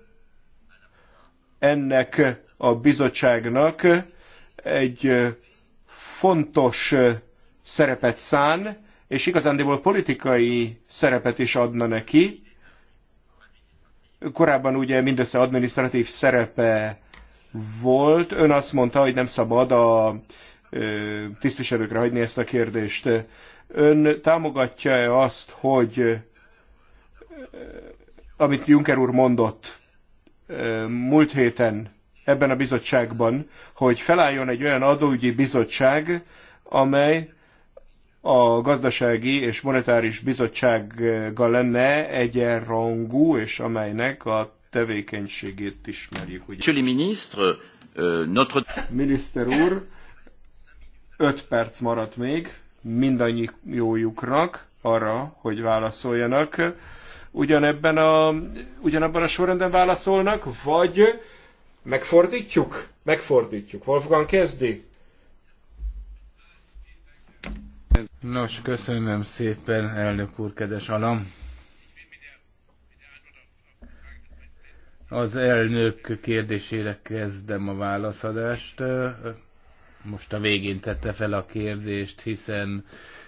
ennek a bizottságnak egy eh, fontos szerepet szán, és igazándiból politikai szerepet is adna neki. Korábban ugye mindössze administratív szerepe volt. Ön azt mondta, hogy nem szabad a tisztviselőkre hagyni ezt a kérdést. Ön támogatja-e azt, hogy amit Juncker úr mondott múlt héten ebben a bizottságban, hogy felálljon egy olyan adóügyi bizottság, amely a gazdasági és monetáris bizottsággal lenne egyenrangú, és amelynek a tevékenységét ismerjük. Ugye. Monsieur le ministre, euh, notre... Miniszter úr, öt perc maradt még mindannyi jójuknak arra, hogy válaszoljanak. Ugyanebben a, ugyanabban a sorrendben válaszolnak, vagy megfordítjuk? Megfordítjuk. Wolfgang kezdi. Nos, köszönöm szépen, elnök úr, kedves alam. Az elnök kérdésére kezdem a válaszadást most a végén tette fel a kérdést, hiszen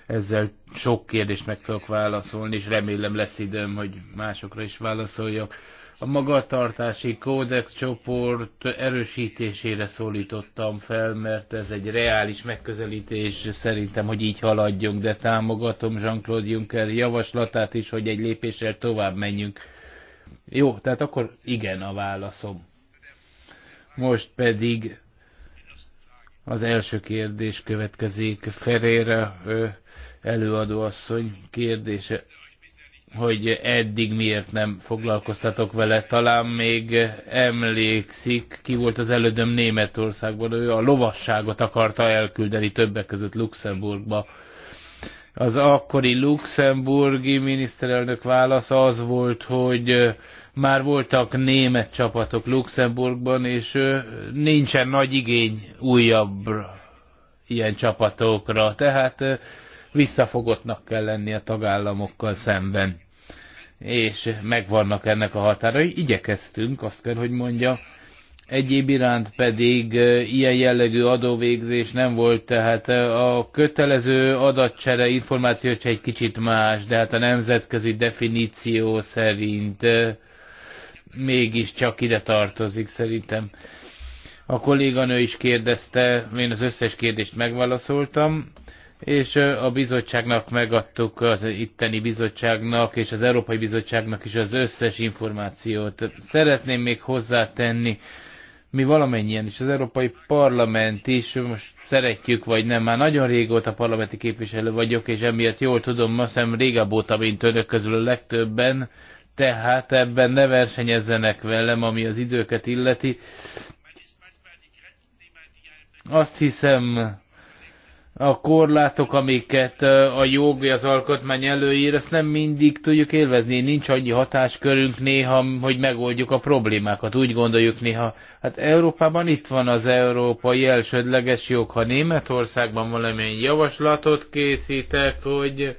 ezzel sok kérdést meg tudok válaszolni, és remélem lesz időm, hogy másokra is válaszoljak. A magatartási kódex csoport erősítésére szólítottam fel, mert ez egy reális megközelítés, szerintem, hogy így haladjunk, de támogatom Jean-Claude Juncker javaslatát is, hogy egy lépéssel tovább menjünk. Jó, tehát akkor igen a válaszom. Most pedig az első kérdés következik Ferére asszony kérdése, hogy eddig miért nem foglalkoztatok vele. Talán még emlékszik, ki volt az elődöm Németországban, ő a lovasságot akarta elküldeni többek között Luxemburgba. Az akkori luxemburgi miniszterelnök válasza az volt, hogy már voltak német csapatok Luxemburgban, és nincsen nagy igény újabb ilyen csapatokra, tehát visszafogottnak kell lenni a tagállamokkal szemben. És megvannak ennek a határai, igyekeztünk, azt kell, hogy mondja, egyéb iránt pedig ilyen jellegű adóvégzés nem volt, tehát a kötelező adatcsere információcsere egy kicsit más, de hát a nemzetközi definíció szerint mégiscsak ide tartozik szerintem. A kolléganő is kérdezte, én az összes kérdést megválaszoltam, és a bizottságnak megadtuk, az itteni bizottságnak és az Európai Bizottságnak is az összes információt. Szeretném még hozzátenni, mi valamennyien, és az Európai Parlament is, most szeretjük vagy nem, már nagyon régóta parlamenti képviselő vagyok, és emiatt jól tudom, ma szem régebb óta, mint önök közül a legtöbben, tehát ebben ne versenyezzenek velem, ami az időket illeti. Azt hiszem, a korlátok, amiket a jog, az alkotmány előír, ezt nem mindig tudjuk élvezni. Nincs annyi hatáskörünk néha, hogy megoldjuk a problémákat. Úgy gondoljuk néha, hát Európában itt van az európai elsődleges jog. Ha Németországban valamilyen javaslatot készítek, hogy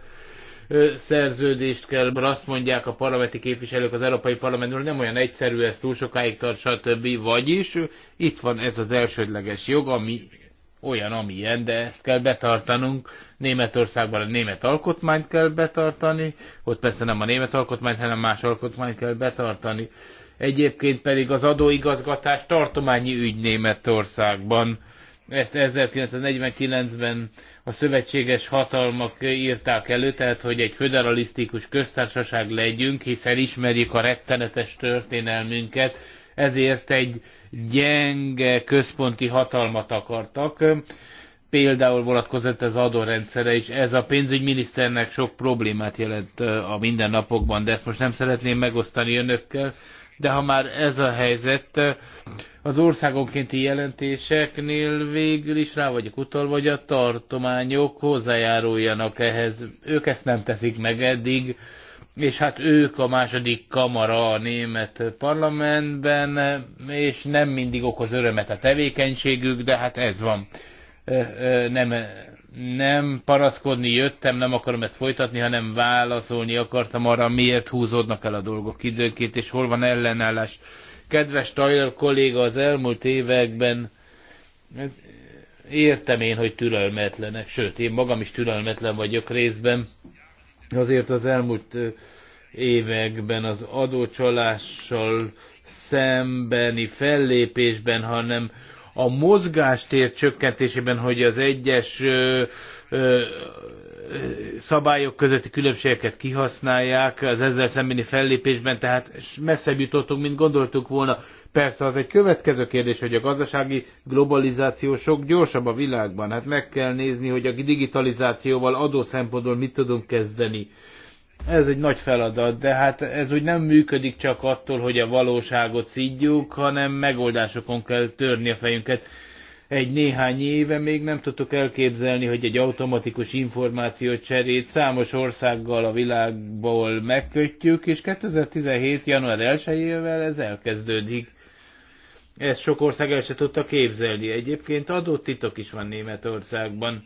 szerződést kell, azt mondják a parlamenti képviselők az Európai Parlamentről, nem olyan egyszerű, ez túl sokáig tart, stb. Vagyis itt van ez az elsődleges jog, ami olyan, amilyen, de ezt kell betartanunk. Németországban a német alkotmányt kell betartani, ott persze nem a német alkotmányt, hanem más alkotmányt kell betartani. Egyébként pedig az adóigazgatás tartományi ügy Németországban ezt 1949-ben a szövetséges hatalmak írták elő, tehát hogy egy föderalisztikus köztársaság legyünk, hiszen ismerjük a rettenetes történelmünket, ezért egy gyenge központi hatalmat akartak. Például vonatkozott az adórendszere is, ez a pénzügyminiszternek sok problémát jelent a mindennapokban, de ezt most nem szeretném megosztani önökkel de ha már ez a helyzet, eh, az országonkénti jelentéseknél végül is rá vagyok utalva, hogy a tartományok hozzájáruljanak ehhez. Ők ezt nem teszik meg eddig, és hát ők a második kamara a német parlamentben, eh, és nem mindig okoz örömet a tevékenységük, de hát ez van. Eh, nem nem paraszkodni jöttem, nem akarom ezt folytatni, hanem válaszolni akartam arra, miért húzódnak el a dolgok időként, és hol van ellenállás. Kedves Tyler kolléga, az elmúlt években értem én, hogy türelmetlenek, sőt, én magam is türelmetlen vagyok részben. Azért az elmúlt években az adócsalással szembeni fellépésben, hanem a mozgástér csökkentésében, hogy az egyes ö, ö, szabályok közötti különbségeket kihasználják az ezzel szembeni fellépésben, tehát messzebb jutottunk, mint gondoltuk volna. Persze az egy következő kérdés, hogy a gazdasági globalizáció sok gyorsabb a világban. Hát meg kell nézni, hogy a digitalizációval adó szempontból mit tudunk kezdeni. Ez egy nagy feladat, de hát ez úgy nem működik csak attól, hogy a valóságot szídjuk, hanem megoldásokon kell törni a fejünket. Egy néhány éve még nem tudtuk elképzelni, hogy egy automatikus cserét számos országgal a világból megkötjük, és 2017. január 1-ével ez elkezdődik. Ezt sok ország el se tudta képzelni. Egyébként adott titok is van Németországban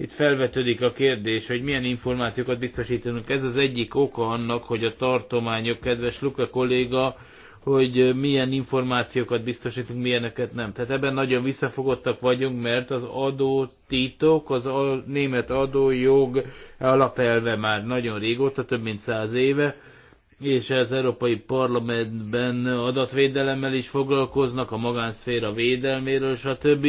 itt felvetődik a kérdés, hogy milyen információkat biztosítanunk. Ez az egyik oka annak, hogy a tartományok, kedves Luka kolléga, hogy milyen információkat biztosítunk, milyeneket nem. Tehát ebben nagyon visszafogottak vagyunk, mert az adó titok, az a német adójog alapelve már nagyon régóta, több mint száz éve, és az Európai Parlamentben adatvédelemmel is foglalkoznak, a magánszféra védelméről, stb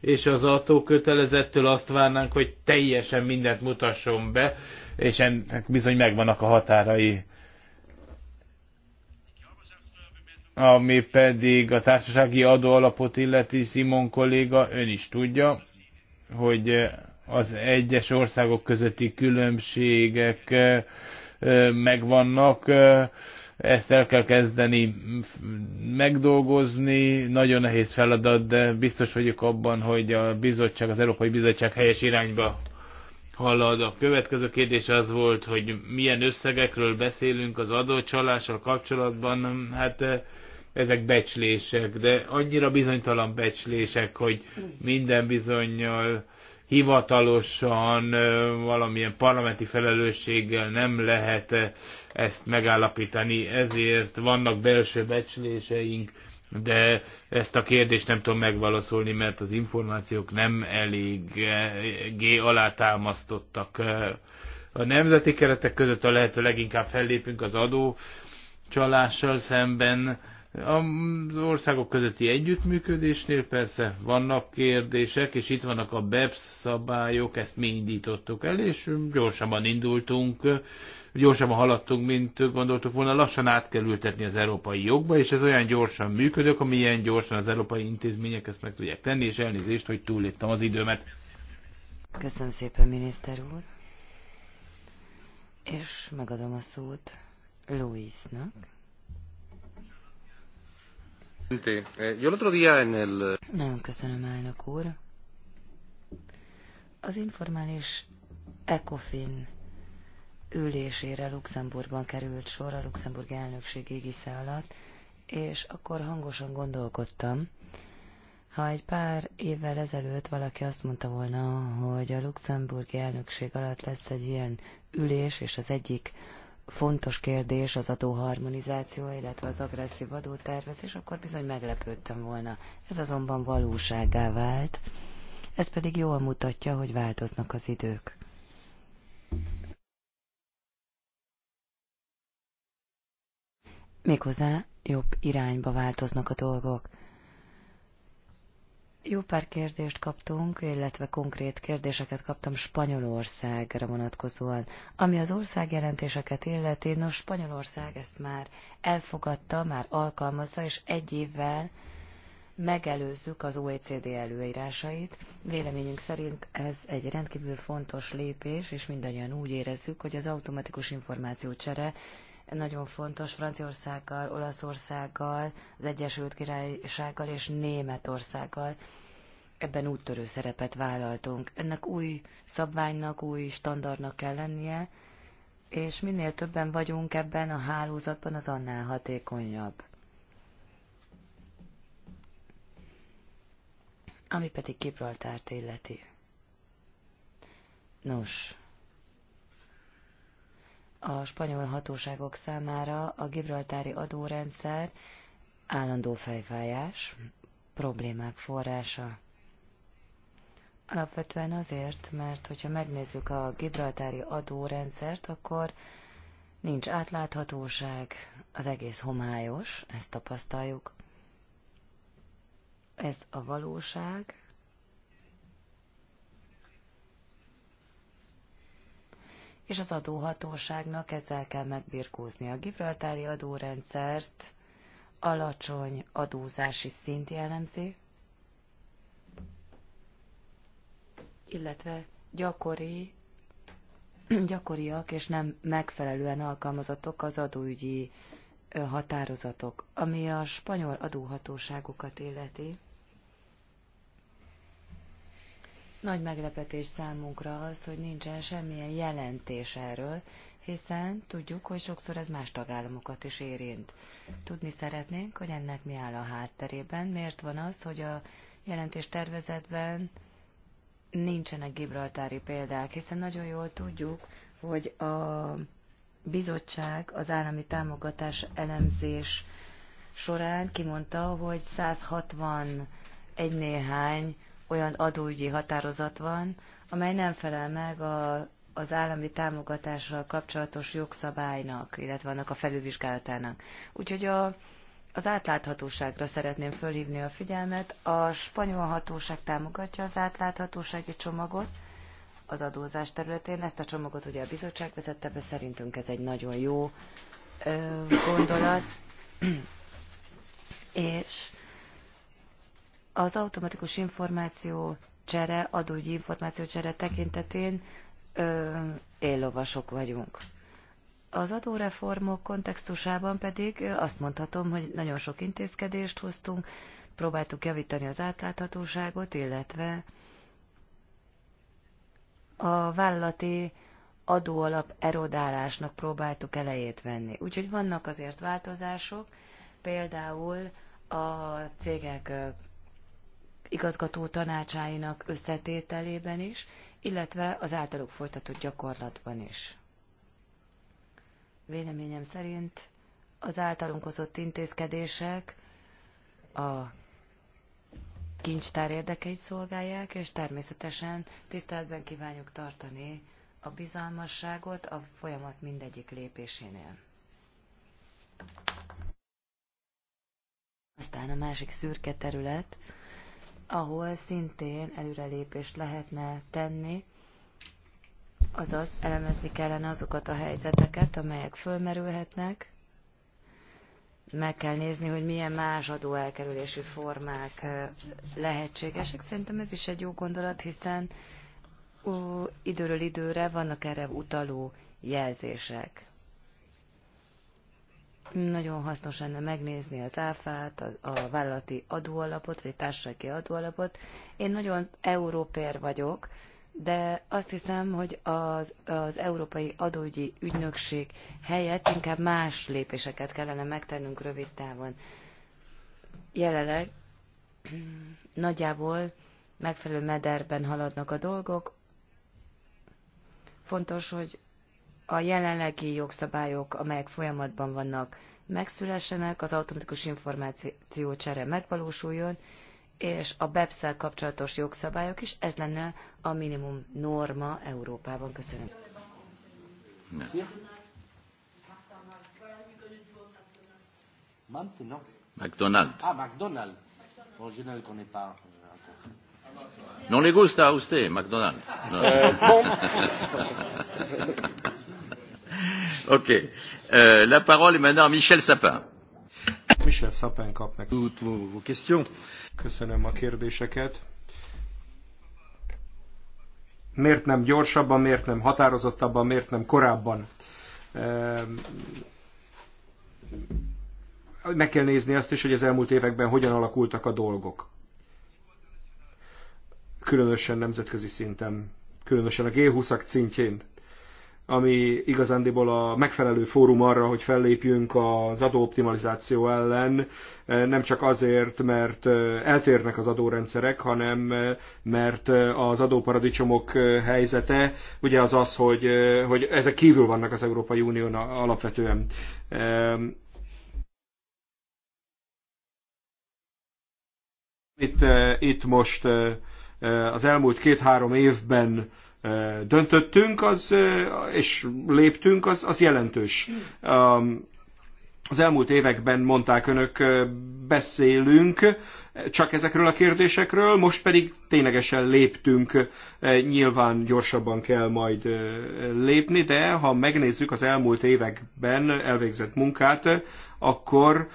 és az autókötelezettől azt várnánk, hogy teljesen mindent mutasson be, és ennek bizony megvannak a határai. Ami pedig a társasági adóalapot illeti, Simon kolléga, ön is tudja, hogy az egyes országok közötti különbségek megvannak, ezt el kell kezdeni megdolgozni, nagyon nehéz feladat, de biztos vagyok abban, hogy a bizottság, az Európai Bizottság helyes irányba hallad. A következő kérdés az volt, hogy milyen összegekről beszélünk az adócsalással kapcsolatban. Hát eh, ezek becslések, de annyira bizonytalan becslések, hogy minden bizonyal hivatalosan valamilyen parlamenti felelősséggel nem lehet ezt megállapítani, ezért vannak belső becsléseink, de ezt a kérdést nem tudom megválaszolni, mert az információk nem eléggé alátámasztottak. A nemzeti keretek között a lehető leginkább fellépünk az adó csalással szemben, az országok közötti együttműködésnél persze vannak kérdések, és itt vannak a BEPS szabályok, ezt mi indítottuk el, és gyorsabban indultunk, gyorsabban haladtunk, mint gondoltuk volna, lassan át kell ültetni az európai jogba, és ez olyan gyorsan működök, amilyen gyorsan az európai intézmények ezt meg tudják tenni, és elnézést, hogy túlléptem az időmet. Köszönöm szépen, miniszter úr. És megadom a szót Louisnak. Eh, Nagyon köszönöm, elnök úr. Az informális ECOFIN ülésére Luxemburgban került sor a Luxemburg elnökség égisze alatt, és akkor hangosan gondolkodtam, ha egy pár évvel ezelőtt valaki azt mondta volna, hogy a luxemburgi elnökség alatt lesz egy ilyen ülés, és az egyik fontos kérdés az adóharmonizáció, illetve az agresszív adótervezés, akkor bizony meglepődtem volna. Ez azonban valóságá vált, ez pedig jól mutatja, hogy változnak az idők. Méghozzá jobb irányba változnak a dolgok. Jó pár kérdést kaptunk, illetve konkrét kérdéseket kaptam Spanyolországra vonatkozóan. Ami az ország jelentéseket illeti, nos, Spanyolország ezt már elfogadta, már alkalmazza, és egy évvel megelőzzük az OECD előírásait. Véleményünk szerint ez egy rendkívül fontos lépés, és mindannyian úgy érezzük, hogy az automatikus információcsere nagyon fontos Franciaországgal, Olaszországgal, az Egyesült Királysággal és Németországgal. Ebben úttörő szerepet vállaltunk. Ennek új szabványnak, új standardnak kell lennie, és minél többen vagyunk ebben a hálózatban, az annál hatékonyabb. Ami pedig Gibraltárt illeti. Nos, a spanyol hatóságok számára a gibraltári adórendszer állandó fejfájás, problémák forrása. Alapvetően azért, mert hogyha megnézzük a gibraltári adórendszert, akkor nincs átláthatóság, az egész homályos, ezt tapasztaljuk. Ez a valóság, és az adóhatóságnak ezzel kell megbirkózni. A gibraltári adórendszert alacsony adózási szint jellemzi, illetve gyakori, gyakoriak és nem megfelelően alkalmazottok az adóügyi határozatok, ami a spanyol adóhatóságokat illeti. Nagy meglepetés számunkra az, hogy nincsen semmilyen jelentés erről, hiszen tudjuk, hogy sokszor ez más tagállamokat is érint. Tudni szeretnénk, hogy ennek mi áll a hátterében, miért van az, hogy a jelentés tervezetben nincsenek gibraltári példák, hiszen nagyon jól tudjuk, hogy a bizottság az állami támogatás elemzés során kimondta, hogy 160 egy néhány olyan adóügyi határozat van, amely nem felel meg a, az állami támogatással kapcsolatos jogszabálynak, illetve annak a felülvizsgálatának. Úgyhogy a, az átláthatóságra szeretném fölhívni a figyelmet. A spanyol hatóság támogatja az átláthatósági csomagot az adózás területén. Ezt a csomagot ugye a bizottság vezette be, szerintünk ez egy nagyon jó ö, gondolat. És az automatikus információ csere, adógyi információ csere tekintetén ö, éllovasok vagyunk. Az adóreformok kontextusában pedig azt mondhatom, hogy nagyon sok intézkedést hoztunk, próbáltuk javítani az átláthatóságot, illetve a vállalati adóalap erodálásnak próbáltuk elejét venni. Úgyhogy vannak azért változások, például a cégek igazgató tanácsáinak összetételében is, illetve az általuk folytatott gyakorlatban is. Véleményem szerint az általunk hozott intézkedések a kincstár érdekeit szolgálják, és természetesen tiszteletben kívánjuk tartani a bizalmasságot a folyamat mindegyik lépésénél. Aztán a másik szürke terület, ahol szintén előrelépést lehetne tenni, azaz elemezni kellene azokat a helyzeteket, amelyek fölmerülhetnek, meg kell nézni, hogy milyen más adóelkerülési formák lehetségesek. Szerintem ez is egy jó gondolat, hiszen ó, időről időre vannak erre utaló jelzések nagyon hasznos lenne megnézni az áfát, a, a vállalati adóalapot, vagy társasági adóalapot. Én nagyon európér vagyok, de azt hiszem, hogy az, az Európai Adóügyi Ügynökség helyett inkább más lépéseket kellene megtennünk rövid távon. Jelenleg nagyjából megfelelő mederben haladnak a dolgok. Fontos, hogy a jelenlegi jogszabályok, amelyek folyamatban vannak, megszülessenek, az automatikus információcsere megvalósuljon, és a beps kapcsolatos jogszabályok is, ez lenne a minimum norma Európában. Köszönöm. McDonald. Ah, McDonald. pas. Euh, non le gusta a usted, McDonald. No. Euh, bon. ok. Euh, la parole est maintenant à Michel Sapin. Michel Sapin kap meg. Vos questions. Köszönöm a kérdéseket. Miért nem gyorsabban, miért nem határozottabban, miért nem korábban? Ehm, meg kell nézni azt is, hogy az elmúlt években hogyan alakultak a dolgok. Különösen nemzetközi szinten, különösen a G20-ak szintjén ami igazándiból a megfelelő fórum arra, hogy fellépjünk az adóoptimalizáció ellen, nem csak azért, mert eltérnek az adórendszerek, hanem mert az adóparadicsomok helyzete ugye az az, hogy, hogy ezek kívül vannak az Európai Unión alapvetően. Itt, itt most az elmúlt két-három évben döntöttünk, az, és léptünk, az, az jelentős. Um, az elmúlt években mondták önök, beszélünk csak ezekről a kérdésekről, most pedig ténylegesen léptünk, nyilván gyorsabban kell majd lépni, de ha megnézzük az elmúlt években elvégzett munkát, akkor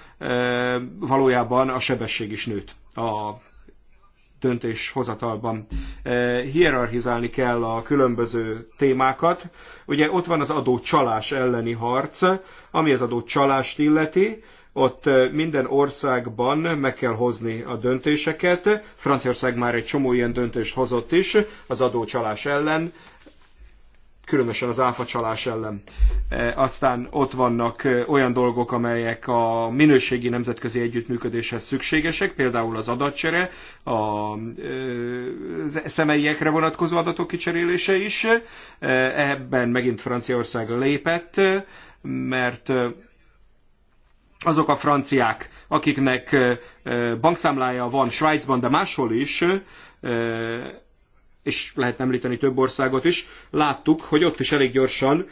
valójában a sebesség is nőtt a döntéshozatalban. Eh, hierarchizálni kell a különböző témákat. Ugye ott van az adócsalás elleni harc, ami az adócsalást illeti, ott eh, minden országban meg kell hozni a döntéseket. Franciaország már egy csomó ilyen döntést hozott is az adócsalás ellen különösen az áfacsalás ellen. E, aztán ott vannak e, olyan dolgok, amelyek a minőségi nemzetközi együttműködéshez szükségesek, például az adatcsere, a e, személyekre vonatkozó adatok kicserélése is. Ebben megint Franciaország lépett, mert azok a franciák, akiknek bankszámlája van Svájcban, de máshol is, és lehet említeni több országot is, láttuk, hogy ott is elég gyorsan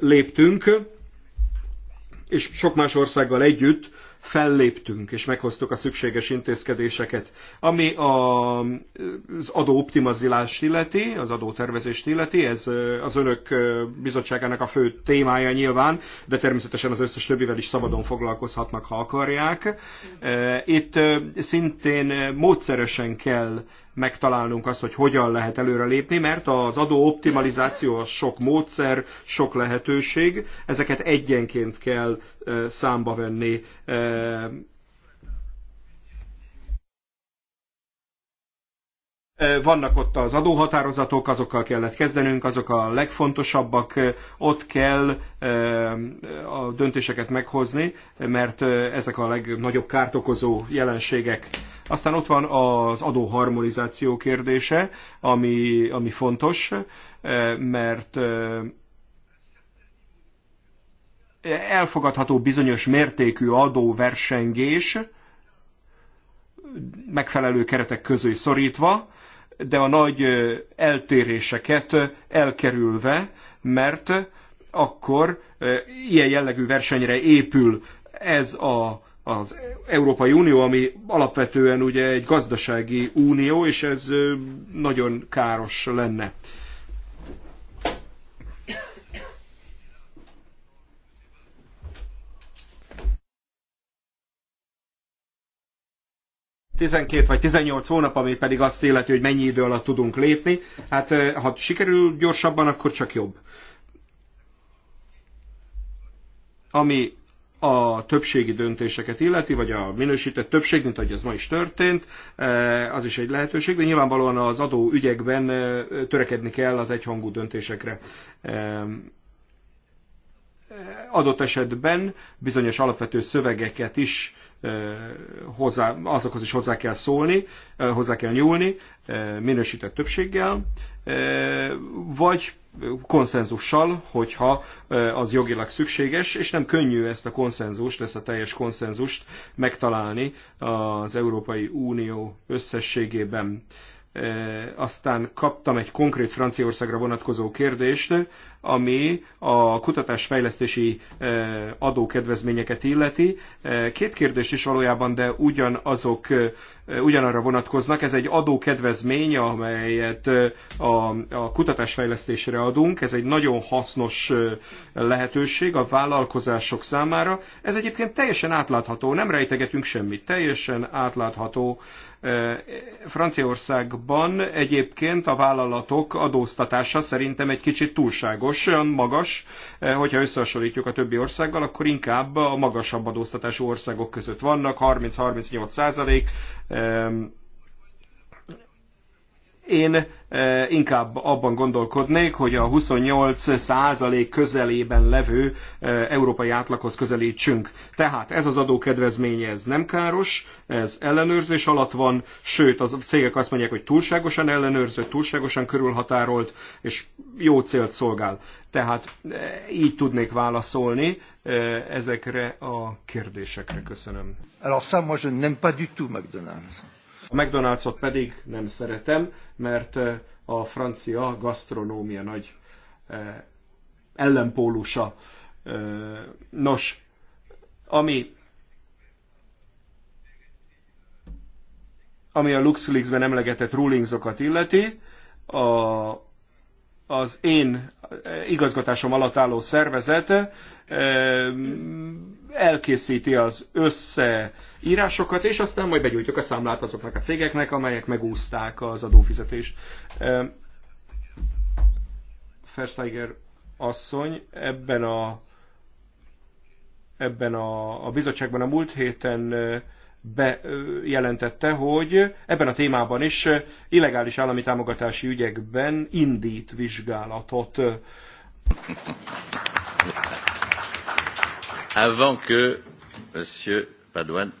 léptünk, és sok más országgal együtt felléptünk, és meghoztuk a szükséges intézkedéseket. Ami a, az adóoptimizálást illeti, az adótervezést illeti, ez az önök bizottságának a fő témája nyilván, de természetesen az összes többivel is szabadon foglalkozhatnak, ha akarják. Itt szintén módszeresen kell megtalálnunk azt, hogy hogyan lehet előrelépni, mert az adó optimalizáció az sok módszer, sok lehetőség, ezeket egyenként kell számba venni Vannak ott az adóhatározatok, azokkal kellett kezdenünk, azok a legfontosabbak, ott kell a döntéseket meghozni, mert ezek a legnagyobb kárt okozó jelenségek. Aztán ott van az adóharmonizáció kérdése, ami, ami fontos, mert elfogadható bizonyos mértékű adóversengés, megfelelő keretek közé szorítva, de a nagy eltéréseket elkerülve, mert akkor ilyen jellegű versenyre épül ez a, az Európai Unió, ami alapvetően ugye egy gazdasági unió, és ez nagyon káros lenne. 12 vagy 18 hónap, ami pedig azt illeti, hogy mennyi idő alatt tudunk lépni. Hát ha sikerül gyorsabban, akkor csak jobb. Ami a többségi döntéseket illeti, vagy a minősített többség, mint ahogy ez ma is történt, az is egy lehetőség, de nyilvánvalóan az adó ügyekben törekedni kell az egyhangú döntésekre. Adott esetben bizonyos alapvető szövegeket is hozzá, azokhoz is hozzá kell szólni, hozzá kell nyúlni minősített többséggel, vagy konszenzussal, hogyha az jogilag szükséges, és nem könnyű ezt a konszenzust, ezt a teljes konszenzust megtalálni az Európai Unió összességében. Eh, aztán kaptam egy konkrét Franciaországra vonatkozó kérdést, ami a kutatásfejlesztési eh, adókedvezményeket illeti. Eh, két kérdés is valójában, de ugyanazok ugyanarra vonatkoznak. Ez egy adókedvezmény, amelyet a, a kutatásfejlesztésre adunk. Ez egy nagyon hasznos lehetőség a vállalkozások számára. Ez egyébként teljesen átlátható, nem rejtegetünk semmit. Teljesen átlátható Franciaországban egyébként a vállalatok adóztatása szerintem egy kicsit túlságos, olyan magas, hogyha összehasonlítjuk a többi országgal, akkor inkább a magasabb adóztatású országok között vannak, 30-38 százalék, én eh, inkább abban gondolkodnék, hogy a 28 százalék közelében levő eh, európai átlaghoz közelítsünk. Tehát ez az adókedvezmény, ez nem káros, ez ellenőrzés alatt van, sőt, a cégek azt mondják, hogy túlságosan ellenőrzött, túlságosan körülhatárolt, és jó célt szolgál. Tehát eh, így tudnék válaszolni ezekre a kérdésekre. Köszönöm. Alors ça, moi je n'aime pas du tout McDonald's. A McDonald'sot pedig nem szeretem, mert a francia gasztronómia nagy ellenpólusa. Nos, ami ami a LuxLeaks-ben emlegetett rulingsokat illeti, a, az én igazgatásom alatt álló szervezet elkészíti az össze írásokat, és aztán majd begyújtjuk a számlát azoknak a cégeknek, amelyek megúzták az adófizetést. Fersteiger asszony ebben a ebben a, a bizottságban a múlt héten bejelentette, hogy ebben a témában is illegális állami támogatási ügyekben indít vizsgálatot. Avant que Monsieur Padouane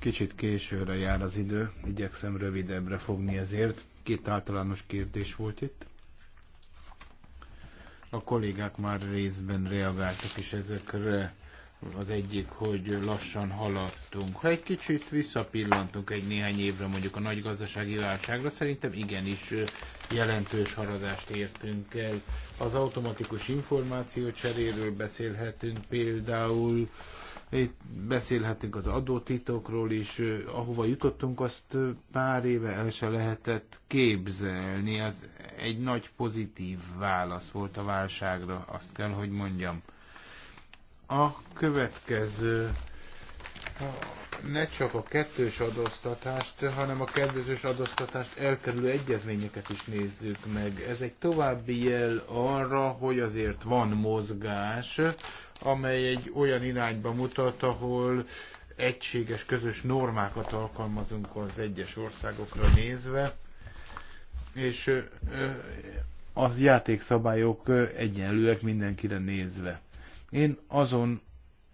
Kicsit későre jár az idő, igyekszem rövidebbre fogni ezért. Két általános kérdés volt itt. A kollégák már részben reagáltak is ezekre. Az egyik, hogy lassan haladtunk. Ha egy kicsit visszapillantunk egy néhány évre mondjuk a nagy gazdasági válságra, szerintem igenis jelentős haladást értünk el. Az automatikus információ cseréről beszélhetünk például, itt beszélhetünk az adótitokról is, ahova jutottunk, azt pár éve el se lehetett képzelni. Az egy nagy pozitív válasz volt a válságra, azt kell, hogy mondjam. A következő ne csak a kettős adóztatást, hanem a kedvezős adóztatást elkerülő egyezményeket is nézzük meg. Ez egy további jel arra, hogy azért van mozgás, amely egy olyan irányba mutat, ahol egységes, közös normákat alkalmazunk az egyes országokra nézve, és az játékszabályok egyenlőek mindenkire nézve én azon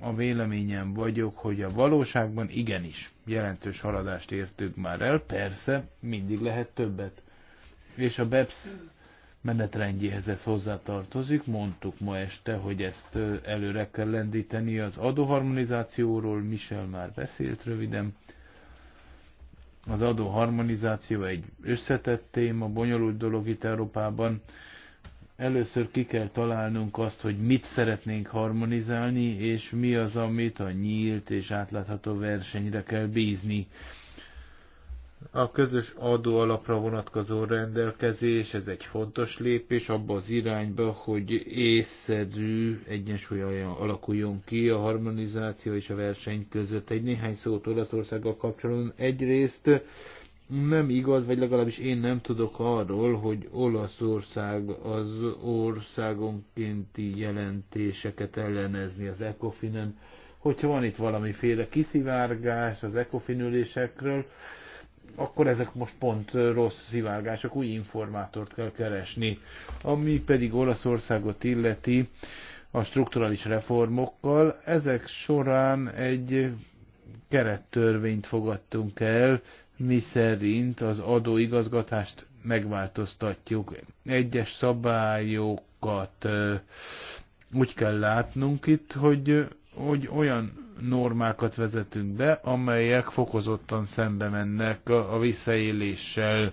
a véleményem vagyok, hogy a valóságban igenis jelentős haladást értünk már el, persze, mindig lehet többet. És a BEPS menetrendjéhez ez hozzátartozik, mondtuk ma este, hogy ezt előre kell lendíteni az adóharmonizációról, Michel már beszélt röviden. Az adóharmonizáció egy összetett téma, bonyolult dolog itt Európában, Először ki kell találnunk azt, hogy mit szeretnénk harmonizálni, és mi az, amit a nyílt és átlátható versenyre kell bízni. A közös adó alapra vonatkozó rendelkezés, ez egy fontos lépés abba az irányba, hogy észszerű egyensúly alakuljon ki a harmonizáció és a verseny között. Egy néhány szót Olaszországgal kapcsolatban. Egyrészt nem igaz, vagy legalábbis én nem tudok arról, hogy Olaszország az országonkénti jelentéseket ellenezni az ECOFIN-en. Hogyha van itt valamiféle kiszivárgás az ECOFIN ülésekről, akkor ezek most pont rossz szivárgások, új informátort kell keresni. Ami pedig Olaszországot illeti a strukturális reformokkal, ezek során egy kerettörvényt fogadtunk el, mi szerint az adóigazgatást megváltoztatjuk. Egyes szabályokat úgy kell látnunk itt, hogy, hogy olyan normákat vezetünk be, amelyek fokozottan szembe mennek a visszaéléssel,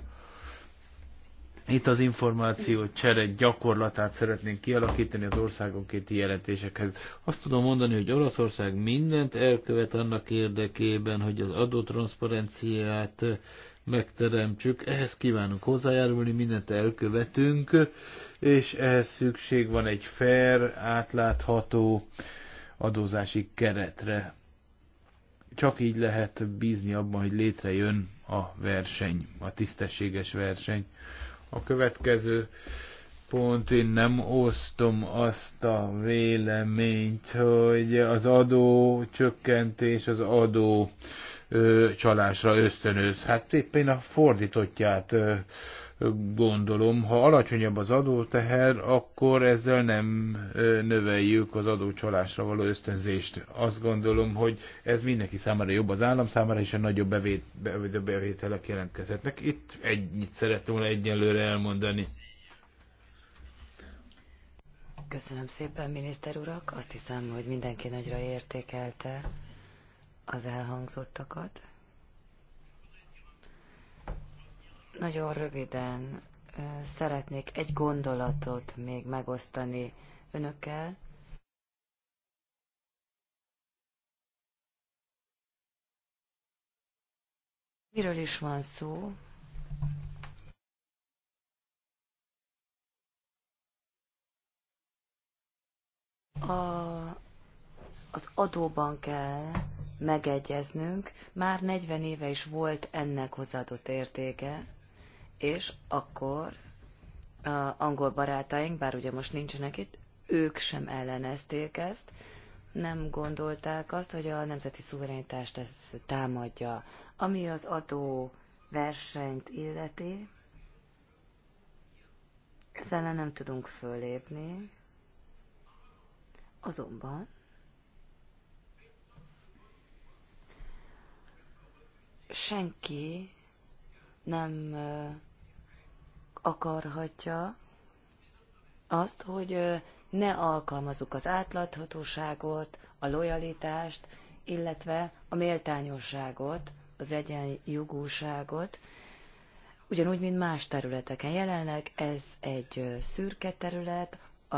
itt az információ csere gyakorlatát szeretnénk kialakítani az országonkéti jelentésekhez. Azt tudom mondani, hogy Olaszország mindent elkövet annak érdekében, hogy az adótranszparenciát megteremtsük. Ehhez kívánunk hozzájárulni, mindent elkövetünk, és ehhez szükség van egy fair, átlátható adózási keretre. Csak így lehet bízni abban, hogy létrejön a verseny, a tisztességes verseny. A következő pont, én nem osztom azt a véleményt, hogy az adó csökkentés az adó ö, csalásra ösztönöz. Hát éppen a fordítottját ö, gondolom. Ha alacsonyabb az adóteher, akkor ezzel nem növeljük az adócsalásra való ösztönzést. Azt gondolom, hogy ez mindenki számára jobb az állam számára, és a nagyobb bevét, bevételek jelentkezhetnek. Itt ennyit szerettem volna egyelőre elmondani. Köszönöm szépen, miniszter urak. Azt hiszem, hogy mindenki nagyra értékelte az elhangzottakat. Nagyon röviden szeretnék egy gondolatot még megosztani önökkel. Miről is van szó? A, az adóban kell megegyeznünk. Már 40 éve is volt ennek hozzáadott értéke és akkor a angol barátaink, bár ugye most nincsenek itt, ők sem ellenezték ezt, nem gondolták azt, hogy a nemzeti szuverenitást ez támadja. Ami az adó versenyt illeti, ezzel nem tudunk fölépni, azonban senki nem akarhatja azt, hogy ne alkalmazzuk az átláthatóságot, a lojalitást, illetve a méltányosságot, az egyenjogúságot, ugyanúgy, mint más területeken. Jelenleg ez egy szürke terület, a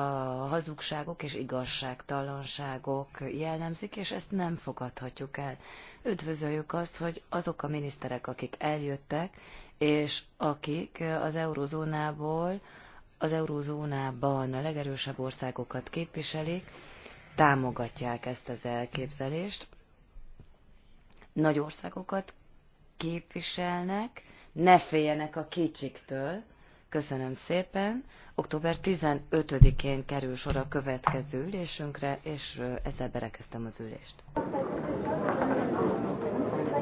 hazugságok és igazságtalanságok jellemzik, és ezt nem fogadhatjuk el. Üdvözöljük azt, hogy azok a miniszterek, akik eljöttek, és akik az eurozónából, az eurozónában a legerősebb országokat képviselik, támogatják ezt az elképzelést. Nagy országokat képviselnek, ne féljenek a kicsiktől. Köszönöm szépen. Október 15-én kerül sor a következő ülésünkre, és ezzel berekeztem az ülést.